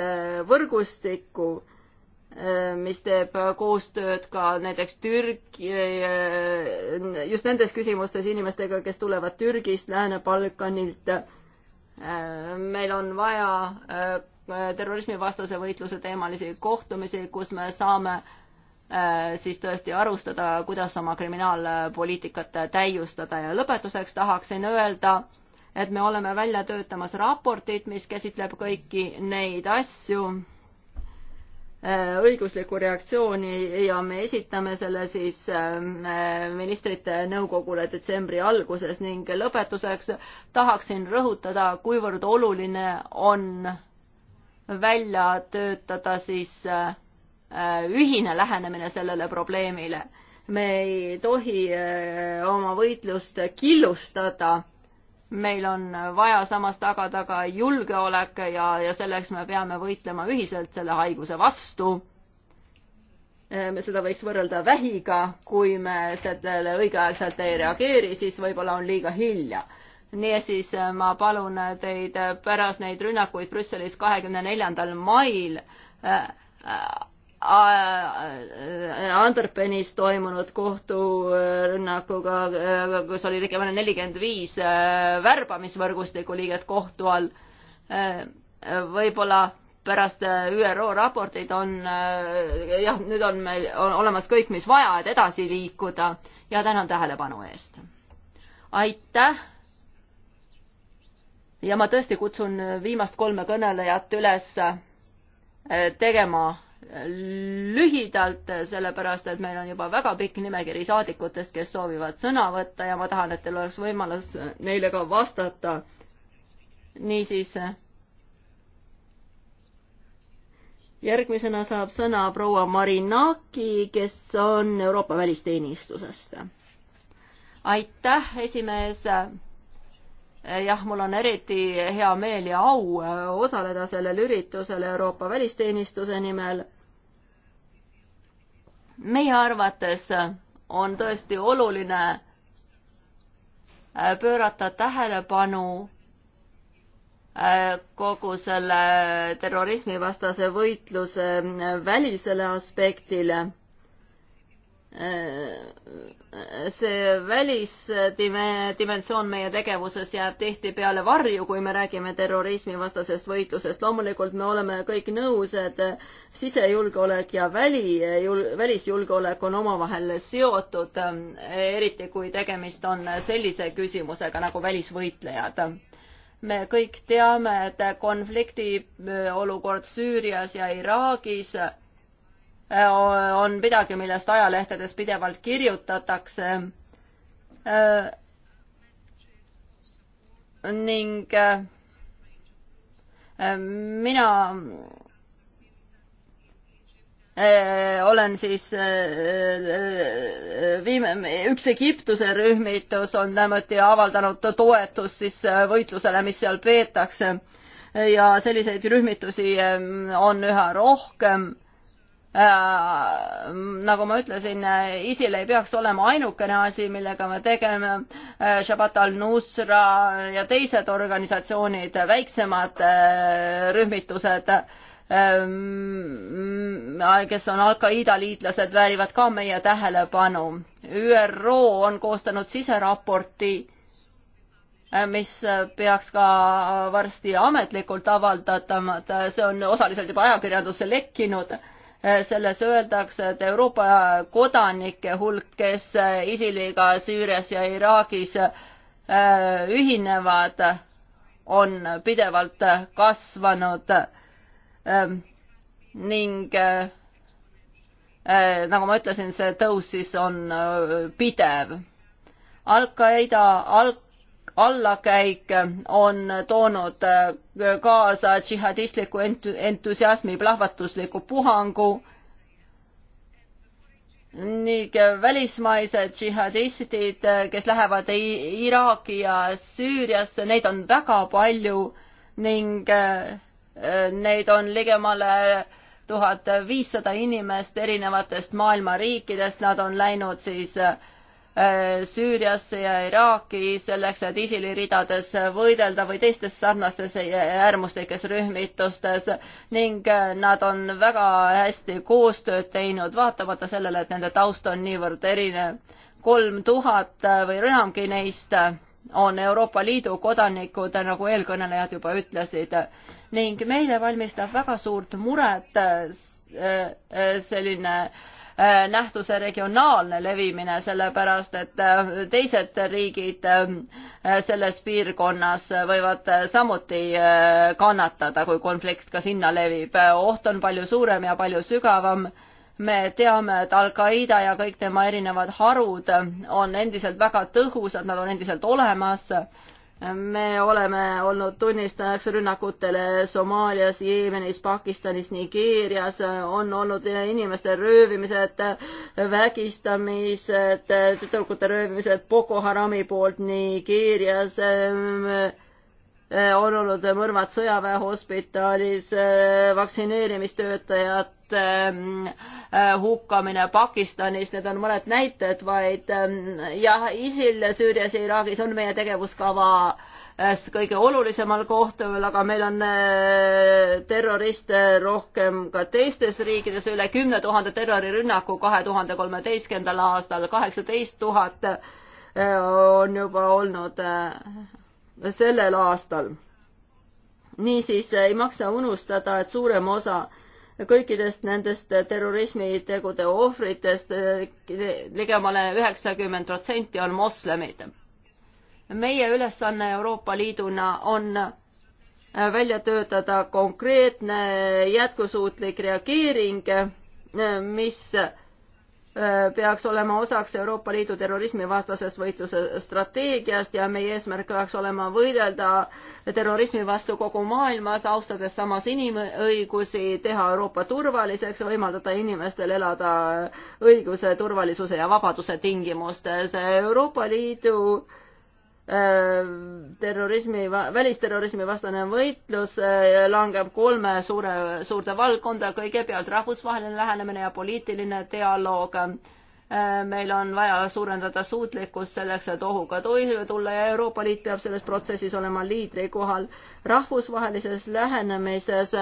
võrgustikku, mis teeb koostööd ka näiteks Türgi, just nendes küsimustes inimestega, kes tulevad Türgist, Lääne-Balkanilt meil on vaja äh, terrorismivastase võitluse teemalisi kohtumisi, kus me saame äh, siis tõesti arustada, kuidas oma kriminaalpoliitikat täiustada ja lõpetuseks tahaksin öelda, et me oleme välja töötamas raportit, mis käsitleb kõiki neid asju Äh, õiguslikku reaktsiooni ja me esitame selle siis ähm, äh, ministrite nõukogule detsembri alguses ning lõpetuseks tahaksin rõhutada, kuivõrd oluline on välja töötada siis äh, ühine lähenemine sellele probleemile. me ei tohi oma võitlust killustada meil on vaja samas tagada ka julgeolek ja, ja selleks me peame võitlema ühiselt selle haiguse vastu. Ehm, seda võiks võrrelda vähiga, kui me sellele õigeaegselt ei reageeri, siis võib-olla on liiga hilja niisiis ehm, ma palun teid pärast neid rünnakuid Brüsselis kahekümne neljandal mail ehm, Antwerpenis toimunud kohturünnakuga, kus oli ligemale nelikümmend viis äh, värbamisvõrgustiku liiget kohtu all. Äh, võib-olla pärast äh, ÜRO raporteid on jah, nüüd on meil on olemas kõik, mis vaja, et edasi liikuda ja tänan tähelepanu eest. aitäh. ja ma tõesti kutsun viimast kolme kõnelejat üles tegema lühidalt, sellepärast et meil on juba väga pikk nimekiri saadikutest, kes soovivad sõna võtta ja ma tahan, et teil oleks võimalus neile ka vastata. niisiis. järgmisena saab sõna proua Marinaki, kes on Euroopa välisteenistusest. aitäh, esimees Eh, jah, mul on eriti hea meel ja au eh, osaleda sellel üritusel Euroopa välisteenistuse nimel. meie arvates eh, on tõesti oluline pöörata tähelepanu kogu selle terrorismivastase võitluse mm, välisele aspektile see välisdimensioon meie tegevuses jääb tihtipeale varju, kui me räägime terrorismivastasest võitlusest. loomulikult me oleme kõik nõus, et sisejulgeolek ja väli, välisjulgeolek on omavahel seotud, eriti kui tegemist on sellise küsimusega nagu välisvõitlejad. me kõik teame, et konflikti olukord Süürias ja Iraagis on midagi, millest ajalehtedes pidevalt kirjutatakse. ning mina olen siis viime-, üks Egiptuse rühmitus on niimoodi avaldanud toetust siis võitlusele, mis seal peetakse ja selliseid rühmitusi on üha rohkem Äh, nagu ma ütlesin, ISIL ei peaks olema ainukene asi, millega me tegeleme. Äh, Shabbat al-Nusra ja teised organisatsioonid, väiksemad äh, rühmitused, kes on Al-Qaeda liitlased, väärivad ka meie tähelepanu. ÜRO on koostanud siseraporti, mis peaks ka varsti ametlikult avaldatama, see on osaliselt juba ajakirjandusse lekkinud selles öeldakse, et Euroopa kodanike hulk, kes ISILiga Süürias ja Iraagis äh, ühinevad, on pidevalt kasvanud ähm, ning äh, äh, nagu ma ütlesin, see tõus siis on pidev Al. Al-Qaeda, Al-, allakäik on toonud kaasa džihadistliku entusiasmi plahvatusliku puhangu ning välismaised džihadistid, kes lähevad Iraaki ja Süüriasse, neid on väga palju ning äh, neid on ligemale tuhat viissada inimest erinevatest maailma riikidest, nad on läinud siis äh, Äh, Süüriasse ja Iraaki selleks, et ISILi ridades võidelda või teistes sarnastes äärmuslikes rühmitustes ning äh, nad on väga hästi koostööd teinud, vaatamata sellele, et nende taust on niivõrd erinev. kolm tuhat äh, või enamgi neist on Euroopa Liidu kodanikud, nagu eelkõnelejad juba ütlesid ning meile valmistab väga suurt muret selline äh, Äh, nähtuse regionaalne levimine, sellepärast et äh, teised riigid äh, selles piirkonnas võivad samuti kannatada, kui konflikt ka sinna levib. oht on palju suurem ja palju sügavam me teame, et Al-Qaeda ja kõik tema erinevad harud on endiselt väga tõhusad, nad on endiselt olemas me oleme olnud tunnistajaks rünnakutele Somaalias, Jeemenis, Pakistanis, Nigeerias, on olnud inimeste röövimised, vägistamised, tüdrukute röövimised Boko Harami poolt Nigeerias. Eh, on olnud mõrvad sõjaväehospitalis, eh, vaktsineerimistöötajate mm, eh, hukkamine Pakistanis, need on mõned näited vaid mm, jah, ISIL Süürias ja Iraagis on meie tegevuskava kõige olulisemal kohtul, aga meil on terroriste rohkem ka teistes riikides, üle kümne tuhande terrorirünnaku kahe tuhande kolmeteistkümnendal aastal, kaheksateist tuhat on juba olnud sellel aastal. niisiis ei maksa unustada, et suurem osa kõikidest nendest terrorismitegude ohvritest ligemale üheksakümmend protsenti on moslemid. meie ülesanne Euroopa Liiduna on välja töötada konkreetne jätkusuutlik reageering, mis Äh, peaks olema osaks Euroopa Liidu terrorismivastasest võitluse strateegiast ja meie eesmärk peaks olema võidelda terrorismi vastu kogu maailmas, austades samas inimõigusi, teha Euroopa turvaliseks, võimaldada inimestel elada õiguse, turvalisuse ja vabaduse tingimustes. Euroopa Liidu äh, Äh, terrorismi, välisterrorismi vastane võitlus äh, langeb kolme suure, suurde valdkonda, kõigepealt rahvusvaheline lähenemine ja poliitiline dialoog. Äh, meil on vaja suurendada suutlikkust selleks, et ohuga toime tulla ja Euroopa Liit peab selles protsessis olema liidri kohal. rahvusvahelises lähenemises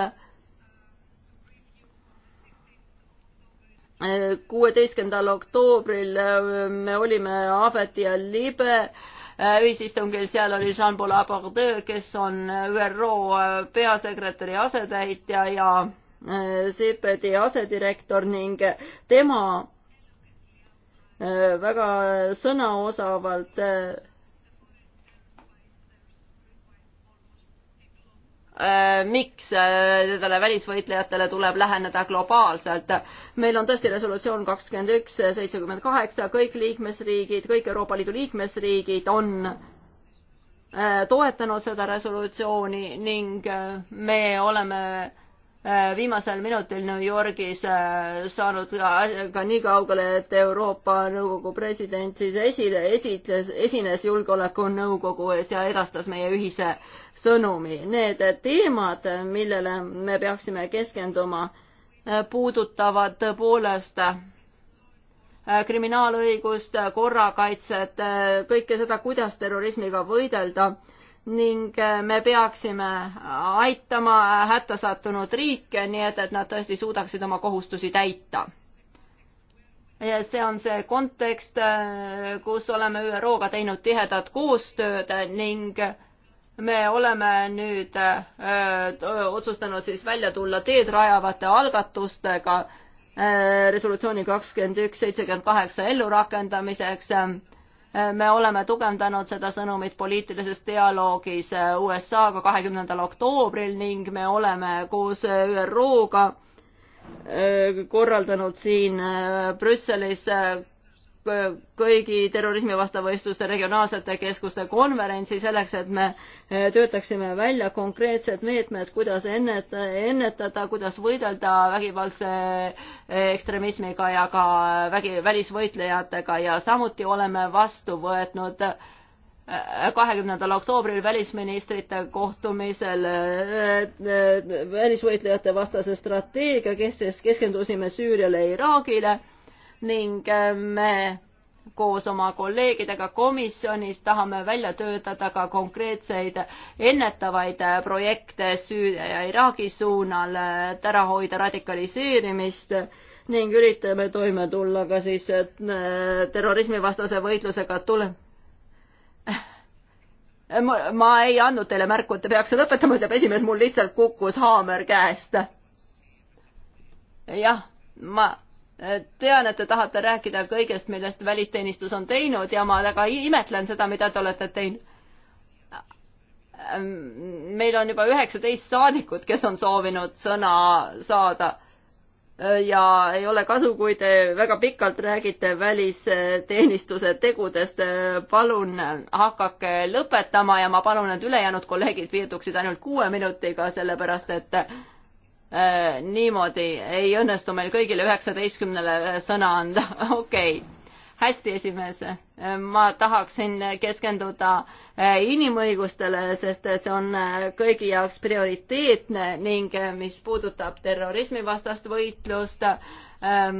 kuueteistkümnendal oktoobril me olime Ahveti ja Libe Äh, ühisistungil, seal oli Jean-Paul Abordeux, kes on äh, ÜRO äh, peasekretäri asetäitja ja CPD asedirektor ning tema väga sõnaosavalt Äh, miks äh, nendele välisvõitlejatele tuleb läheneda globaalselt. meil on tõesti resolutsioon kakskümmend üks, seitsekümmend kaheksa, kõik liikmesriigid, kõik Euroopa Liidu liikmesriigid on äh, toetanud seda resolutsiooni ning me oleme Äh, viimasel minutil New Yorgis äh, saanud ka, ka nii kaugele, et Euroopa Nõukogu president siis esile, esitles, esines Julgeolekunõukogu ees ja edastas meie ühise sõnumi. Need teemad, millele me peaksime keskenduma, äh, puudutavad tõepoolest kriminaalõigust, korrakaitset, kõike seda, kuidas terrorismiga võidelda ning äh, me peaksime aitama hätta sattunud riike, nii et, et nad tõesti suudaksid oma kohustusi täita. ja see on see kontekst, äh, kus oleme ÜRO-ga teinud tihedat koostööd ning me oleme nüüd öö, äh, otsustanud siis välja tulla teed rajavate algatustega resolutsiooni kakskümmend üks seitsekümmend kaheksa ellurakendamiseks me oleme tugevdanud seda sõnumit poliitilises dialoogis USA-ga kahekümnendal oktoobril ning me oleme koos ÜRO-ga äh, korraldanud siin äh, Brüsselis äh, kõigi terrorismivastavaistluste regionaalsete keskuste konverentsi selleks, et me eh, töötaksime välja konkreetsed meetmed, kuidas enneta, ennetada, kuidas võidelda vägivaldse eh, ekstremismiga ja ka vägi, välisvõitlejatega ja samuti oleme vastu võetnud eh, kahekümnendal oktoobril välisministrite kohtumisel välisvõitlejate vastase strateegia, kes siis keskendusime Süüriale ja Iraagile ning äh, me koos oma kolleegidega komisjonis tahame välja töötada ka konkreetseid ennetavaid äh, projekte Süüria ja Iraagi suunal, et ära hoida radikaliseerimist ning üritame toime tulla ka siis äh, terrorismivastase võitlusega tule-. [LAUGHS] ma ei andnud teile märku, et te peaks lõpetama, ütleb esimees, mul lihtsalt kukkus haamer käest. jah, ma tean, et te tahate rääkida kõigest, millest välisteenistus on teinud ja ma väga imetlen seda, mida te olete teinud. meil on juba üheksateist saadikut, kes on soovinud sõna saada ja ei ole kasu, kui te väga pikalt räägite välisteenistuse tegudest. palun hakake lõpetama ja ma palun, et ülejäänud kolleegid piirduksid ainult kuue minutiga, sellepärast et äh, Äh, niimoodi ei õnnestu meil kõigile üheksateistkümnele äh, sõna anda, [LAUGHS] okei okay.. hästi, esimees, äh, ma tahaksin keskenduda inimõigustele, sest et see on kõigi jaoks prioriteetne ning mis puudutab terrorismivastast võitlust, ähm,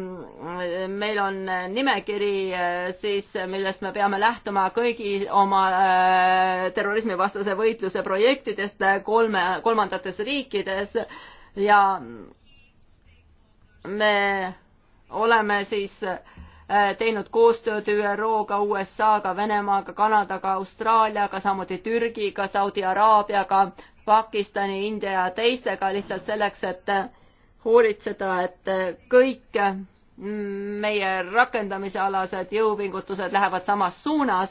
meil on nimekiri siis, millest me peame lähtuma kõigi oma terrorismivastase võitluse projektidest kolme, kolmandates riikides ja me oleme siis äh, teinud koostööd ÜRO-ga, USA-ga, Venemaaga, Kanadaga, Austraaliaga, samuti Türgiga, Saudi Araabiaga, Pakistani, India ja teistega lihtsalt selleks, et äh, hoolitseda, et äh, kõik meie rakendamise alased jõupingutused lähevad samas suunas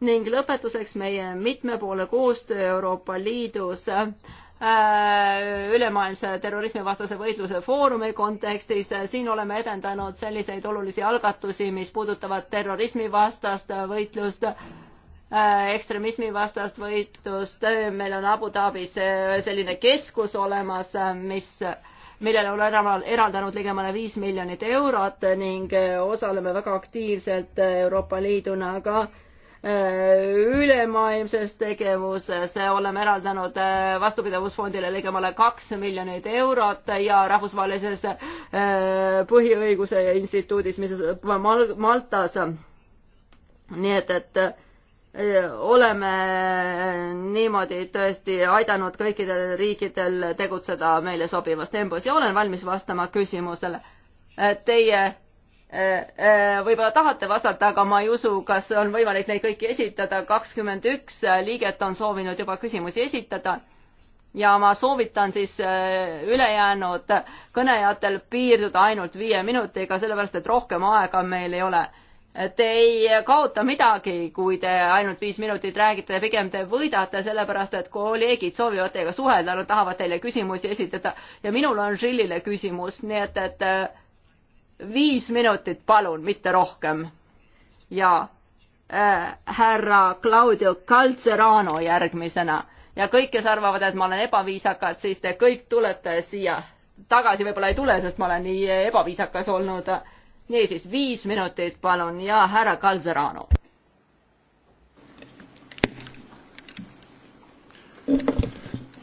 ning lõpetuseks meie mitmepoolne koostöö Euroopa Liidus Äh, ülemaailmse terrorismivastase võitluse foorumi kontekstis. siin oleme edendanud selliseid olulisi algatusi, mis puudutavad terrorismivastast võitlust, äh, ekstremismivastast võitlust. meil on Abu Dhabis äh, selline keskus olemas, mis millele oleme eraldanud ligemale viis miljonit eurot ning osaleme väga aktiivselt Euroopa Liiduna ka äh, Äh, ülemaailmses tegevuses, oleme eraldanud äh, vastupidavusfondile ligemale kaks miljonit eurot ja rahvusvahelises äh, põhiõiguse instituudis, mis Maltas. nii et, et oleme niimoodi tõesti aidanud kõikidel riikidel tegutseda meile sobivas tempos ja olen valmis vastama küsimusele. Teie Äh, äh, võib-olla tahate vastata, aga ma ei usu, kas on võimalik neid kõiki esitada. kakskümmend üks liiget on soovinud juba küsimusi esitada ja ma soovitan siis äh, ülejäänud kõnejatel piirduda ainult viie minutiga, sellepärast et rohkem aega meil ei ole. Te ei kaota midagi, kui te ainult viis minutit räägite, pigem te võidate, sellepärast et kolleegid soovivad teiega suhelda, nad tahavad teile küsimusi esitada ja minul on Žillile küsimus, nii et, et viis minutit, palun, mitte rohkem. ja äh, härra Claudio Calzerano järgmisena ja kõik, kes arvavad, et ma olen ebaviisakad, siis te kõik tulete siia tagasi, võib-olla ei tule, sest ma olen nii ebaviisakas olnud. niisiis, viis minutit, palun, ja härra Calzerano.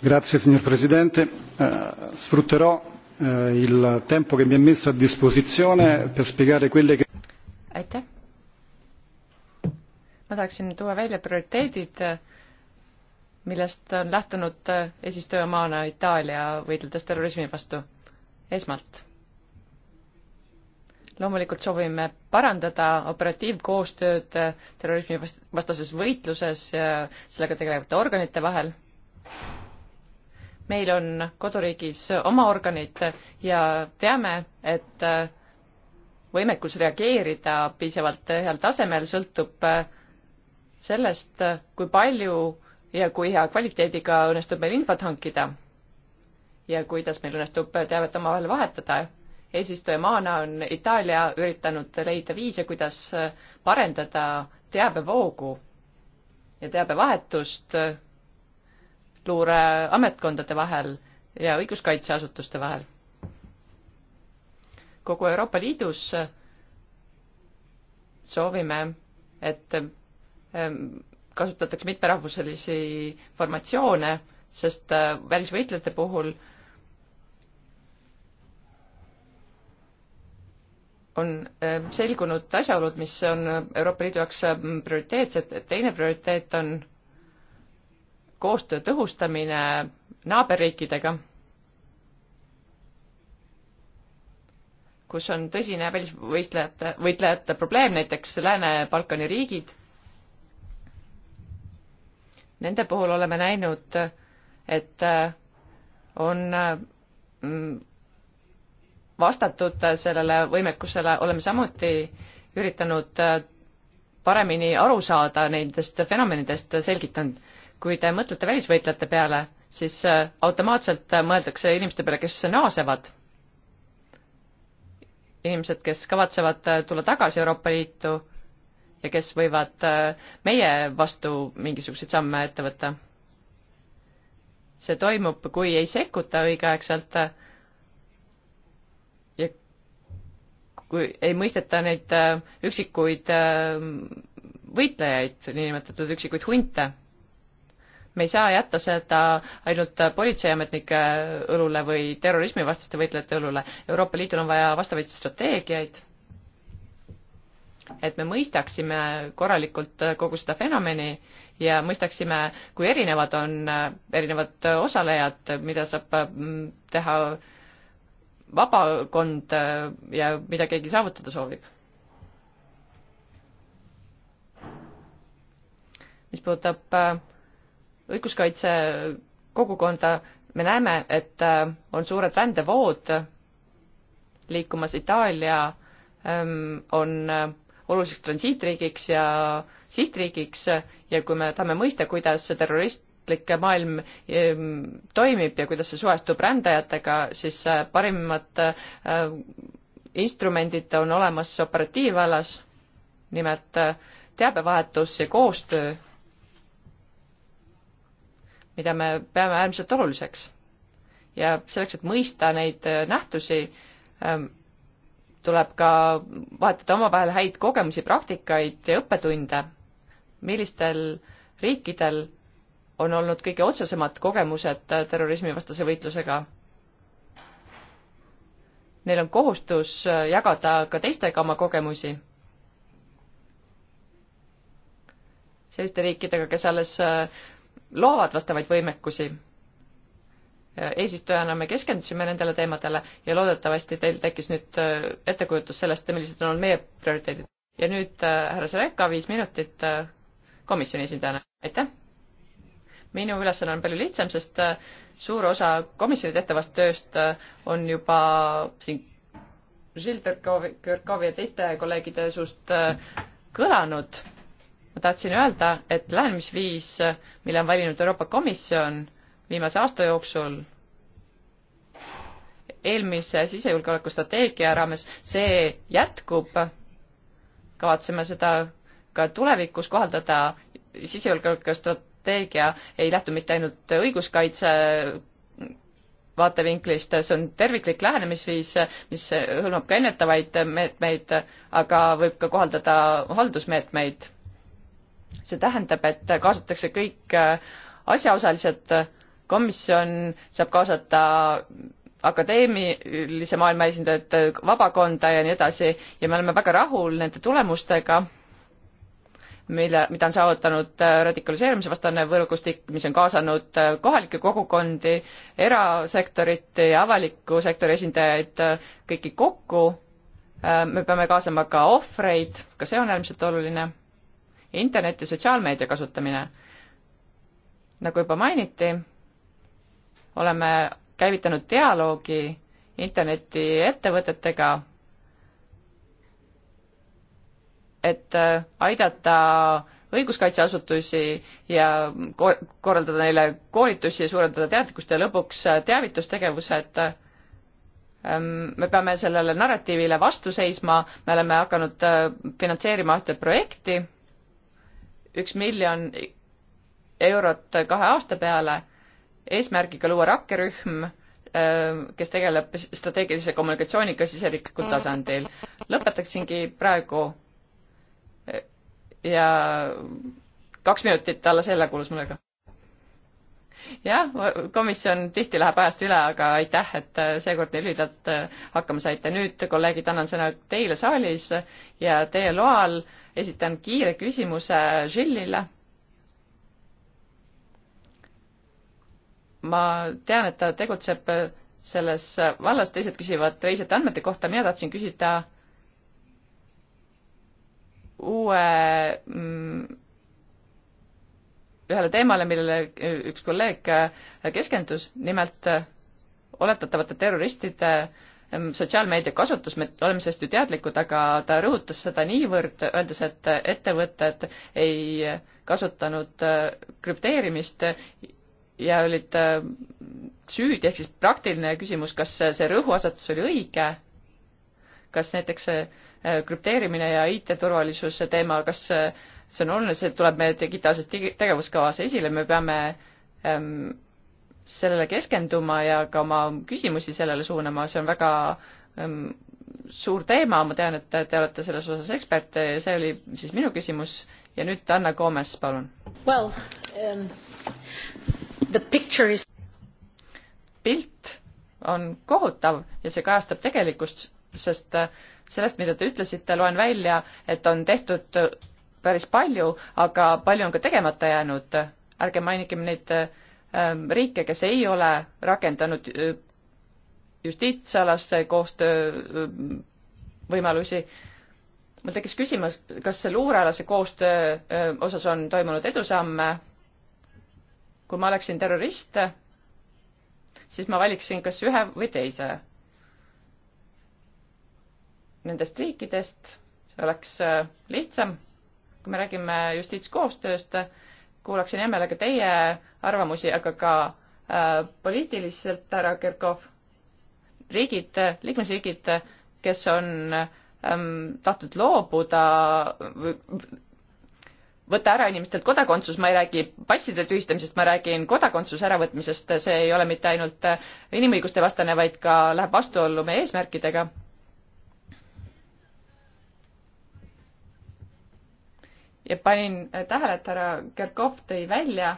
Grazie, signor presidente uh,. Sfrutterò Eh, il tempo che mi è messo a disposizione per spiegare quelle che aitäh! ma tahaksin tuua välja prioriteedid, millest on lähtunud eh, eesistujamaana Itaalia võideldes terrorismi vastu. esmalt, loomulikult soovime parandada operatiivkoostööd eh, terrorismi vastases võitluses ja sellega tegelevate organite vahel meil on koduriigis oma organid ja teame, et äh, võimekus reageerida piisavalt heal tasemel sõltub äh, sellest, äh, kui palju ja kui hea kvaliteediga õnnestub meil infot hankida ja kuidas meil õnnestub teavet omavahel vahetada. eesistujamaana on Itaalia üritanud leida viise, kuidas parendada teabevoogu ja teabevahetust luureametkondade vahel ja õiguskaitseasutuste vahel. kogu Euroopa Liidus soovime, et ähm, kasutatakse mitmerahvuselisi formatsioone, sest äh, välisvõitlejate puhul on ähm, selgunud asjaolud, mis on Euroopa Liidu jaoks ähm, prioriteetsed, teine prioriteet on koostöö tõhustamine naaberriikidega, kus on tõsine välisvõistlejate, võitlejate probleem, näiteks Lääne-Balkani riigid. Nende puhul oleme näinud, et on mm, vastatud sellele võimekusele, oleme samuti üritanud paremini aru saada nendest fenomenidest, selgitanud kui te mõtlete välisvõitlejate peale, siis äh, automaatselt äh, mõeldakse inimeste peale, kes naasevad. inimesed, kes kavatsevad äh, tulla tagasi Euroopa Liitu ja kes võivad meie vastu mingisuguseid samme ette võtta. see toimub, kui ei sekkuta õigeaegselt ja kui ei mõisteta neid üksikuid võitlejaid, niinimetatud üksikuid hunte me ei saa jätta seda ainult politseiametnike õlule või terrorismivastaste võitlejate õlule. Euroopa Liidul on vaja vastavaid strateegiaid, et me mõistaksime korralikult kogu seda fenomeni ja mõistaksime, kui erinevad on erinevad osalejad, mida saab mm, teha vabakond ja mida keegi saavutada soovib mis puudutab äh, õiguskaitsekogukonda, me näeme, et äh, on suured rändevood liikumas, Itaalia ähm, on äh, oluliseks transiitriigiks ja sihtriigiks ja kui me tahame mõista, kuidas see terroristlik maailm ähm, toimib ja kuidas see suhestub rändajatega, siis äh, parimad instrumendid on olemas operatiivalas, nimelt teabevahetus ja koostöö mida me peame äärmiselt oluliseks. ja selleks, et mõista neid äh, nähtusi, ähm, tuleb ka vahetada omavahel häid kogemusi, praktikaid ja õppetunde, millistel riikidel on olnud kõige otsesemad kogemused äh, terrorismivastase võitlusega. Neil on kohustus äh, jagada ka teistega oma kogemusi. selliste riikidega, kes alles loovad vastavaid võimekusi. eesistujana me keskendusime nendele teemadele ja loodetavasti teil tekkis nüüd äh, ettekujutus sellest, millised on olnud meie prioriteedid. ja nüüd äh, härra Sereka, viis minutit äh, komisjoni esindajana, aitäh! minu ülesanne on palju lihtsam, sest suur osa komisjoni tehtavast tööst on juba siin Žilterkovi, Kõrkovi ja teiste kolleegide suust kõlanud ma tahtsin öelda, et lähenemisviis, mille on valinud Euroopa Komisjon viimase aasta jooksul, eelmise sisejulgeoleku strateegia raames, see jätkub, kavatseme seda ka tulevikus kohaldada, sisejulgeoleku strateegia ei lähtu mitte ainult õiguskaitse vaatevinklist, see on terviklik lähenemisviis, mis hõlmab ka ennetavaid meetmeid, aga võib ka kohaldada haldusmeetmeid see tähendab, et kaasatakse kõik äh, asjaosalised, komisjon saab kaasata akadeemilise maailma esindajad, äh, vabakonda ja nii edasi ja me oleme väga rahul nende tulemustega, mille, mida on saavutanud äh, radikaliseerumise vastane võrgustik, mis on kaasanud kohalikke kogukondi, erasektorit ja avaliku sektori esindajaid kõiki kokku. me peame kaasama ka ohvreid, ka see on äärmiselt oluline interneti, sotsiaalmeedia kasutamine. nagu juba mainiti, oleme käivitanud dialoogi internetiettevõtetega, et äh, aidata õiguskaitseasutusi ja korraldada neile koolitusi ja suurendada teadlikkust ja lõpuks äh, teavitustegevused. Ähm, me peame sellele narratiivile vastu seisma, me oleme hakanud äh, finantseerima ühte projekti üks miljon eurot kahe aasta peale eesmärgiga luua rakkerühm, äh, kes tegeleb strateegilise kommunikatsiooniga siseriiklikul mm. tasandil. lõpetaksingi praegu ja kaks minutit alla selle kuulus mulle ka. jah, komisjon tihti läheb ajast üle, aga aitäh, et seekord nii lühidalt hakkama saite. nüüd, kolleegid, annan sõna teile saalis ja teie loal esitan kiire küsimuse Žillile. ma tean, et ta tegutseb selles vallas, teised küsivad reisijate andmete kohta, mina tahtsin küsida uue mm, ühele teemale, millele üks kolleeg keskendus, nimelt oletatavate terroristide äh, sotsiaalmeedia kasutus, me oleme sellest ju teadlikud, aga ta rõhutas seda niivõrd, öeldes, et ettevõtted ei kasutanud äh, krüpteerimist ja olid äh, süüdi, ehk siis praktiline küsimus, kas see rõhuasetus oli õige, kas näiteks äh, krüpteerimine ja IT-turvalisuse teema, kas see on oluline, see tuleb meie digitaalses tegevuskavas esile, me peame ähm, sellele keskenduma ja ka oma küsimusi sellele suunama, see on väga ähm, suur teema, ma tean, et te olete selles osas ekspert ja see oli siis minu küsimus ja nüüd Anna Gomes, palun well,. Um, is... pilt on kohutav ja see kajastab tegelikkust, sest äh, sellest, mida te ütlesite, loen välja, et on tehtud äh, päris palju, aga palju on ka tegemata jäänud. ärge mainige neid äh, Ähm, riike, kes ei ole rakendanud äh, justiitsalasse koostöö äh, võimalusi. mul tekkis küsimus, kas see luurealase koostöö äh, osas on toimunud edusamme? kui ma oleksin terrorist, siis ma valiksin kas ühe või teise nendest riikidest, see oleks lihtsam. kui me räägime justiitskoostööst, kuulaksin hea meelega teie arvamusi, aga ka äh, poliitiliselt, härra Kirkov, riigid, liikmesriigid, kes on ähm, tahtnud loobuda, võtta ära inimestelt kodakondsus, ma ei räägi passide tühistamisest, ma räägin kodakondsuse äravõtmisest, see ei ole mitte ainult äh, inimõiguste vastane, vaid ka läheb vastuollu meie eesmärkidega ja panin äh, tähele, et härra Kerkov tõi välja,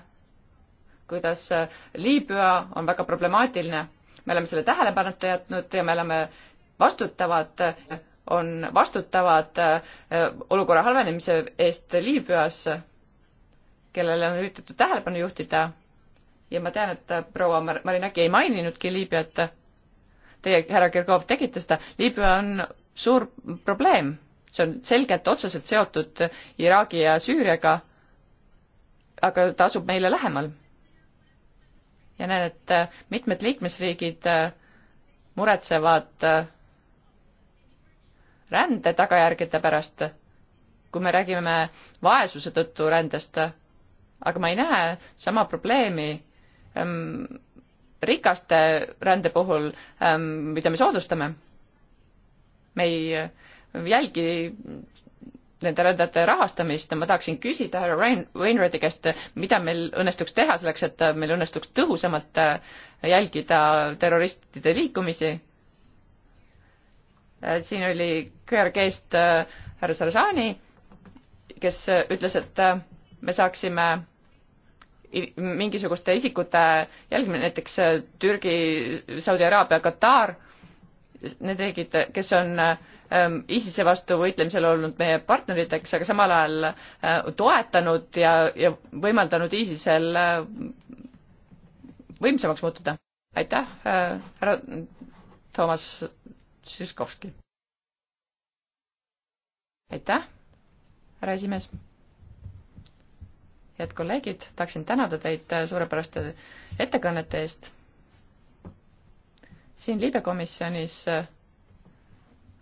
kuidas äh, Liibüa on väga problemaatiline. me oleme selle tähelepanuta jätnud ja me oleme vastutavad, äh, on vastutavad olukorra halvenemise eest Liibüas, kellele on üritatud tähelepanu juhtida. ja ma tean, et proua Marinaki ei maininudki Liibüat. Teie, härra Kirgov, tegite seda. Liibüa on suur probleem see on selgelt otseselt seotud Iraagi ja Süüriaga, aga ta asub meile lähemal. ja näen, et äh, mitmed liikmesriigid äh, muretsevad äh, rände tagajärgede pärast, kui me räägime vaesuse tõttu rändest, aga ma ei näe sama probleemi ähm, rikaste rände puhul ähm,, mida me soodustame. me ei äh, jälgi nende rändajate rahastamist ja ma tahaksin küsida härra Rain-, Wainwrighti käest, mida meil õnnestuks teha selleks, et meil õnnestuks tõhusamalt äh, jälgida terroristide liikumisi. Äh, siin oli QRG-st äh, härra Sarajani, kes ütles, et me saaksime mingisuguste isikute jälgimine, näiteks Türgi, Saudi Araabia, Katar need riigid, kes on ähm, ISISe vastu võitlemisel olnud meie partneriteks, aga samal ajal äh, toetanud ja, ja võimaldanud ISISel äh, võimsamaks muutuda. aitäh, äh, härra Toomas Siskovski. aitäh, härra esimees. head kolleegid, tahaksin tänada teid suurepäraste ettekannete eest siin libekomisjonis äh,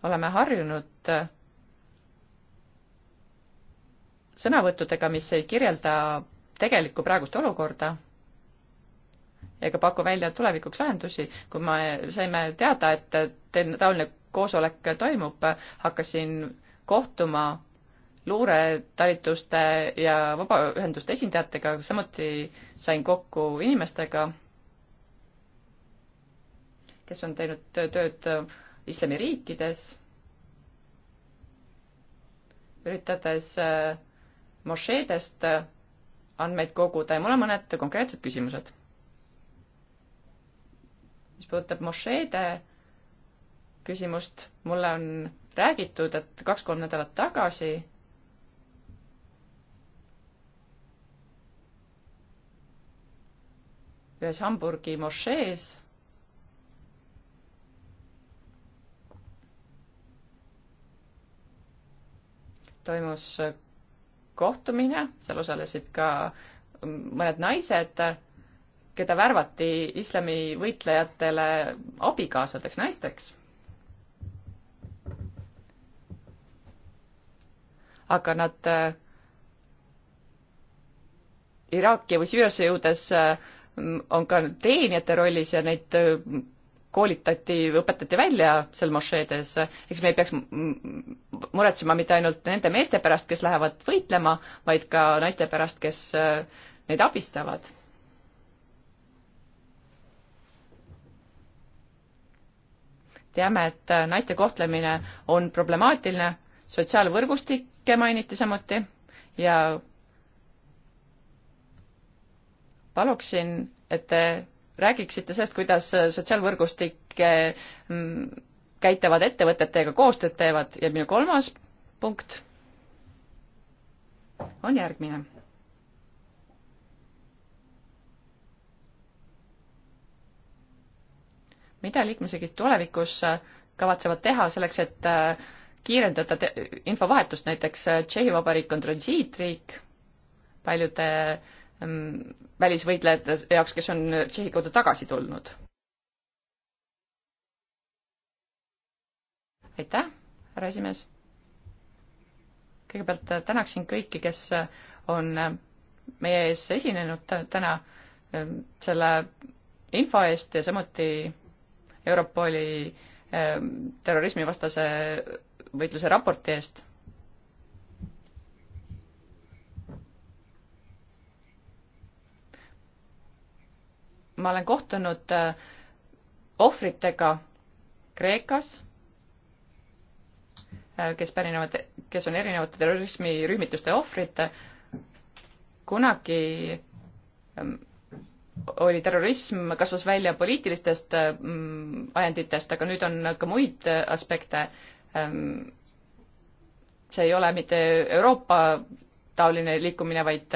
oleme harjunud äh, sõnavõttudega, mis ei kirjelda tegelikku praegust olukorda ega paku välja tulevikuks lahendusi. kui me saime teada, et taoline koosolek toimub, hakkasin kohtuma luuretalituste ja vabaühenduste esindajatega, samuti sain kokku inimestega kes on teinud tööd äh, islamiriikides, üritades äh, mošeedest äh, andmeid koguda ja mul on mõned konkreetsed küsimused. mis puudutab mošeede küsimust, mulle on räägitud, et kaks-kolm nädalat tagasi ühes Hamburgi mošees toimus kohtumine, seal osalesid ka mõned naised, keda värvati islami võitlejatele abikaasadeks, naisteks. aga nad äh, Iraaki või Süüriasse jõudes äh, on ka teenijate rollis ja neid äh, koolitati, õpetati välja seal mošeedes, eks me ei peaks muretsema mitte ainult nende meeste pärast, kes lähevad võitlema, vaid ka naiste pärast, kes äh, neid abistavad. teame, et äh, naiste kohtlemine on problemaatiline, sotsiaalvõrgustikke mainiti samuti ja paluksin, et te räägiksite sellest, kuidas sotsiaalvõrgustik mm, käitavad ettevõtetega, koostööd teevad ja minu kolmas punkt on järgmine. mida liikmesriigid tulevikus kavatsevad teha selleks, et äh, kiirendada infovahetust, näiteks äh, Tšehhi Vabariik on transiitriik, paljude äh, Ähm, välisvõitlejate jaoks, kes on Tšehhi kaudu tagasi tulnud. aitäh, härra esimees. kõigepealt äh, tänaksin kõiki, kes äh, on äh, meie ees esinenud täna ähm, selle info eest ja samuti Europoli ähm, terrorismivastase võitluse raporti eest ma olen kohtunud äh, ohvritega Kreekas, äh, kes pärinevad, kes on erinevate terrorismirühmituste ohvrid. kunagi ähm, oli terrorism, kasvas välja poliitilistest äh, ajenditest, aga nüüd on ka muid aspekte. Ähm, see ei ole mitte Euroopa taoline liikumine, vaid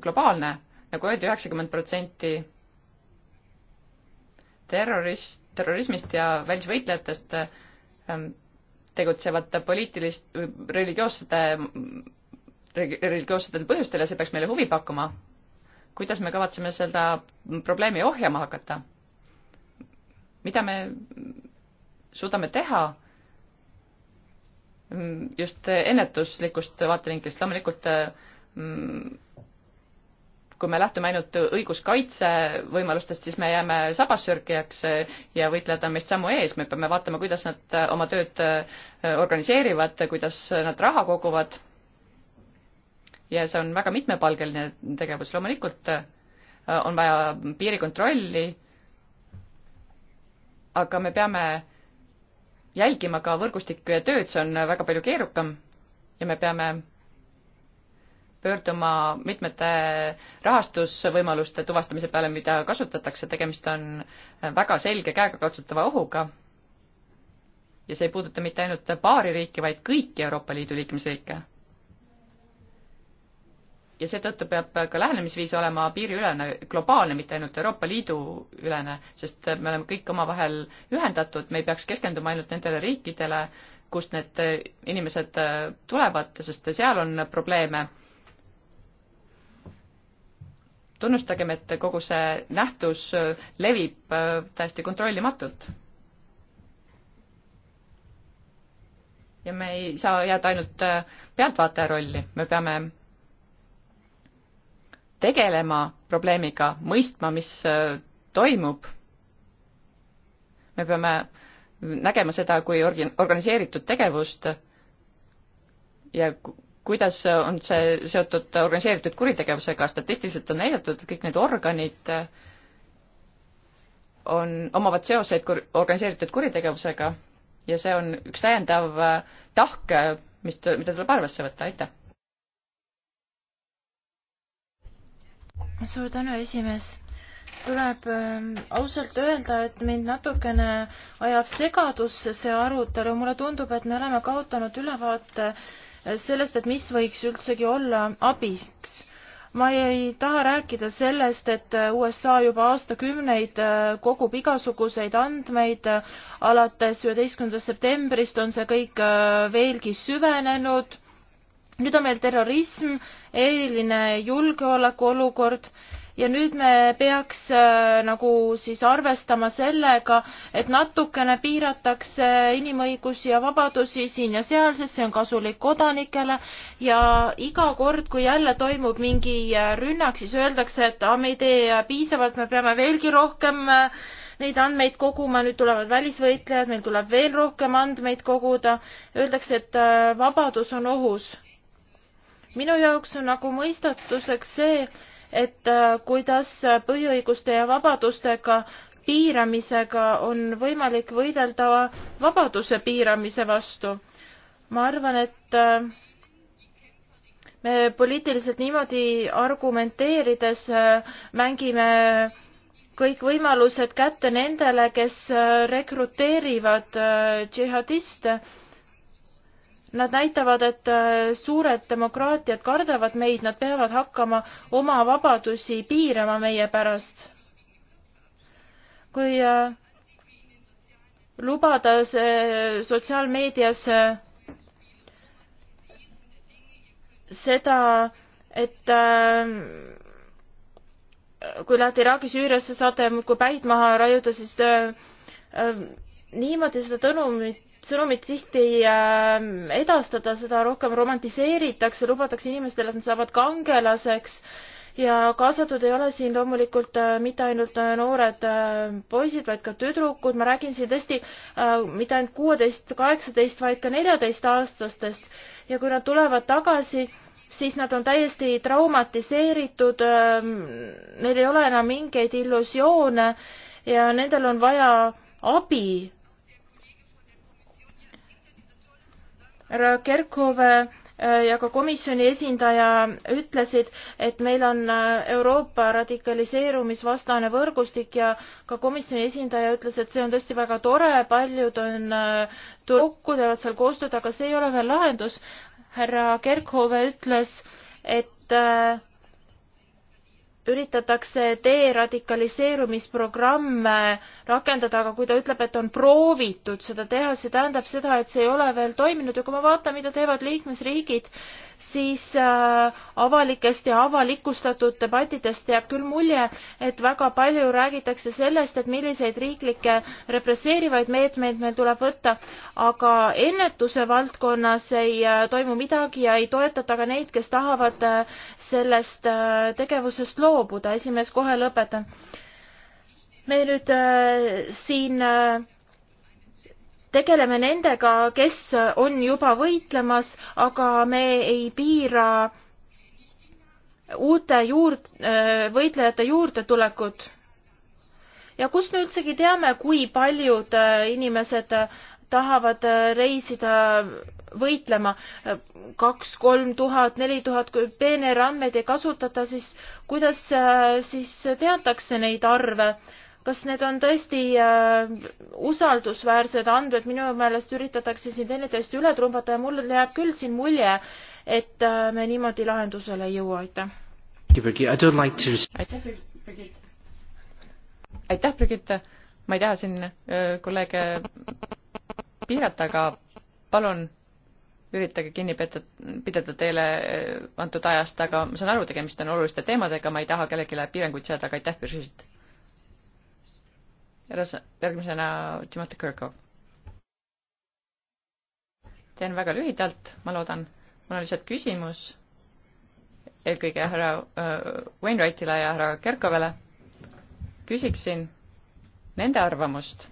globaalne nagu öeldi, üheksakümmend protsenti terrorist, terrorismist ja välisvõitlejatest ähm, tegutsevate poliitilist, religioossete, mm, religioossetel põhjustel ja see peaks meile huvi pakkuma. kuidas me kavatseme seda probleemi ohjama hakata? mida me suudame teha mm, just ennetuslikust vaatevinklist, loomulikult äh, mm, kui me lähtume ainult õiguskaitsevõimalustest, siis me jääme sabassörkijaks eh, ja võitlejad on meist sammu ees, me peame vaatama, kuidas nad eh, oma tööd eh, organiseerivad, kuidas nad raha koguvad. ja see on väga mitmepalgeline tegevus, loomulikult on vaja piirikontrolli, aga me peame jälgima ka võrgustike tööd, see on väga palju keerukam ja me peame pöörduma mitmete rahastusvõimaluste tuvastamise peale, mida kasutatakse, tegemist on väga selge käegakatsutava ohuga ja see ei puuduta mitte ainult paari riiki, vaid kõiki Euroopa Liidu liikmesriike. ja seetõttu peab ka lähenemisviis olema piiriülene, globaalne, mitte ainult Euroopa Liidu ülene, sest me oleme kõik omavahel ühendatud, me ei peaks keskenduma ainult nendele riikidele, kust need inimesed tulevad, sest seal on probleeme tunnustagem, et kogu see nähtus äh, levib äh, täiesti kontrollimatult. ja me ei saa jääda ainult äh, pealtvaataja rolli, me peame tegelema probleemiga, mõistma, mis toimub. me peame nägema seda kui orgi-, organiseeritud tegevust ja kuidas on see seotud organiseeritud kuritegevusega, statistiliselt on näidatud, et kõik need organid eh, on, omavad seoseid kur-, organiseeritud kuritegevusega ja see on üks täiendav eh, tahk, mis, mida tuleb arvesse võtta, aitäh! suur tänu, esimees! tuleb ehm, ausalt öelda, et mind natukene ajab segadusse see arutelu, mulle tundub, et me oleme kaotanud ülevaate äh, sellest, et mis võiks üldsegi olla abiks. ma ei taha rääkida sellest, et USA juba aastakümneid äh, kogub igasuguseid andmeid, äh, alates üheteistkümnendast septembrist on see kõik äh, veelgi süvenenud, nüüd on meil terrorism, eriline julgeolekuolukord ja nüüd me peaks äh, nagu siis arvestama sellega, et natukene piiratakse inimõigusi ja vabadusi siin ja seal, sest see on kasulik kodanikele ja iga kord, kui jälle toimub mingi äh, rünnak, siis öeldakse, et aa, ah, me ei tee äh, piisavalt, me peame veelgi rohkem neid andmeid koguma, nüüd tulevad välisvõitlejad, meil tuleb veel rohkem andmeid koguda. Öeldakse, et vabadus on ohus. minu jaoks on nagu mõistatuseks see, et äh, kuidas põhiõiguste ja vabadustega piiramisega on võimalik võidelda vabaduse piiramise vastu. ma arvan, et äh, me poliitiliselt niimoodi argumenteerides äh, mängime kõik võimalused kätte nendele, kes rekruteerivad džihadiste Nad näitavad, et äh, suured demokraatiad kardavad meid, nad peavad hakkama oma vabadusi piirama meie pärast. kui äh, lubada see äh, sotsiaalmeedias seda, et kui lähete Iraagi, Süüriasse, saate muudkui päid maha raiuda, siis niimoodi seda tõnumit, sõnumit tihti äh, edastada, seda rohkem romantiseeritakse, lubatakse inimestele, et nad saavad kangelaseks ja kaasatud ei ole siin loomulikult äh, mitte ainult äh, noored äh, poisid, vaid ka tüdrukud, ma räägin siin tõesti äh, mitte ainult kuueteist, kaheksateist, vaid ka neljateistaastastest ja kui nad tulevad tagasi, siis nad on täiesti traumatiseeritud äh,, neil ei ole enam mingeid illusioone ja nendel on vaja abi härra Kerkhove äh, ja ka komisjoni esindaja ütlesid, et meil on äh, Euroopa radikaliseerumisvastane võrgustik ja ka komisjoni esindaja ütles, et see on tõesti väga tore, paljud on kokku, äh, teevad seal koostööd, aga see ei ole veel lahendus. härra Kerkhove ütles, et üritatakse deradikaliseerumisprogramme rakendada, aga kui ta ütleb, et on proovitud seda teha, see tähendab seda, et see ei ole veel toiminud ja kui ma vaatan, mida teevad liikmesriigid, siis äh, avalikest ja avalikustatud debattidest jääb küll mulje, et väga palju räägitakse sellest, et milliseid riiklikke represseerivaid meetmeid meil tuleb võtta, aga ennetuse valdkonnas ei äh, toimu midagi ja ei toetata ka neid, kes tahavad äh, sellest tegevusest loobuda loobuda. esimees, kohe lõpetan. me nüüd äh, siin äh, tegeleme nendega, kes on juba võitlemas, aga me ei piira uute juurd-, äh, võitlejate juurdetulekut. ja kust me üldsegi teame, kui paljud äh, inimesed äh, tahavad äh, reisida võitlema kaks, kolm tuhat, neli tuhat, kui peeneerandmeid ei kasutata, siis kuidas äh, siis teatakse neid arve? kas need on tõesti äh, usaldusväärsed andmed, minu meelest üritatakse siin teineteist üle trumbata ja mulle jääb küll siin mulje, et äh, me niimoodi lahendusele ei jõua, aitäh. aitäh, Brigitte. aitäh, Brigitte. ma ei taha siin äh, kolleege piirata, aga palun üritage kinni peta, pidada teile eh, antud ajast, aga ma saan aru, tegemist on oluliste teemadega, ma ei taha kellelegi piiranguid seada, aga aitäh, Biržiit. järgmisena Timothy Kirkov. teen väga lühidalt, ma loodan. mul on lihtsalt küsimus eelkõige härra äh, Wainwrightile ja härra Kerkovele. küsiksin nende arvamust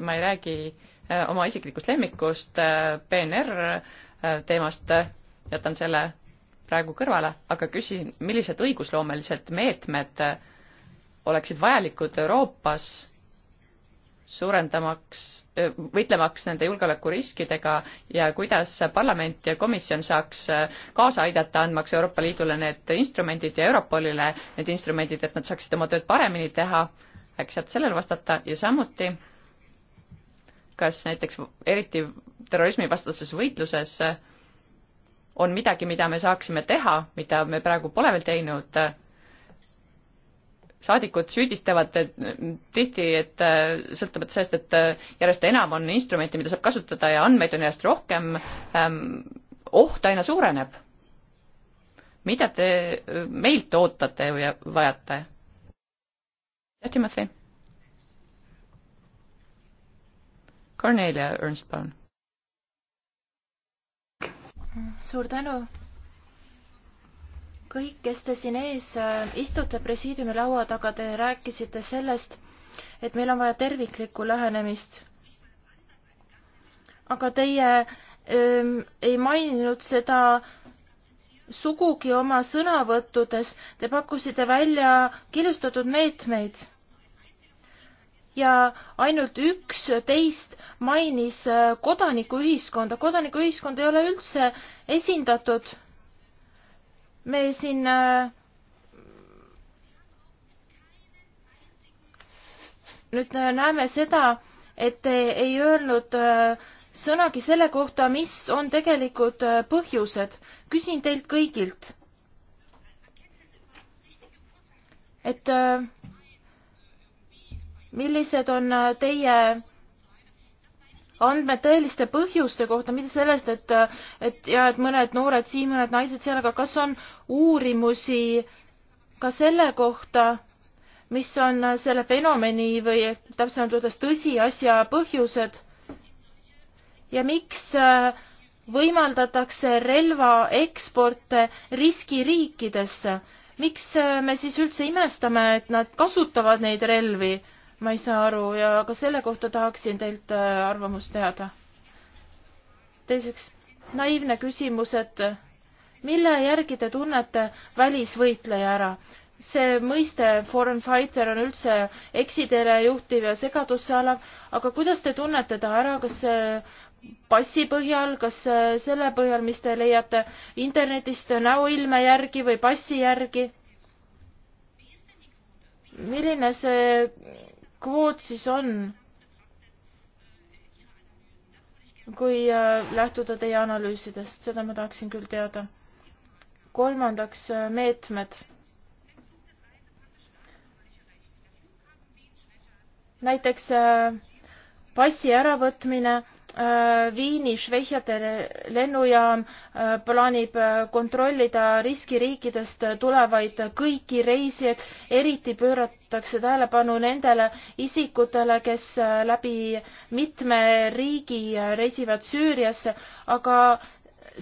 ma ei räägi äh, oma isiklikust lemmikust äh, PNR äh, teemast, jätan selle praegu kõrvale, aga küsin, millised õigusloomelised meetmed oleksid vajalikud Euroopas suurendamaks, võitlemaks nende julgeolekuriskidega ja kuidas parlament ja komisjon saaks kaasa aidata, andmaks Euroopa Liidule need instrumendid ja Europolile need instrumendid, et nad saaksid oma tööd paremini teha, äkki saad sellele vastata ja samuti kas näiteks eriti terrorismivastases võitluses on midagi, mida me saaksime teha, mida me praegu pole veel teinud. saadikud süüdistavad tihti, et sõltumata sellest, et järjest enam on instrumente, mida saab kasutada ja andmeid on järjest rohkem, ähm, oht aina suureneb. mida te meilt ootate ja vajate? jah, Timothy? Cornelia Ernst, palun. suur tänu. kõik, kes te siin ees äh, istute presiidiumi laua taga, te rääkisite sellest, et meil on vaja terviklikku lähenemist. aga teie öö, ähm, ei maininud seda sugugi oma sõnavõttudes, te pakkusite välja killustatud meetmeid ja ainult üks teist mainis äh, kodanikuühiskonda. kodanikuühiskond ei ole üldse esindatud. me siin äh, nüüd näeme seda, et te ei öelnud äh, sõnagi selle kohta, mis on tegelikud põhjused. küsin teilt kõigilt, et millised on äh, teie andmed tõeliste põhjuste kohta, mitte sellest, et, et ja et mõned noored siin, mõned naised seal, aga kas on uurimusi ka selle kohta, mis on äh, selle fenomeni või täpsemalt öeldes tõsiasja põhjused ja miks äh, võimaldatakse relva eksporte riskiriikidesse? miks me siis üldse imestame, et nad kasutavad neid relvi? ma ei saa aru ja ka selle kohta tahaksin teilt äh, arvamust teada. teiseks, naiivne küsimus, et äh, mille järgi te tunnete välisvõitleja ära? see mõiste foreign fighter on üldse eksiteele juhtiv ja segadusse alav, aga kuidas te tunnete ta ära, kas äh, passi põhjal, kas selle põhjal, mis te leiate internetist näoilme järgi või passi järgi? milline see kvoot siis on? kui äh, lähtuda teie analüüsidest, seda ma tahaksin küll teada. kolmandaks, äh, meetmed. näiteks äh, passi äravõtmine Äh, Viini Šveitsate lennujaam äh, plaanib äh, kontrollida riskiriikidest tulevaid kõiki reisijaid, eriti pööratakse tähelepanu nendele isikutele, kes läbi mitme riigi reisivad Süüriasse, aga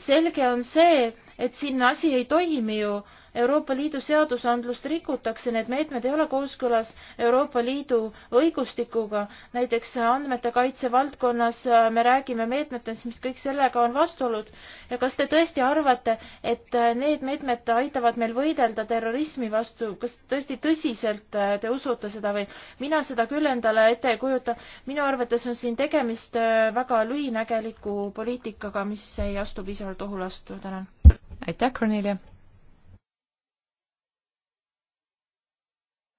selge on see, et siin asi ei toimi ju Euroopa Liidu seadusandlust rikutakse, need meetmed ei ole kooskõlas Euroopa Liidu õigustikuga. näiteks andmete kaitse valdkonnas äh, me räägime meetmetest, mis kõik sellega on vastuolud. ja kas te tõesti arvate, et äh, need meetmed aitavad meil võidelda terrorismi vastu, kas tõesti tõsiselt äh, te usute seda või? mina seda küll endale ette ei kujuta. minu arvates on siin tegemist väga lühinägeliku poliitikaga, mis ei astu piisavalt ohulastu. tänan. aitäh, Kornelia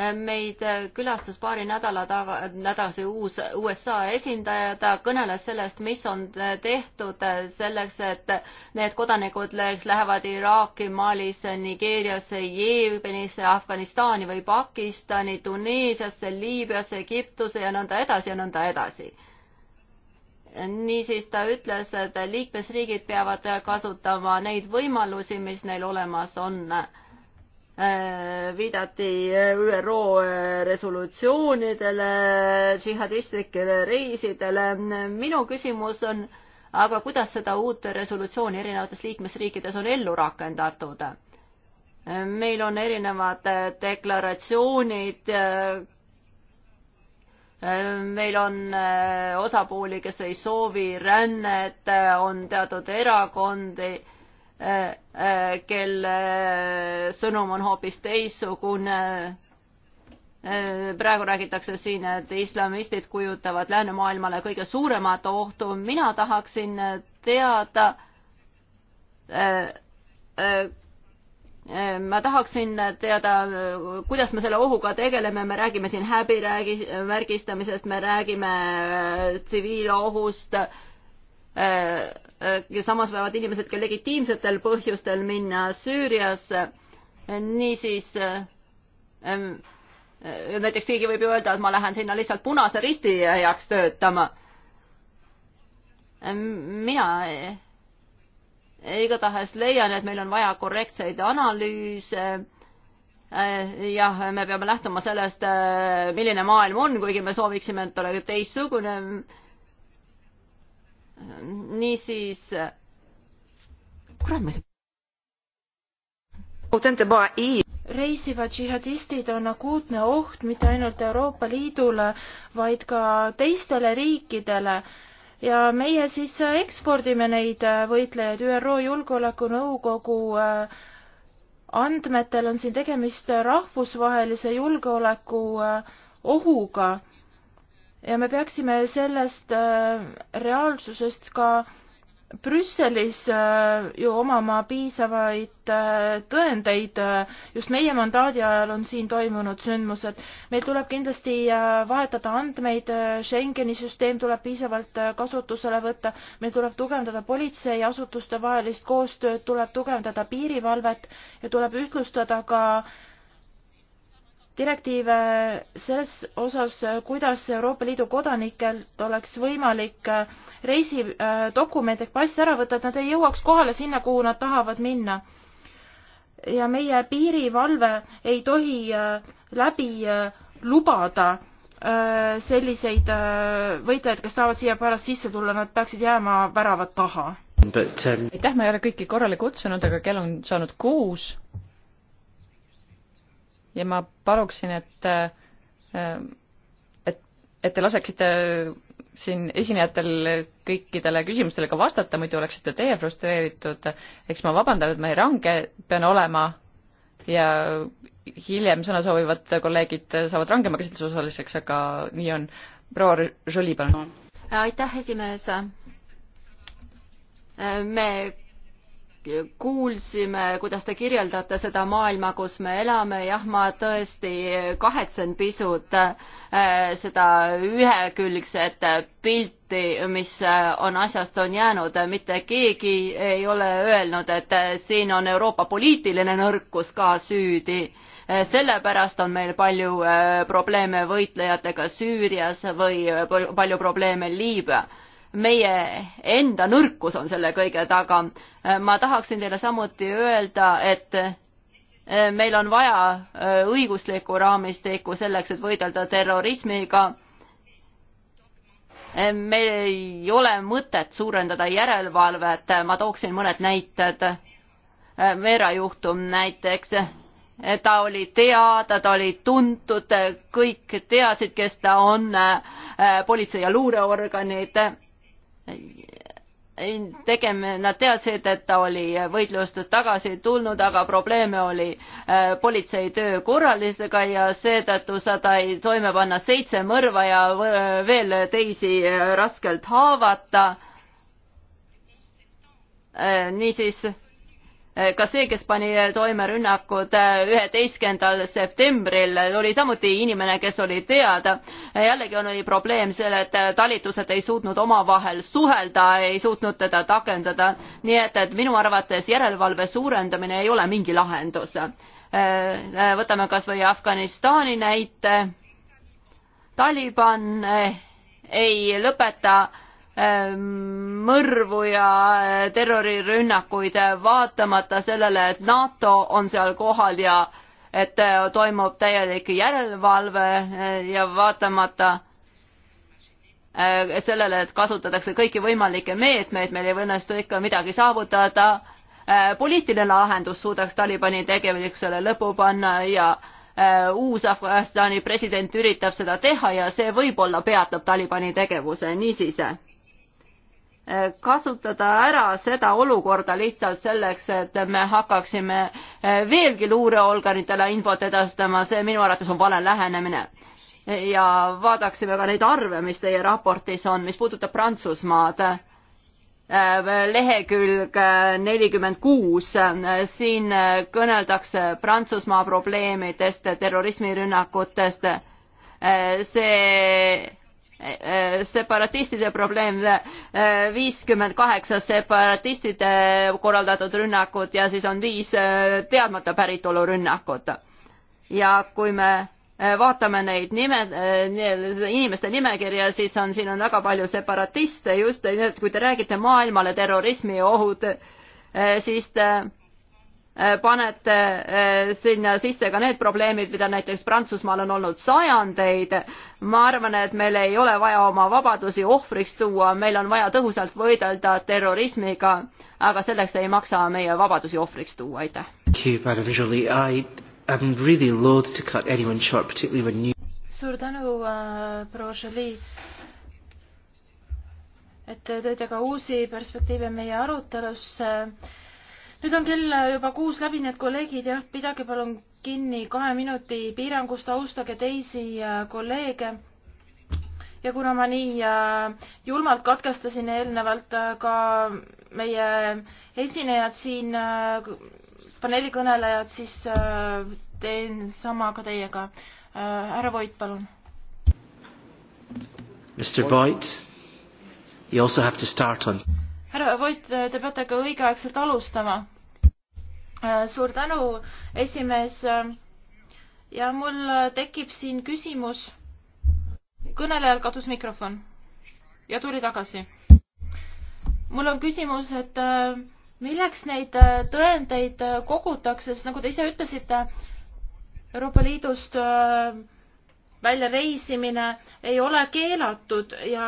meid külastas paari nädala taga, nädalase uus USA esindaja, ta kõneles sellest, mis on tehtud selleks, et need kodanikud lähevad Iraaki, Malisse, Nigeeriasse, Jeemenisse, Afganistani või Pakistani, Tuneesiasse, Liibüasse, Egiptuse ja nõnda edasi ja nõnda edasi niisiis ta ütles, et liikmesriigid peavad kasutama neid võimalusi, mis neil olemas on Äh, viidati äh, ÜRO äh, resolutsioonidele, džihadistlikele reisidele. minu küsimus on, aga kuidas seda uut resolutsiooni erinevates liikmesriikides on ellu rakendatud? meil on erinevad deklaratsioonid, meil on osapooli, kes ei soovi rännet, on teatud erakondi Äh, kelle äh, sõnum on hoopis teistsugune. Äh, praegu räägitakse siin, et islamistid kujutavad läänemaailmale kõige suuremat ohtu. mina tahaksin teada, ma tahaksin teada, kuidas me selle ohuga tegeleme, me räägime siin häbi räägi-, märgistamisest, me räägime tsiviilohust äh,, Äh, äh, ja samas võivad inimesed ka legitiimsetel põhjustel minna Süüriasse. niisiis äh, ähm, näiteks keegi võib ju öelda, et ma lähen sinna lihtsalt Punase Risti heaks töötama. Ähm, mina igatahes leian, et meil on vaja korrektseid analüüse. jah, me peame lähtuma sellest, milline maailm on, kuigi me sooviksime, et oleks teistsugune niisiis, kurat, ma ei saa reisivad džihadistid on akuutne oht mitte ainult Euroopa Liidule, vaid ka teistele riikidele ja meie siis ekspordime neid võitlejaid. ÜRO Julgeolekunõukogu äh, andmetel on siin tegemist rahvusvahelise julgeoleku äh, ohuga ja me peaksime sellest äh, reaalsusest ka Brüsselis äh, ju omama piisavaid äh, tõendeid, just meie mandaadi ajal on siin toimunud sündmused. meil tuleb kindlasti vahetada andmeid, Schengeni süsteem tuleb piisavalt kasutusele võtta, meil tuleb tugevdada politseiasutuste vahelist koostööd, tuleb tugevdada piirivalvet ja tuleb ühtlustada ka äh, direktiive selles osas, kuidas Euroopa Liidu kodanikelt oleks võimalik äh, reisidokument äh, ehk pass ära võtta, et nad ei jõuaks kohale sinna, kuhu nad tahavad minna. ja meie piirivalve ei tohi äh, läbi lubada selliseid võitlejaid, kes tahavad siia pärast sisse tulla, nad peaksid jääma värava taha. Um, aitäh, ma ei ole kõiki korrale kutsunud, aga kell on saanud kuus ja ma paluksin, et, et, et te laseksite siin esinejatel kõikidele küsimustele ka vastata, muidu oleksite teie frustreeritud. eks ma vabandan, et ma nii range pean olema ja hiljem sõna soovivad kolleegid saavad rangema käsitluse osaliseks, aga nii on. proua Jolie, palun. aitäh, esimees me kuulsime, kuidas te kirjeldate seda maailma, kus me elame, jah, ma tõesti kahetsen pisut eh, seda ühekülgset pilti, mis eh, on asjast on jäänud, mitte keegi ei ole öelnud, et eh, siin on Euroopa poliitiline nõrkus ka süüdi sellepärast on meil palju probleeme võitlejatega Süürias või palju probleeme Liibüa meie enda nõrkus on selle kõige taga. ma tahaksin teile samuti öelda, et eh, meil on vaja eh, õiguslikku raamistikku selleks, et võidelda terrorismiga. Eh, meil ei ole mõtet suurendada järelevalvet, ma tooksin mõned näited. Veera juhtum näiteks, ta oli teada, ta oli tuntud, kõik teadsid, kes ta on, politsei ja luureorganid tegema, nad teadsid, et ta oli võitlustest tagasi tulnud, aga probleeme oli äh, politsei töö korralisega ja seetõttu seda ei toime panna seitse mõrva ja äh, veel teisi äh, raskelt haavata. niisiis Eh, ka see, kes pani eh, toime rünnakud eh, üheteistkümnendal septembril, oli samuti inimene, kes oli teada. jällegi oli probleem selle, et talitused ei suutnud omavahel suhelda, ei suutnud teda takendada. nii et, et minu arvates järelevalve suurendamine ei ole mingi lahendus. võtame kas või Afganistani näite. Taliban ei lõpeta Ehm, mõrvu ja eh, terrorirünnakuid, eh, vaatamata sellele, et NATO on seal kohal ja et eh, toimub täielik järelevalve ja vaatamata sellele, et kasutatakse kõiki võimalikke meetmeid, meil ei õnnestu ikka midagi saavutada. poliitiline lahendus suudaks Talibani tegevusele lõpu panna ja uus Afganistani president üritab seda teha ja see võib-olla peatab Talibani tegevuse, niisiis kasutada ära seda olukorda lihtsalt selleks, et me hakkaksime eh, veelgi luureorganitele infot edastama, see minu arvates on vale lähenemine. ja vaadaksime ka neid arve, mis teie raportis on, mis puudutab Prantsusmaad eh, lehekülg eh, nelikümmend kuus, siin kõneldakse Prantsusmaa probleemidest, terrorismirünnakutest, see separatistide probleem, eh, viiskümmend kaheksa separatistide korraldatud rünnakut ja siis on viis eh, teadmata päritolu rünnakut. ja kui me eh, vaatame neid nime, inimeste nimekirja, siis on, siin on väga palju separatiste just, nii et kui te räägite maailmale terrorismi ohud, siis te Äh, panete äh, sinna sisse ka need probleemid, mida näiteks Prantsusmaal on olnud sajandeid. ma arvan, et meil ei ole vaja oma vabadusi ohvriks tuua, meil on vaja tõhusalt võidelda terrorismiga, aga selleks ei maksa meie vabadusi ohvriks tuua, aitäh. suur tänu äh,, proua Jolie et tõite ka uusi perspektiive meie arutelusse äh, nüüd on kell äh, juba kuus läbi, nii et kolleegid, jah, pidage palun kinni kahe minuti piirangust, austage teisi äh, kolleege. ja kuna ma nii äh, julmalt katkestasin eelnevalt ka meie esinejad siin, paneelikõnelejad, siis teen sama ka teiega. härra Voit, palun. Mr Voit, you also have to start on härra Voit, te peate ka õigeaegselt alustama. Äh, suur tänu, esimees. ja mul tekib siin küsimus. kõnelejal kadus mikrofon ja tuli tagasi. mul on küsimus, et äh, milleks neid äh, tõendeid kogutakse, sest nagu te ise ütlesite, Euroopa Liidust väljareisimine ei ole keelatud ja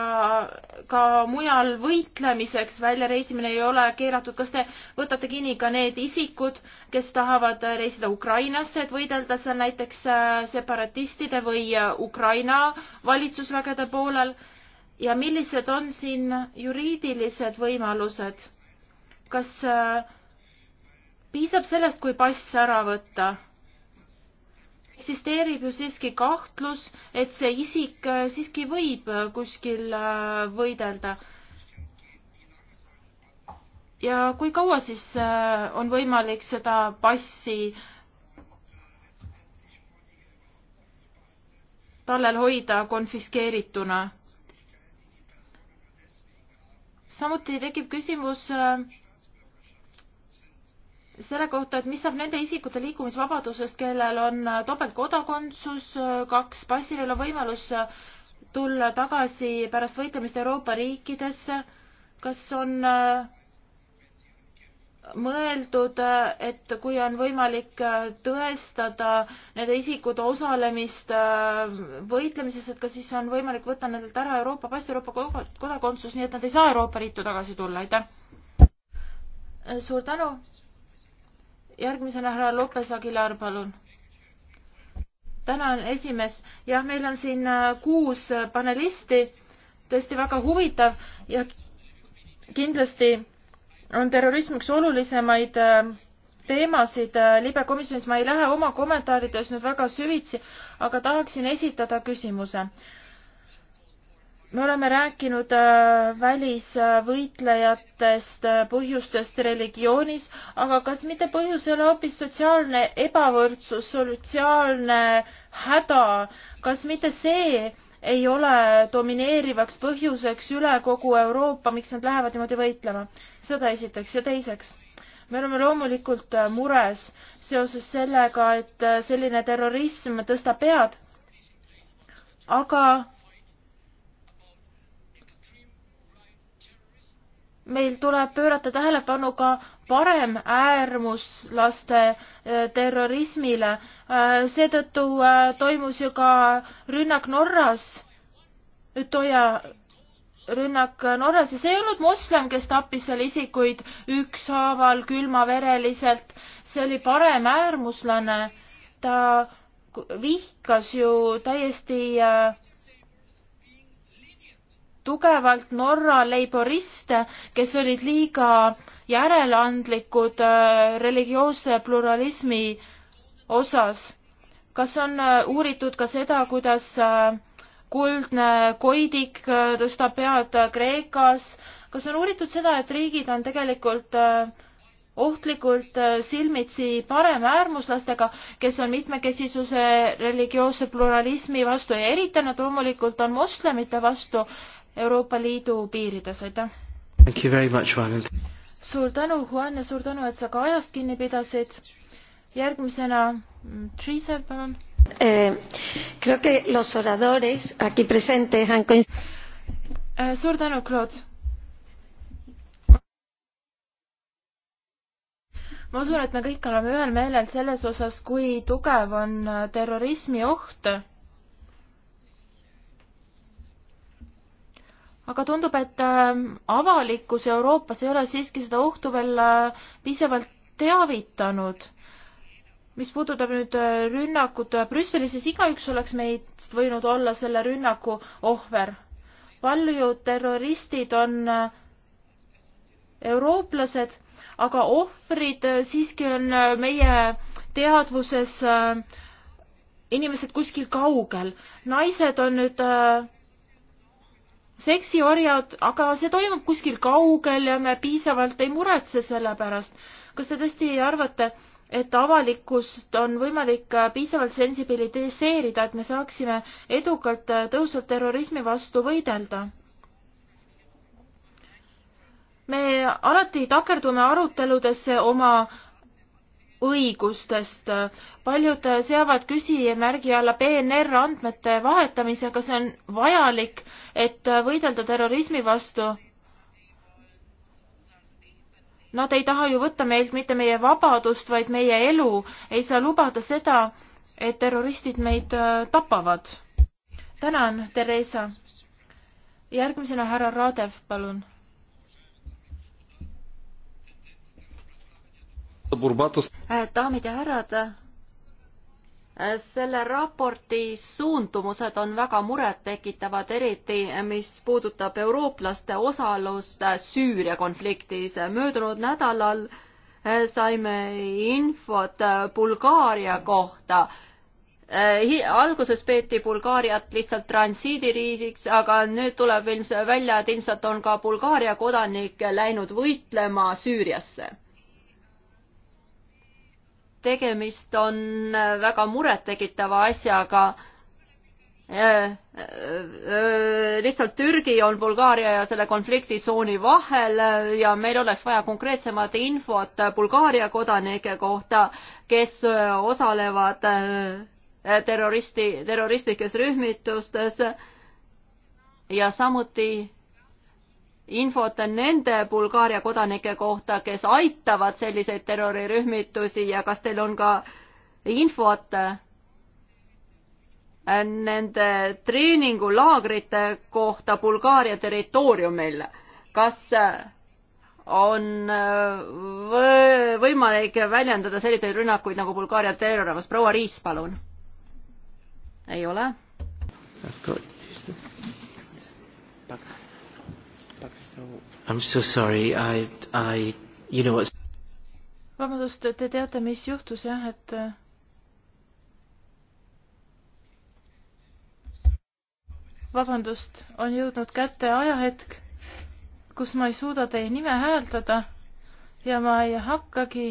ka mujal võitlemiseks väljareisimine ei ole keelatud. kas te võtate kinni ka need isikud, kes tahavad reisida Ukrainasse, et võidelda seal näiteks äh, separatistide või äh, Ukraina valitsusvägede poolel? ja millised on siin juriidilised võimalused? kas äh, piisab sellest, kui pass ära võtta? eksisteerib ju siiski kahtlus, et see isik äh, siiski võib äh, kuskil äh, võidelda. ja kui kaua siis on võimalik seda passi tallel hoida konfiskeerituna? samuti tekib küsimus äh, selle kohta, et mis saab nende isikute liikumisvabadusest, kellel on äh, topeltkodakondsus, äh, kaks passi, neil on võimalus äh, tulla tagasi pärast võitlemist Euroopa riikidesse. kas on mõeldud, et kui on võimalik tõestada nende isikute osalemist võitlemises, et kas siis on võimalik võtta nendelt ära Euroopa pass, Euroopa kodakondsus, nii et nad ei saa Euroopa Liitu tagasi tulla, aitäh! suur tänu! järgmisena härra Lopes Aguilar, palun. tänan, esimees. jah, meil on siin äh, kuus äh, panelisti, tõesti väga huvitav ja kindlasti on terrorism üks olulisemaid äh, teemasid libekomisjonis, ma ei lähe oma kommentaarides nüüd väga süvitsi, aga tahaksin esitada küsimuse me oleme rääkinud äh, välisvõitlejatest, äh, põhjustest religioonis, aga kas mitte põhjus ei ole hoopis sotsiaalne ebavõrdsus, sotsiaalne häda, kas mitte see ei ole domineerivaks põhjuseks üle kogu Euroopa, miks nad lähevad niimoodi võitlema? seda esiteks ja teiseks, me oleme loomulikult äh, mures seoses sellega, et selline terrorism tõstab pead, aga meil tuleb pöörata tähelepanu ka paremäärmuslaste äh, terrorismile. Äh, seetõttu äh, toimus ju ka rünnak Norras, Ütoja rünnak Norras ja see ei olnud moslem, kes tappis seal isikuid ükshaaval külmavereliselt. see oli paremäärmuslane. ta vihkas ju täiesti äh, tugevalt Norra leiboriste, kes olid liiga järeleandlikud äh, religioosse pluralismi osas. kas on äh, uuritud ka seda, kuidas äh, kuldne koidik tõstab pead Kreekas, kas on uuritud seda, et riigid on tegelikult ohtlikult silmitsi paremäärmuslastega, kes on mitmekesisuse religioosse pluralismi vastu ja eriti nad loomulikult on moslemite vastu, Euroopa Liidu piirides, aitäh! suur tänu, Juan, ja suur tänu, et sa ka ajast kinni pidasid. järgmisena mm, Triise, palun eh,. Creo que los oradores aquí presentes han eh, suur tänu, Claude! ma usun, et me kõik oleme ühel meelel selles osas, kui tugev on eh, terrorismi oht aga tundub, et ähm, avalikkus Euroopas ei ole siiski seda ohtu veel äh, piisavalt teavitanud. mis puudutab nüüd äh, rünnakut äh, Brüsselis, siis igaüks oleks meist võinud olla selle rünnaku ohver. paljud terroristid on eurooplased, aga ohvrid siiski on meie teadvuses inimesed kuskil kaugel. naised on nüüd äh, seksiorjad, aga see toimub kuskil kaugel ja me piisavalt ei muretse selle pärast. kas te tõesti arvate, et avalikkust on võimalik äh, piisavalt sensibiliseerida, et me saaksime edukalt äh, tõhusalt terrorismi vastu võidelda? me alati takerdume aruteludesse oma õigustest. paljud seavad küsimärgi alla PNR andmete vahetamise, aga see on vajalik, et võidelda terrorismi vastu. Nad ei taha ju võtta meilt mitte meie vabadust, vaid meie elu. ei saa lubada seda, et terroristid meid äh, tapavad. tänan, Theresa. järgmisena härra Raadev, palun daamid ja härrad, selle raporti suundumused on väga murettekitavad, eriti mis puudutab eurooplaste osalust Süüria konfliktis. möödunud nädalal saime infot Bulgaaria kohta. alguses peeti Bulgaariat lihtsalt transiidiriigiks, aga nüüd tuleb ilmselt välja, et ilmselt on ka Bulgaaria kodanikke läinud võitlema Süüriasse tegemist on äh, väga murettekitava asjaga. Äh, äh, lihtsalt Türgi on Bulgaaria ja selle konfliktitsooni vahel ja meil oleks vaja konkreetsemat infot Bulgaaria kodanike kohta, kes osalevad terroristi, terroristlikes rühmitustes ja samuti infot nende Bulgaaria kodanike kohta, kes aitavad selliseid terrorirühmitusi ja kas teil on ka infot äh, nende treeningulaagrite kohta Bulgaaria territooriumil? kas äh, on äh, võimalik väljendada selliseid rünnakuid nagu Bulgaaria terrorirühmas? proua Riis, palun. ei ole? I am so sorry, I, I, you know what vabandust, te teate, mis juhtus jah, et äh, vabandust, on jõudnud kätte ajahetk, kus ma ei suuda teie nime hääldada ja ma ei hakkagi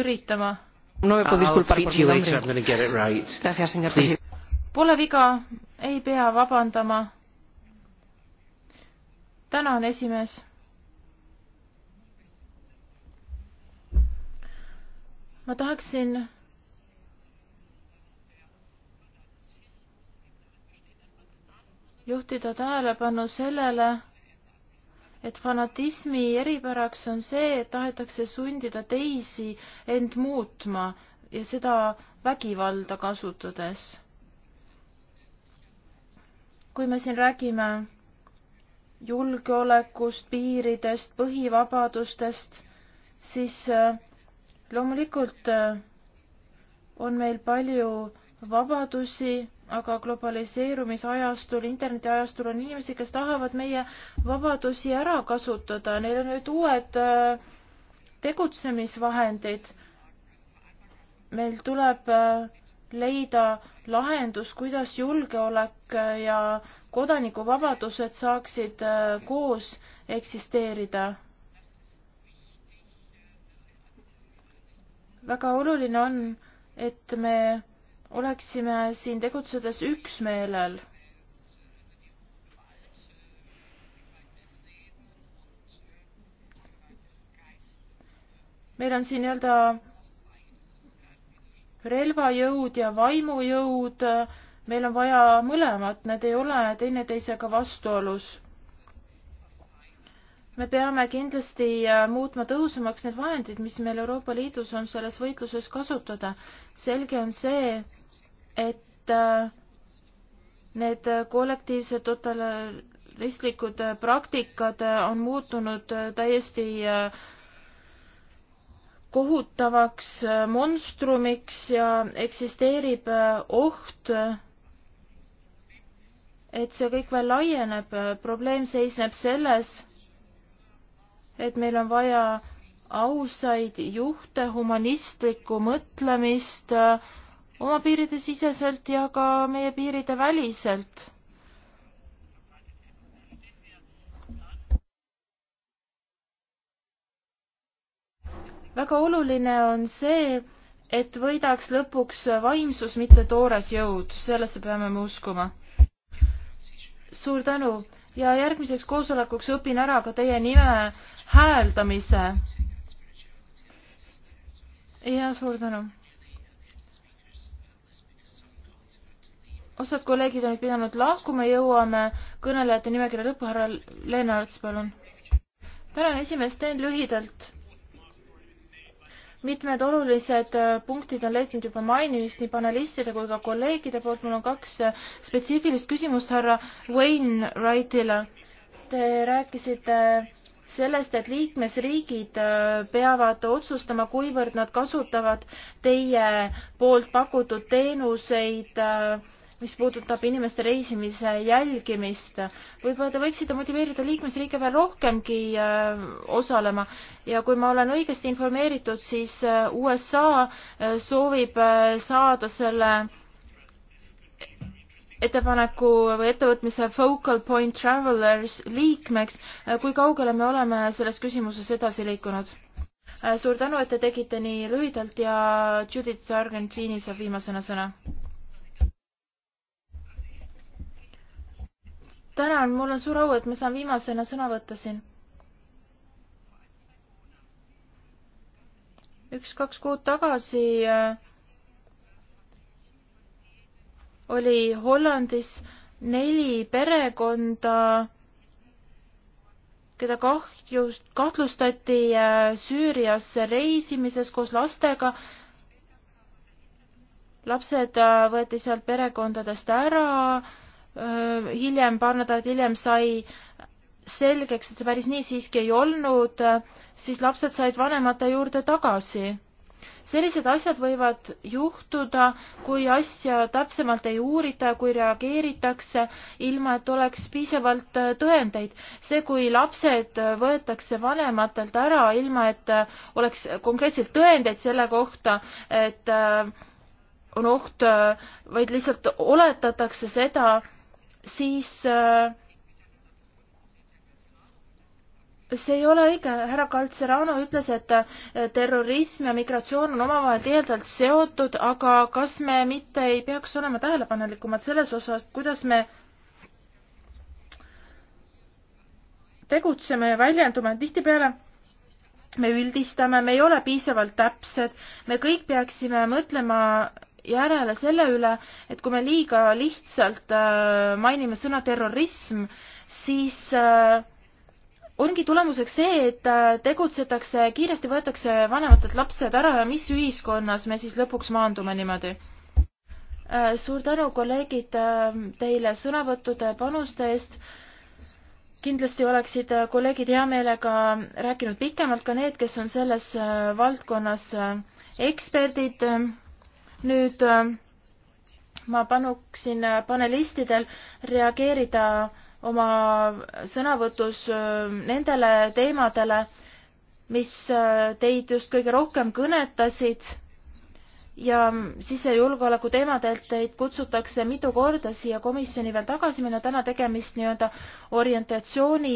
üritama. Pole viga, ei pea vabandama tänan, esimees. ma tahaksin juhtida tähelepanu sellele, et fanatismi eripäraks on see, et tahetakse sundida teisi end muutma ja seda vägivalda kasutades. kui me siin räägime julgeolekust, piiridest, põhivabadustest, siis äh, loomulikult äh, on meil palju vabadusi, aga globaliseerumisajastul, internetiajastul on inimesi, kes tahavad meie vabadusi ära kasutada, neil on nüüd uued äh, tegutsemisvahendid. meil tuleb leida lahendus, kuidas julgeolek ja kodanikuvabadused saaksid äh, koos eksisteerida. väga oluline on, et me oleksime siin tegutsedes üksmeelel meil on siin nii-öelda relvajõud ja vaimujõud, meil on vaja mõlemat, need ei ole teineteisega vastuolus. me peame kindlasti äh, muutma tõhusamaks need vahendid, mis meil Euroopa Liidus on selles võitluses kasutada. selge on see, et äh, need kollektiivsed totalistlikud äh, praktikad on muutunud täiesti kohutavaks monstrumiks ja eksisteerib oht et see kõik veel laieneb. probleem seisneb selles, et meil on vaja ausaid juhte, humanistlikku mõtlemist äh, oma piiride siseselt ja ka meie piiride väliselt. väga oluline on see, et võidaks lõpuks vaimsus, mitte toores jõud, sellesse peame me uskuma suur tänu ja järgmiseks koosolekuks õpin ära ka teie nime hääldamise. ja suur tänu. osad kolleegid on nüüd pidanud lahkuma, jõuame kõnelejate nimekirja lõppu, härra Lennarts, palun. tänan esimees, teen lühidalt mitmed olulised äh, punktid on leidnud juba mainimist nii panelistide kui ka kolleegide poolt. mul on kaks äh, spetsiifilist küsimust härra Wainwrightile. Te rääkisite äh, sellest, et liikmesriigid peavad otsustama, kuivõrd nad kasutavad teie poolt pakutud teenuseid äh, mis puudutab inimeste reisimise jälgimist. võib-olla te võiksite motiveerida liikmesriike veel rohkemgi äh, osalema ja kui ma olen õigesti informeeritud, siis äh, USA äh, soovib saada selle ettepaneku või ettevõtmise Focal Point Travelers liikmeks. kui kaugele me oleme selles küsimuses edasi liikunud? suur tänu, et te tegite nii lühidalt ja Judith Sargentini saab viimasena sõna tänan, mul on suur au, et ma saan viimasena sõna võtta siin. üks-kaks kuud tagasi äh, oli Hollandis neli perekonda, keda kahjust, kahtlustati äh, Süüriasse reisimises koos lastega. lapsed äh, võeti sealt perekondadest ära hiljem, paar nädalat hiljem sai selgeks, et see päris nii siiski ei olnud, siis lapsed said vanemate juurde tagasi. sellised asjad võivad juhtuda, kui asja täpsemalt ei uurita, kui reageeritakse, ilma et oleks piisavalt äh, tõendeid. see, kui lapsed võetakse vanematelt ära, ilma et äh, oleks konkreetseid tõendeid selle kohta, et äh, on oht, vaid lihtsalt oletatakse seda, siis äh, see ei ole õige, härra Kaltserano ütles, et äh, terrorism ja migratsioon on omavahel tihedalt seotud, aga kas me mitte ei peaks olema tähelepanelikumad selles osas, kuidas me tegutseme ja väljendume, tihtipeale me üldistame, me ei ole piisavalt täpsed, me kõik peaksime mõtlema järele selle üle, et kui me liiga lihtsalt äh, mainime sõna terrorism, siis äh, ongi tulemuseks see, et äh, tegutsetakse, kiiresti võetakse vanematelt lapsed ära ja mis ühiskonnas me siis lõpuks maandume niimoodi? suur tänu, kolleegid, teile sõnavõttude panuste eest. kindlasti oleksid kolleegid hea meelega rääkinud pikemalt ka need, kes on selles valdkonnas eksperdid nüüd äh, ma panuksin äh, panelistidel reageerida oma sõnavõtus äh, nendele teemadele, mis teid just kõige rohkem kõnetasid ja sisejulgeoleku teemadelt teid kutsutakse mitu korda siia komisjoni veel tagasi, meil on täna tegemist nii-öelda orientatsiooni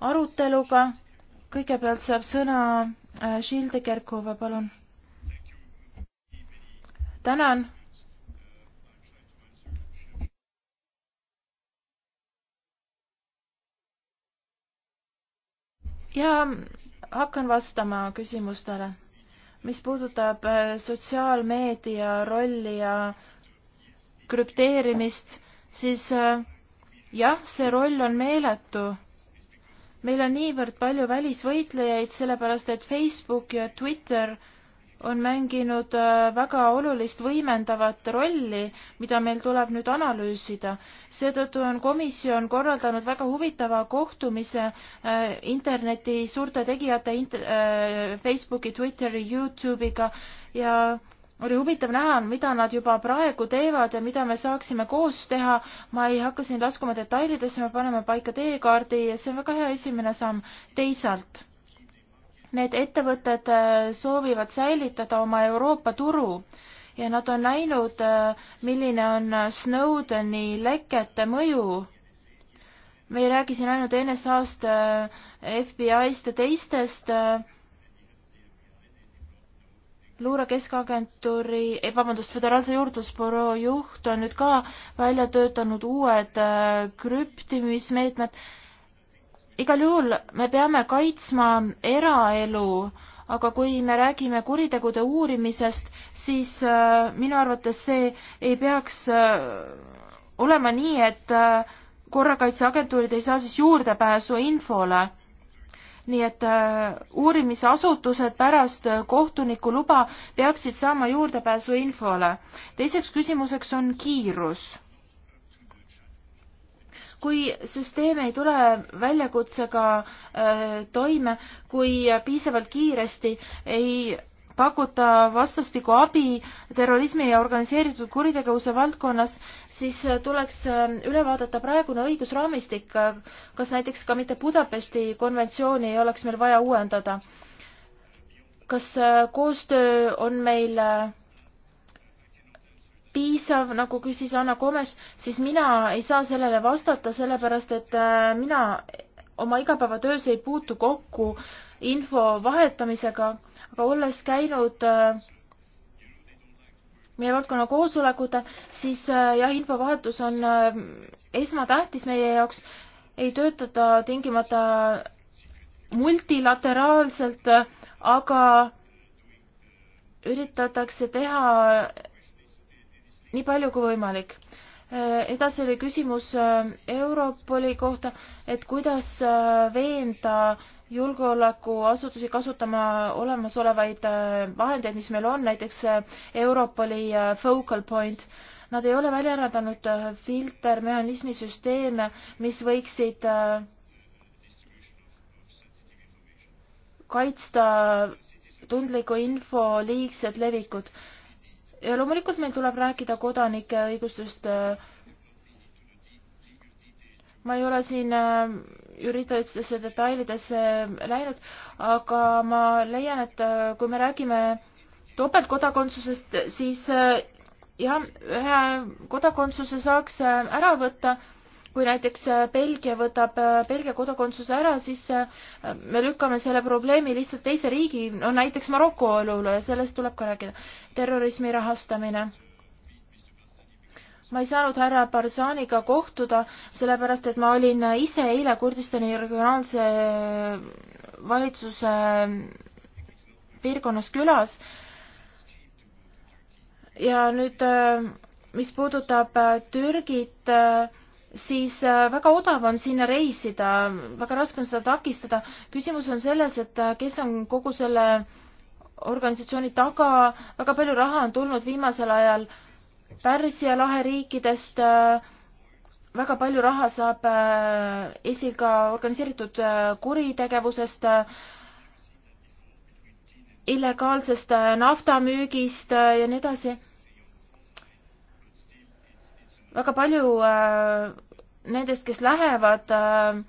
aruteluga. kõigepealt saab sõna Žilde Kerkova, palun tänan. ja hakkan vastama küsimustele, mis puudutab äh, sotsiaalmeedia rolli ja krüpteerimist, siis äh, jah, see roll on meeletu. meil on niivõrd palju välisvõitlejaid, sellepärast et Facebook ja Twitter on mänginud äh, väga olulist võimendavat rolli, mida meil tuleb nüüd analüüsida. seetõttu on komisjon korraldanud väga huvitava kohtumise äh, interneti suurte tegijate int-, äh, Facebooki, Twitteri, Youtube'iga ja oli huvitav näha, mida nad juba praegu teevad ja mida me saaksime koos teha. ma ei hakka siin laskuma detailidesse, me paneme paika teekaardi ja see on väga hea esimene samm. teisalt Need ettevõtted äh, soovivad säilitada oma Euroopa turu ja nad on näinud, äh, milline on äh, Snowdeni lekete mõju. me ei räägi siin ainult NSA-st, FBI-st ja teistest luurekeskagentuuri, eh, vabandust, Föderaalse Juurdlusbüroo juht on nüüd ka välja töötanud uued krüptimismeetmed igal juhul me peame kaitsma eraelu, aga kui me räägime kuritegude uurimisest, siis äh, minu arvates see ei peaks äh, olema nii, et äh, korrakaitseagentuurid ei saa siis juurdepääsu infole. nii et äh, uurimisasutused pärast äh, kohtuniku luba peaksid saama juurdepääsu infole. teiseks küsimuseks on kiirus kui süsteem ei tule väljakutsega äh, toime, kui piisavalt kiiresti ei pakuta vastastikku abi terrorismi ja organiseeritud kuritegevuse valdkonnas, siis äh, tuleks äh, üle vaadata praegune õigusraamistik, kas näiteks ka mitte Budapesti konventsiooni ei oleks meil vaja uuendada. kas koostöö on meil piisav, nagu küsis Anna Komes, siis mina ei saa sellele vastata, sellepärast et äh, mina oma igapäevatöös ei puutu kokku info vahetamisega, aga olles käinud äh, meie valdkonna koosolekutel, siis äh, jah, infovahetus on esmatähtis meie jaoks, ei töötata tingimata multilateraalselt, aga üritatakse teha nii palju kui võimalik. Äh, edasi oli küsimus äh, Europoli kohta, et kuidas äh, veenda julgeolekuasutusi kasutama olemasolevaid vahendeid, mis meil on, näiteks Europoli focal point. Nad ei ole välja arendanud filtermehhanismi süsteeme, mis võiksid kaitsta tundliku info liigset levikut ja loomulikult meil tuleb rääkida kodanike õigustest. ma ei ole siin äh, juriidilistesse detailidesse läinud, aga ma leian, et äh, kui me räägime topeltkodakondsusest, siis äh, jah, ühe kodakondsuse saaks ära võtta kui näiteks äh, Belgia võtab äh, Belgia kodakondsuse ära, siis äh, me lükkame selle probleemi lihtsalt teise riigi, no näiteks Maroko olule, sellest tuleb ka rääkida. terrorismi rahastamine. ma ei saanud härra Barzaniga kohtuda, sellepärast et ma olin ise eile Kurdistani regionaalse valitsuse piirkonnas külas ja nüüd mis puudutab Türgit, siis äh, väga odav on sinna reisida, väga raske on seda takistada. küsimus on selles, et äh, kes on kogu selle organisatsiooni taga, väga palju raha on tulnud viimasel ajal Pärsia lahe riikidest, äh, väga palju raha saab esil ka organiseeritud kuritegevusest, illegaalsest naftamüügist ja nii edasi väga palju äh, nendest, kes lähevad äh,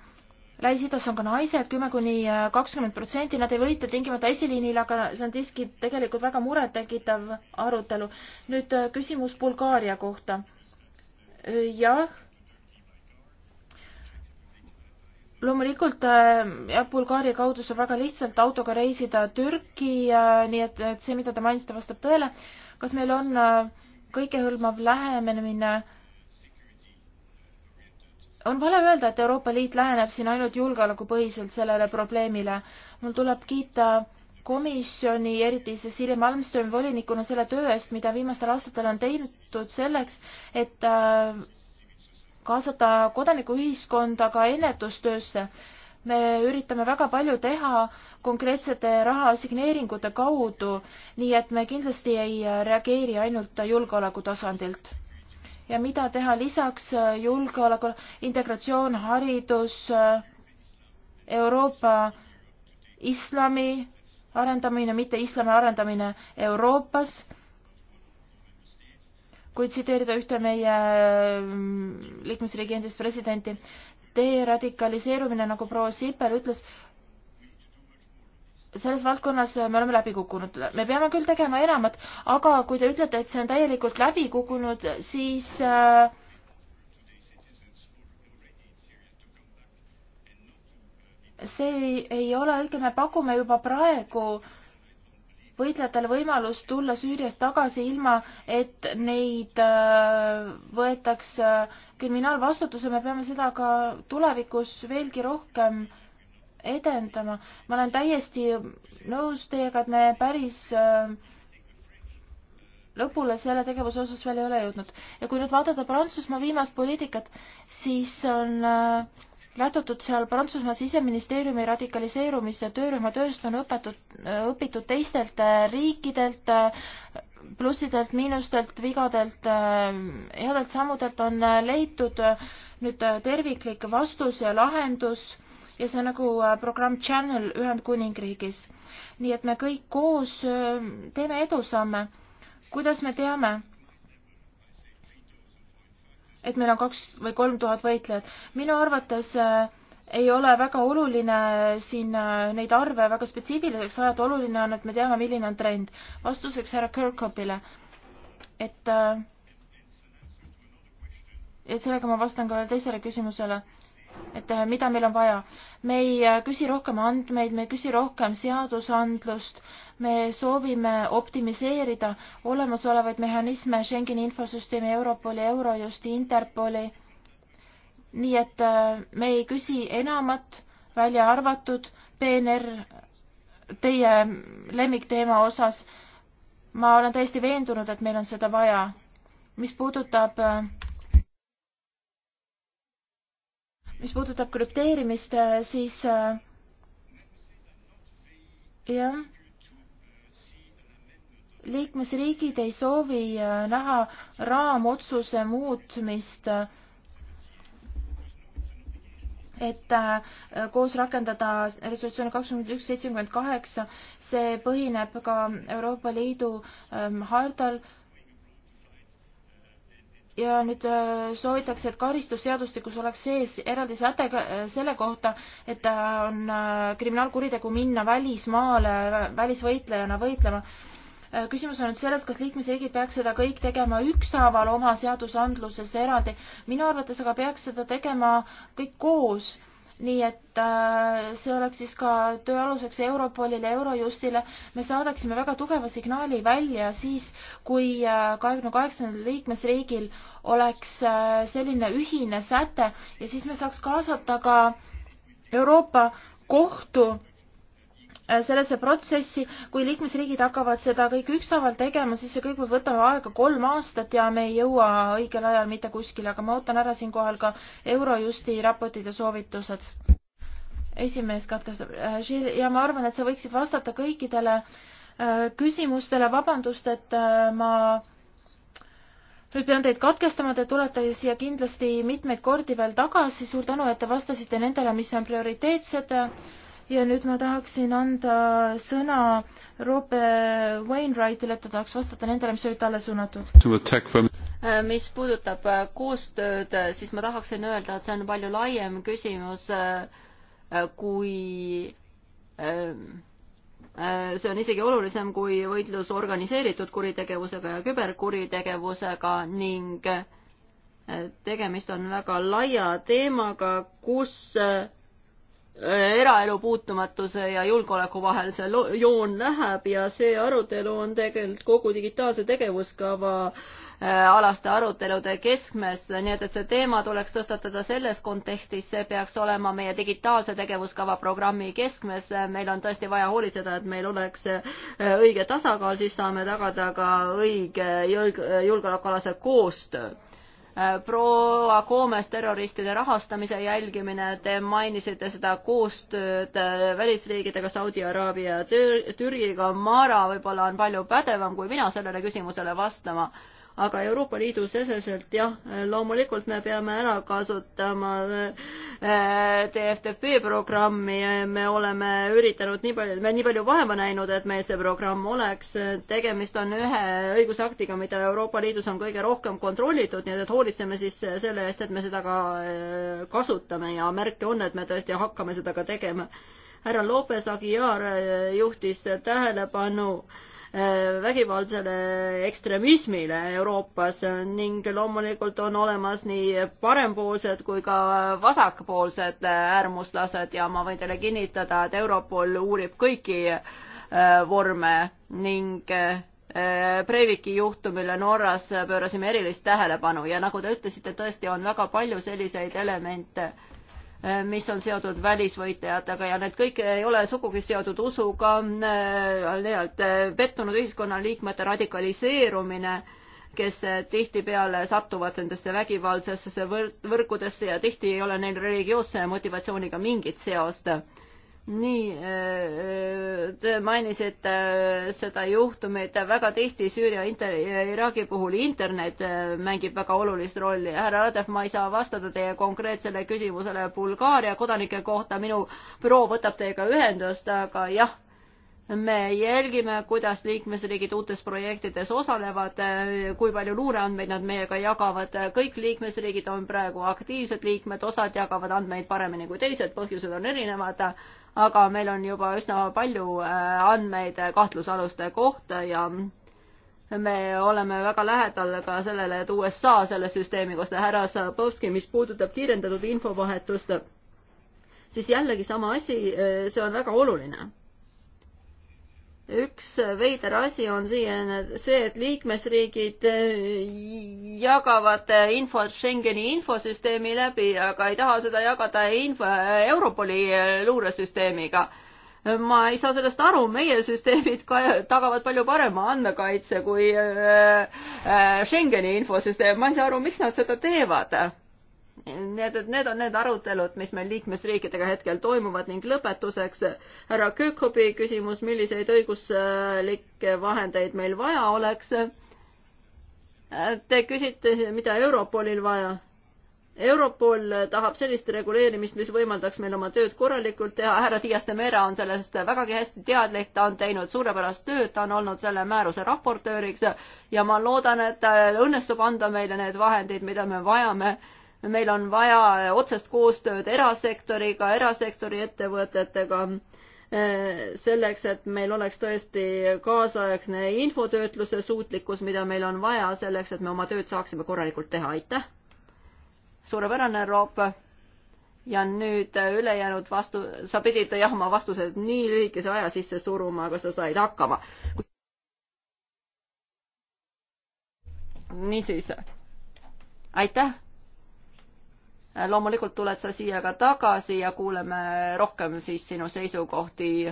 Lähis-Idas on ka naised, kümme kuni äh, kakskümmend protsenti, nad ei võita tingimata esiliinil, aga see on siiski tegelikult väga murettekitav arutelu. nüüd äh, küsimus Bulgaaria kohta. Äh, jah, loomulikult jah, Bulgaaria kaudu saab väga lihtsalt autoga reisida Türki, nii et, et see, mida te mainisite, vastab tõele. kas meil on kõikehõlmav lähenemine äh, on vale öelda, et Euroopa Liit läheneb siin ainult julgeolekupõhiselt sellele probleemile. mul tuleb kiita komisjoni, eriti siis Sirje Malmströmi volinikuna selle töö eest, mida viimastel aastatel on tehtud selleks, et äh, kaasata kodanikuühiskonda ka ennetustöösse. me üritame väga palju teha konkreetsete raha signeeringute kaudu, nii et me kindlasti ei reageeri ainult julgeoleku tasandilt ja mida teha lisaks äh, julgeolekule, integratsioon, haridus, äh, Euroopa islami arendamine, mitte islami arendamine Euroopas. kui tsiteerida ühte meie äh, liikmesriigi endist presidenti, deradikaliseerumine, nagu proua Sipel ütles, selles valdkonnas me oleme läbi kukkunud. me peame küll tegema enamat, aga kui te ütlete, et see on täielikult läbi kukkunud, siis äh, see ei ole õige, me pakume juba praegu võitlejatele võimalust tulla Süüriast tagasi ilma, et neid äh, võetaks äh, kriminaalvastutuse, me peame seda ka tulevikus veelgi rohkem edendama. ma olen täiesti nõus teiega, et me päris äh, lõpule selle tegevuse osas veel ei ole jõudnud. ja kui nüüd vaadata Prantsusmaa viimast poliitikat, siis on äh, lähtutud seal Prantsusmaa siseministeeriumi radikaliseerumise töörühma tööst on õpetud, äh, õpitud teistelt riikidelt, plussidelt, miinustelt, vigadelt, headelt sammudelt on leitud nüüd terviklik vastus ja lahendus ja see on nagu äh, programm Channel Ühendkuningriigis. nii et me kõik koos äh, teeme edusamme. kuidas me teame? et meil on kaks või kolm tuhat võitlejat. minu arvates äh, ei ole väga oluline siin neid arve väga spetsiifiliseks ajada, oluline on, et me teame, milline on trend. vastuseks härra Kirkhopile, et ja sellega ma vastan ka teisele küsimusele et äh, mida meil on vaja. me ei äh, küsi rohkem andmeid, me ei küsi rohkem seadusandlust, me soovime optimiseerida olemasolevaid mehhanisme Schengeni infosüsteemi, Europoli, Eurojusti, Interpoli. nii et äh, me ei küsi enamat, välja arvatud PNR, teie lemmikteema osas. ma olen täiesti veendunud, et meil on seda vaja. mis puudutab äh, mis puudutab krüpteerimist, äh, siis äh, jah, liikmesriigid ei soovi äh, näha raamotsuse muutmist, et koos rakendada resolutsiooni kakskümmend üks seitsekümmend kaheksa, see põhineb ka Euroopa Liidu ähm, hardal äh, ja nüüd äh, soovitakse, et karistusseadustikus oleks sees eraldi säte äh, selle kohta, et on äh, kriminaalkuritegu minna välismaale välisvõitlejana võitlema. küsimus on nüüd selles, kas liikmesriigid peaks seda kõik tegema ükshaaval oma seadusandluses eraldi. minu arvates aga peaks seda tegema kõik koos nii et äh, see oleks siis ka töö aluseks Europolile, Eurojustile. me saadaksime väga tugeva signaali välja siis, kui äh, kahekümne kaheksandal liikmesriigil oleks äh, selline ühine säte ja siis me saaks kaasata ka Euroopa kohtu Äh, sellesse protsessi, kui liikmesriigid hakkavad seda kõike ükshaaval tegema, siis see kõik võib võtta aega kolm aastat ja me ei jõua õigel ajal mitte kuskile, aga ma ootan ära siinkohal ka Eurojusti raportid ja soovitused. esimees katkestab. Äh, ja ma arvan, et sa võiksid vastata kõikidele äh, küsimustele, vabandust, et ma nüüd pean teid katkestama, te tulete siia kindlasti mitmeid kordi veel tagasi, suur tänu, et te vastasite nendele, mis on prioriteetsed ja nüüd ma tahaksin anda sõna Robe Wainwrightile, et ta tahaks vastata nendele, mis olid talle suunatud. Äh, mis puudutab äh, koostööd, äh, siis ma tahaksin öelda, et see on palju laiem küsimus kui ähm, see on isegi olulisem kui võitlus organiseeritud kuritegevusega ja küberkuritegevusega ning tegemist on väga laia teemaga, kus äh, Äh, eraelu puutumatuse ja julgeoleku vahel see joon läheb ja see arutelu on tegelikult kogu digitaalse tegevuskava äh, alaste arutelude keskmes, nii et, et see teema tuleks tõstatada selles kontekstis, see peaks olema meie digitaalse tegevuskava programmi keskmes, meil on tõesti vaja hoolitseda, et meil oleks äh, õige tasakaal, siis saame tagada ka õige julgeolekualase koostöö Äh, proua Koomes terroristide rahastamise jälgimine, te mainisite seda koostööd äh, välisriigidega, Saudi Araabia ja Türgiga, Mara võib-olla on palju pädevam kui mina sellele küsimusele vastama aga Euroopa Liidu seseselt jah, loomulikult me peame ära kasutama äh, TFTP programmi, me oleme üritanud nii palju, me nii palju vaeva näinud, et meil see programm oleks, tegemist on ühe õigusaktiga, mida Euroopa Liidus on kõige rohkem kontrollitud, nii et hoolitseme siis selle eest, et me seda ka äh, kasutame ja märke on, et me tõesti hakkame seda ka tegema. härra Lopez Aguiar äh, juhtis tähelepanu äh, Äh, vägivaldsele ekstremismile Euroopas ning loomulikult on olemas nii parempoolsed kui ka vasakpoolsed äärmuslased ja ma võin teile kinnitada, et Europol uurib kõiki äh, vorme ning äh, Breiviki juhtumile Norras pöörasime erilist tähelepanu ja nagu te ütlesite, tõesti on väga palju selliseid elemente Äh, mis on seotud välisvõitlejatega ja need kõik ei ole sugugi seotud usuga, äh, nii-öelda äh, pettunud ühiskonnaliikmete radikaliseerumine, kes tihtipeale satuvad nendesse vägivaldsesse võrkudesse ja tihti ei ole neil religioosse motivatsiooniga mingit seost nii, äh, te mainisite äh, seda juhtumit, väga tihti Süüria inter-, äh, Iraagi puhul internet mängib väga olulist rolli. härra Radev, ma ei saa vastada teie konkreetsele küsimusele Bulgaaria kodanike kohta, minu büroo võtab teiega ühendust, aga jah, me jälgime, kuidas liikmesriigid uutes projektides osalevad, kui palju luureandmeid nad meiega jagavad. kõik liikmesriigid on praegu aktiivsed liikmed, osad jagavad andmeid paremini kui teised, põhjused on erinevad aga meil on juba üsna palju äh, andmeid kahtlusaluste kohta ja me oleme väga lähedal ka sellele, et USA selle süsteemi koos härra Zabovski, mis puudutab kiirendatud infovahetust, siis jällegi sama asi, äh, see on väga oluline üks veider asi on siia see, et liikmesriigid eh, jagavad eh, infot Schengeni infosüsteemi läbi, aga ei taha seda jagada info eh, Europoli luuresüsteemiga. ma ei saa sellest aru, meie süsteemid ka, tagavad palju parema andmekaitse kui Schengeni infosüsteem, ma ei saa aru, miks nad seda teevad Need, need on need arutelud, mis meil liikmesriikidega hetkel toimuvad ning lõpetuseks härra Kökobi küsimus, milliseid õiguslikke vahendeid meil vaja oleks. Te küsite, mida Europolil vaja Europol tahab sellist reguleerimist, mis võimaldaks meil oma tööd korralikult teha, härra Dias de Mera on sellest vägagi hästi teadlik, ta on teinud suurepärast tööd, ta on olnud selle määruse raportööriks ja ma loodan, et õnnestub anda meile need vahendid, mida me vajame meil on vaja otsest koostööd erasektoriga, erasektori ettevõtetega, eh, selleks, et meil oleks tõesti kaasaegne infotöötluse suutlikkus, mida meil on vaja selleks, et me oma tööd saaksime korralikult teha, aitäh! suurepärane, Roop! ja nüüd ülejäänud vastu, sa pidid jah oma vastused nii lühikese aja sisse suruma, aga sa said hakkama. niisiis, aitäh! loomulikult tuled sa siia ka tagasi ja kuuleme rohkem siis sinu seisukohti.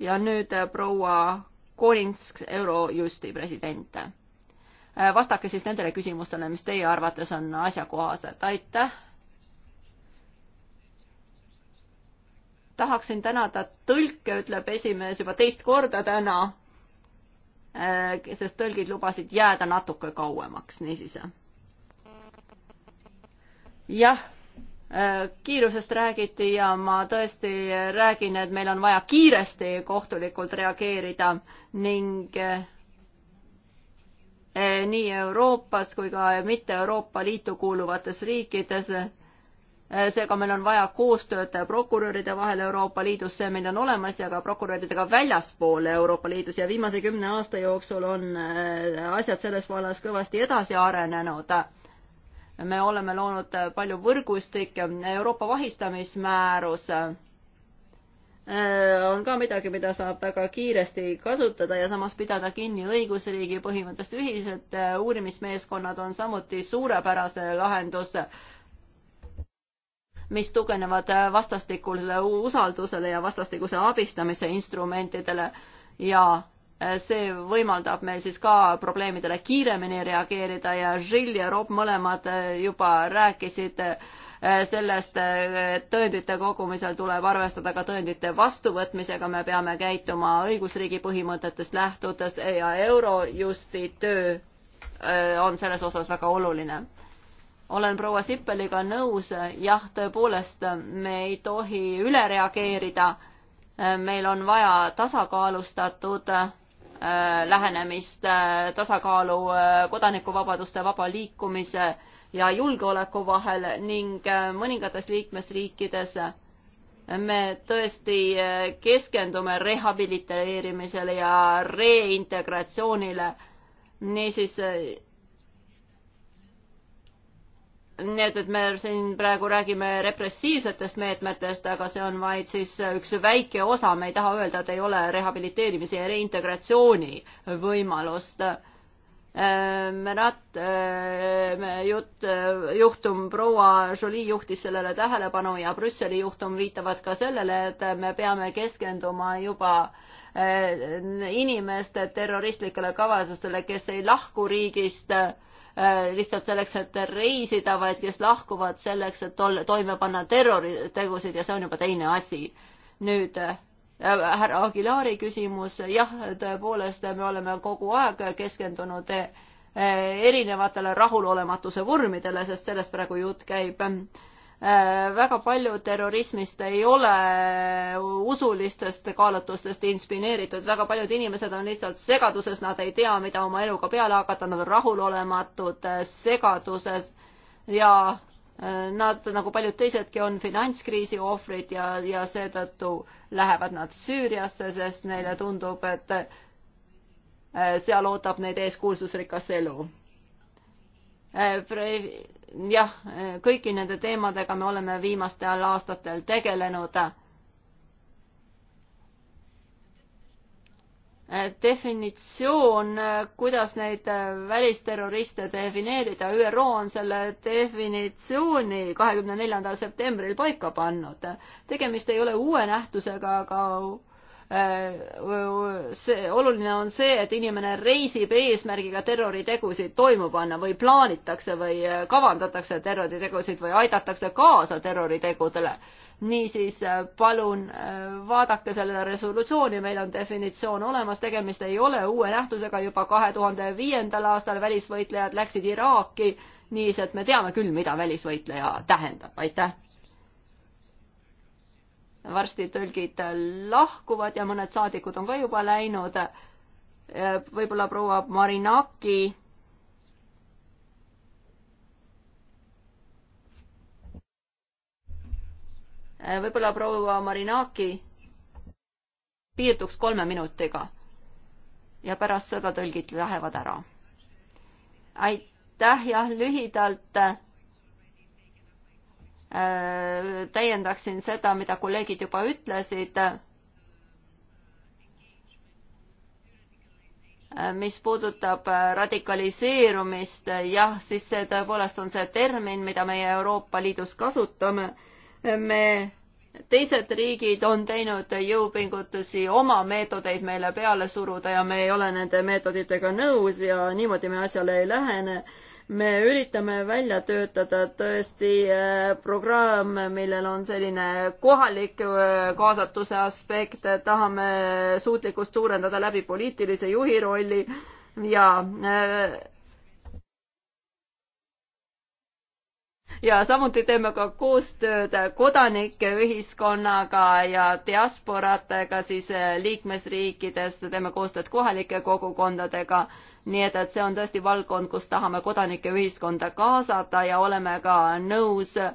ja nüüd äh, proua Kolinsk, Eurojusti president. Äh, vastake siis nendele küsimustele, mis teie arvates on asjakohased, aitäh. tahaksin tänada tõlke, ütleb esimees juba teist korda täna, äh, sest tõlgid lubasid jääda natuke kauemaks, niisiis jah, äh, kiirusest räägiti ja ma tõesti räägin, et meil on vaja kiiresti kohtulikult reageerida ning äh, äh, nii Euroopas kui ka mitte Euroopa Liitu kuuluvates riikides seega meil on vaja koostööd prokuröride vahel Euroopa Liidus, see meil on olemas ja ka prokuröridega väljaspool Euroopa Liidus ja viimase kümne aasta jooksul on asjad selles vallas kõvasti edasi arenenud me oleme loonud palju võrgustikke, Euroopa vahistamismäärus äh, on ka midagi, mida saab väga kiiresti kasutada ja samas pidada kinni õigusriigi põhimõttest ühiselt. Äh, uurimismeeskonnad on samuti suurepärase lahenduse, mis tugevnevad äh, vastastikule usaldusele ja vastastikuse abistamise instrumentidele ja Äh, see võimaldab meil siis ka probleemidele kiiremini reageerida ja Žil ja Rob mõlemad äh, juba rääkisid äh, sellest, et tõendite kogumisel tuleb arvestada ka tõendite vastuvõtmisega, me peame käituma õigusriigi põhimõtetest lähtudes ja Eurojusti töö on selles osas väga oluline. olen proua Sippeliga nõus, jah, tõepoolest, me ei tohi üle reageerida, meil on vaja tasakaalustatud Äh, lähenemist äh, tasakaalu äh, kodanikuvabaduste vaba liikumise ja julgeoleku vahel ning mõningates liikmesriikides me tõesti keskendume rehabiliteerimisele ja reintegratsioonile. niisiis nii et, et me siin praegu räägime repressiivsetest meetmetest, aga see on vaid siis üks väike osa, me ei taha öelda, et ei ole rehabiliteerimise ja reintegratsiooni võimalust. Äh, Merat, äh, jutt, äh, juhtum, proua Jolie juhtis sellele tähelepanu ja Brüsseli juhtum viitavad ka sellele, et me peame keskenduma juba inimeste terroristlikele kavatsustele, kes ei lahku riigist Äh, lihtsalt selleks, et reisida, vaid kes lahkuvad selleks, et tol-, toime panna terroritegusid ja see on juba teine asi. nüüd äh, härra Aguilari küsimus, jah, tõepoolest, me oleme kogu aeg keskendunud äh, erinevatele rahulolematuse vormidele, sest sellest praegu jutt käib Äh, väga palju terrorismist ei ole usulistest kaalutlustest inspireeritud, väga paljud inimesed on lihtsalt segaduses, nad ei tea, mida oma eluga peale hakata, nad on rahulolematud, äh, segaduses ja äh, nad, nagu paljud teisedki, on finantskriisi ohvrid ja, ja seetõttu lähevad nad Süüriasse, sest neile tundub, et seal ootab neid ees kuulsusrikas elu jah, kõigi nende teemadega me oleme viimastel aastatel tegelenud. definitsioon, kuidas neid välisterroriste defineerida, ÜRO on selle definitsiooni kahekümne neljandal septembril paika pannud. tegemist ei ole uue nähtusega, aga Äh, see, oluline on see, et inimene reisib eesmärgiga terroritegusid toimu panna või plaanitakse või äh, kavandatakse terroritegusid või aidatakse kaasa terroritegudele. niisiis äh, palun vaadake selle resolutsiooni, meil on definitsioon olemas, tegemist ei ole uue nähtusega, juba kahe tuhande viiendal aastal välisvõitlejad läksid Iraaki, nii et me teame küll, mida välisvõitleja tähendab, aitäh varsti tõlgid lahkuvad ja mõned saadikud on ka juba läinud. võib-olla proua Marinaki. võib-olla proua Marinaki piirduks kolme minutiga ja pärast seda tõlgid lähevad ära. aitäh, jah, lühidalt täiendaksin seda, mida kolleegid juba ütlesid, mis puudutab radikaliseerumist, jah, siis see tõepoolest on see termin, mida meie Euroopa Liidus kasutame. me, teised riigid on teinud jõupingutusi oma meetodeid meile peale suruda ja me ei ole nende meetoditega nõus ja niimoodi me asjale ei lähene me üritame välja töötada tõesti äh, programm, millel on selline kohalik äh, kaasatuse aspekt, tahame suutlikkust suurendada läbi poliitilise juhi rolli ja äh, ja samuti teeme ka koostööd kodanike ühiskonnaga ja diasporatega siis liikmesriikides, teeme koostööd kohalike kogukondadega nii et, et see on tõesti valdkond, kus tahame kodanike ühiskonda kaasata ja oleme ka nõus äh,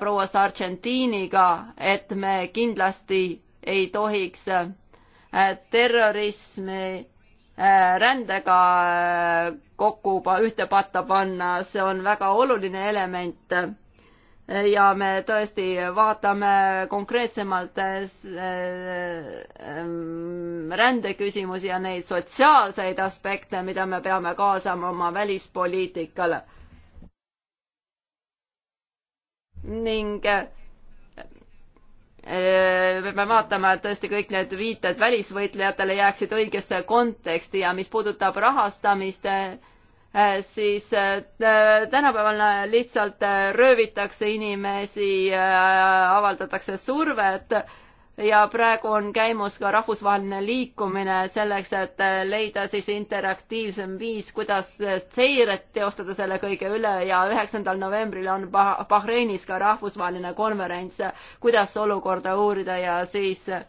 proua Sargentiniga, et me kindlasti ei tohiks äh, terrorismi äh, rändega kokku ühte patta panna, see on väga oluline element ja me tõesti vaatame konkreetsemalt ehm, rändeküsimusi ja neid sotsiaalseid aspekte, mida me peame kaasama oma välispoliitikale. ning ehm, me peame vaatama, et tõesti kõik need viited välisvõitlejatele jääksid õigesse konteksti ja mis puudutab rahastamist, Äh, siis äh, tänapäeval lihtsalt äh, röövitakse inimesi, avaldatakse survet ja praegu on käimas ka rahvusvaheline liikumine selleks, et leida siis interaktiivsem viis, kuidas seiret teostada selle kõige üle ja üheksandal novembril on Bahreinis ka rahvusvaheline konverents, kuidas olukorda uurida ja siis äh,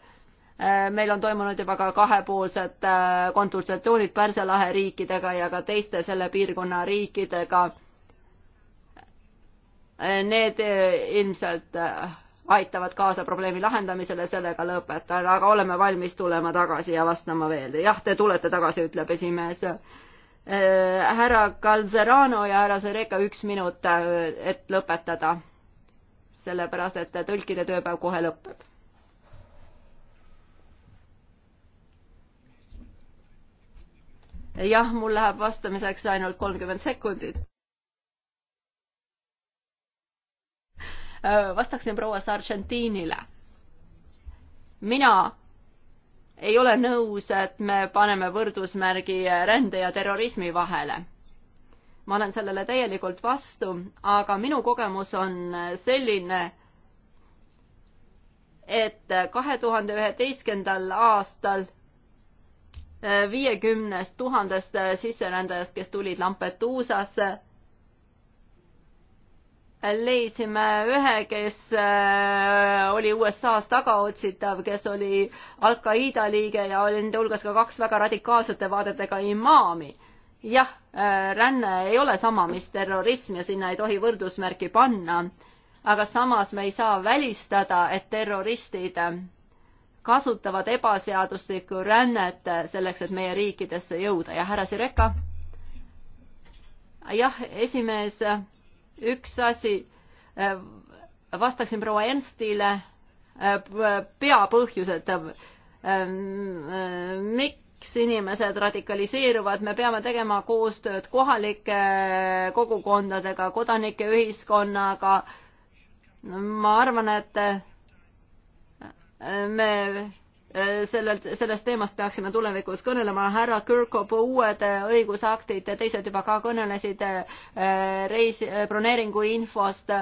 Äh, meil on toimunud juba ka kahepoolsed äh, konsultatsioonid Pärsia lahe riikidega ja ka teiste selle piirkonna riikidega. Äh, need ilmselt aitavad kaasa probleemi lahendamisele, sellega lõpetan, aga oleme valmis tulema tagasi ja vastama veel. jah, te tulete tagasi, ütleb esimees. härra Calzerano ja härra Sereka, üks minut, et lõpetada. sellepärast, et tõlkide tööpäev kohe lõpeb jah, mul läheb vastamiseks ainult kolmkümmend sekundit. vastaksin proua Sargentinile. mina ei ole nõus, et me paneme võrdusmärgi rände ja terrorismi vahele. ma olen sellele täielikult vastu, aga minu kogemus on selline, et kahe tuhande üheteistkümnendal aastal viiekümnest tuhandest äh, sisserändajast, kes tulid Lampeduusasse, leidsime ühe, kes äh, oli USA-s tagaotsitav, kes oli Al-Qaeda liige ja oli nende hulgas ka kaks väga radikaalsete vaadetega imaami. jah, äh, ränne ei ole sama, mis terrorism ja sinna ei tohi võrdusmärki panna, aga samas me ei saa välistada, et terroristid kasutavad ebaseaduslikku rännet selleks, et meie riikidesse jõuda ja härra Sireka? jah, esimees, üks asi, äh, vastaksin proua Ernstile, äh, peapõhjused, äh, miks inimesed radikaliseeruvad, me peame tegema koostööd kohalike kogukondadega, kodanike ühiskonnaga, ma arvan, et me eh, sellelt, sellest teemast peaksime tulevikus kõnelema, härra Kirkop, uued eh, õigusaktid, teised juba ka kõnelesid eh, reis, broneeringu infost,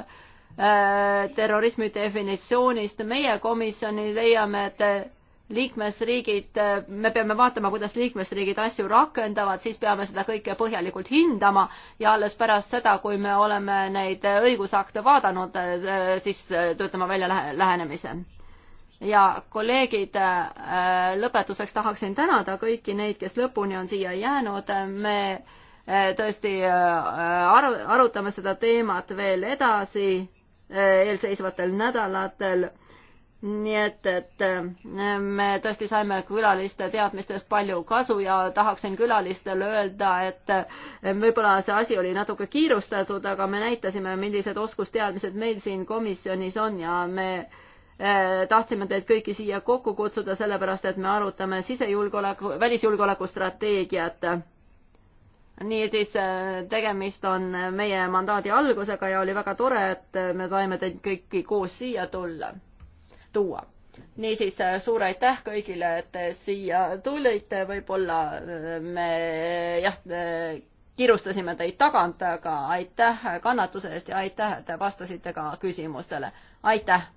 terrorismi definitsioonist, meie komisjoni leiame, et liikmesriigid, me peame vaatama, kuidas liikmesriigid asju rakendavad, siis peame seda kõike põhjalikult hindama ja alles pärast seda, kui me oleme neid õigusakte vaadanud, siis töötame välja lähenemise ja kolleegid, äh, lõpetuseks tahaksin tänada kõiki neid, kes lõpuni on siia jäänud, me äh, tõesti äh, aru, arutame seda teemat veel edasi eelseisvatel nädalatel. nii et, et me tõesti saime külaliste teadmistest palju kasu ja tahaksin külalistele öelda, et võib-olla see asi oli natuke kiirustatud, aga me näitasime, millised oskusteadmised meil siin komisjonis on ja me äh, Äh, tahtsime teid kõiki siia kokku kutsuda, sellepärast et me arutame sisejulgeoleku, välisjulgeoleku strateegiat. niisiis, äh, tegemist on meie mandaadi algusega ja oli väga tore, et me saime teid kõiki koos siia tulla, tuua. niisiis, äh, suur aitäh kõigile, et te siia tulite, võib-olla me jah, kiirustasime teid tagant, aga aitäh kannatuse eest ja aitäh, et vastasite ka küsimustele. aitäh!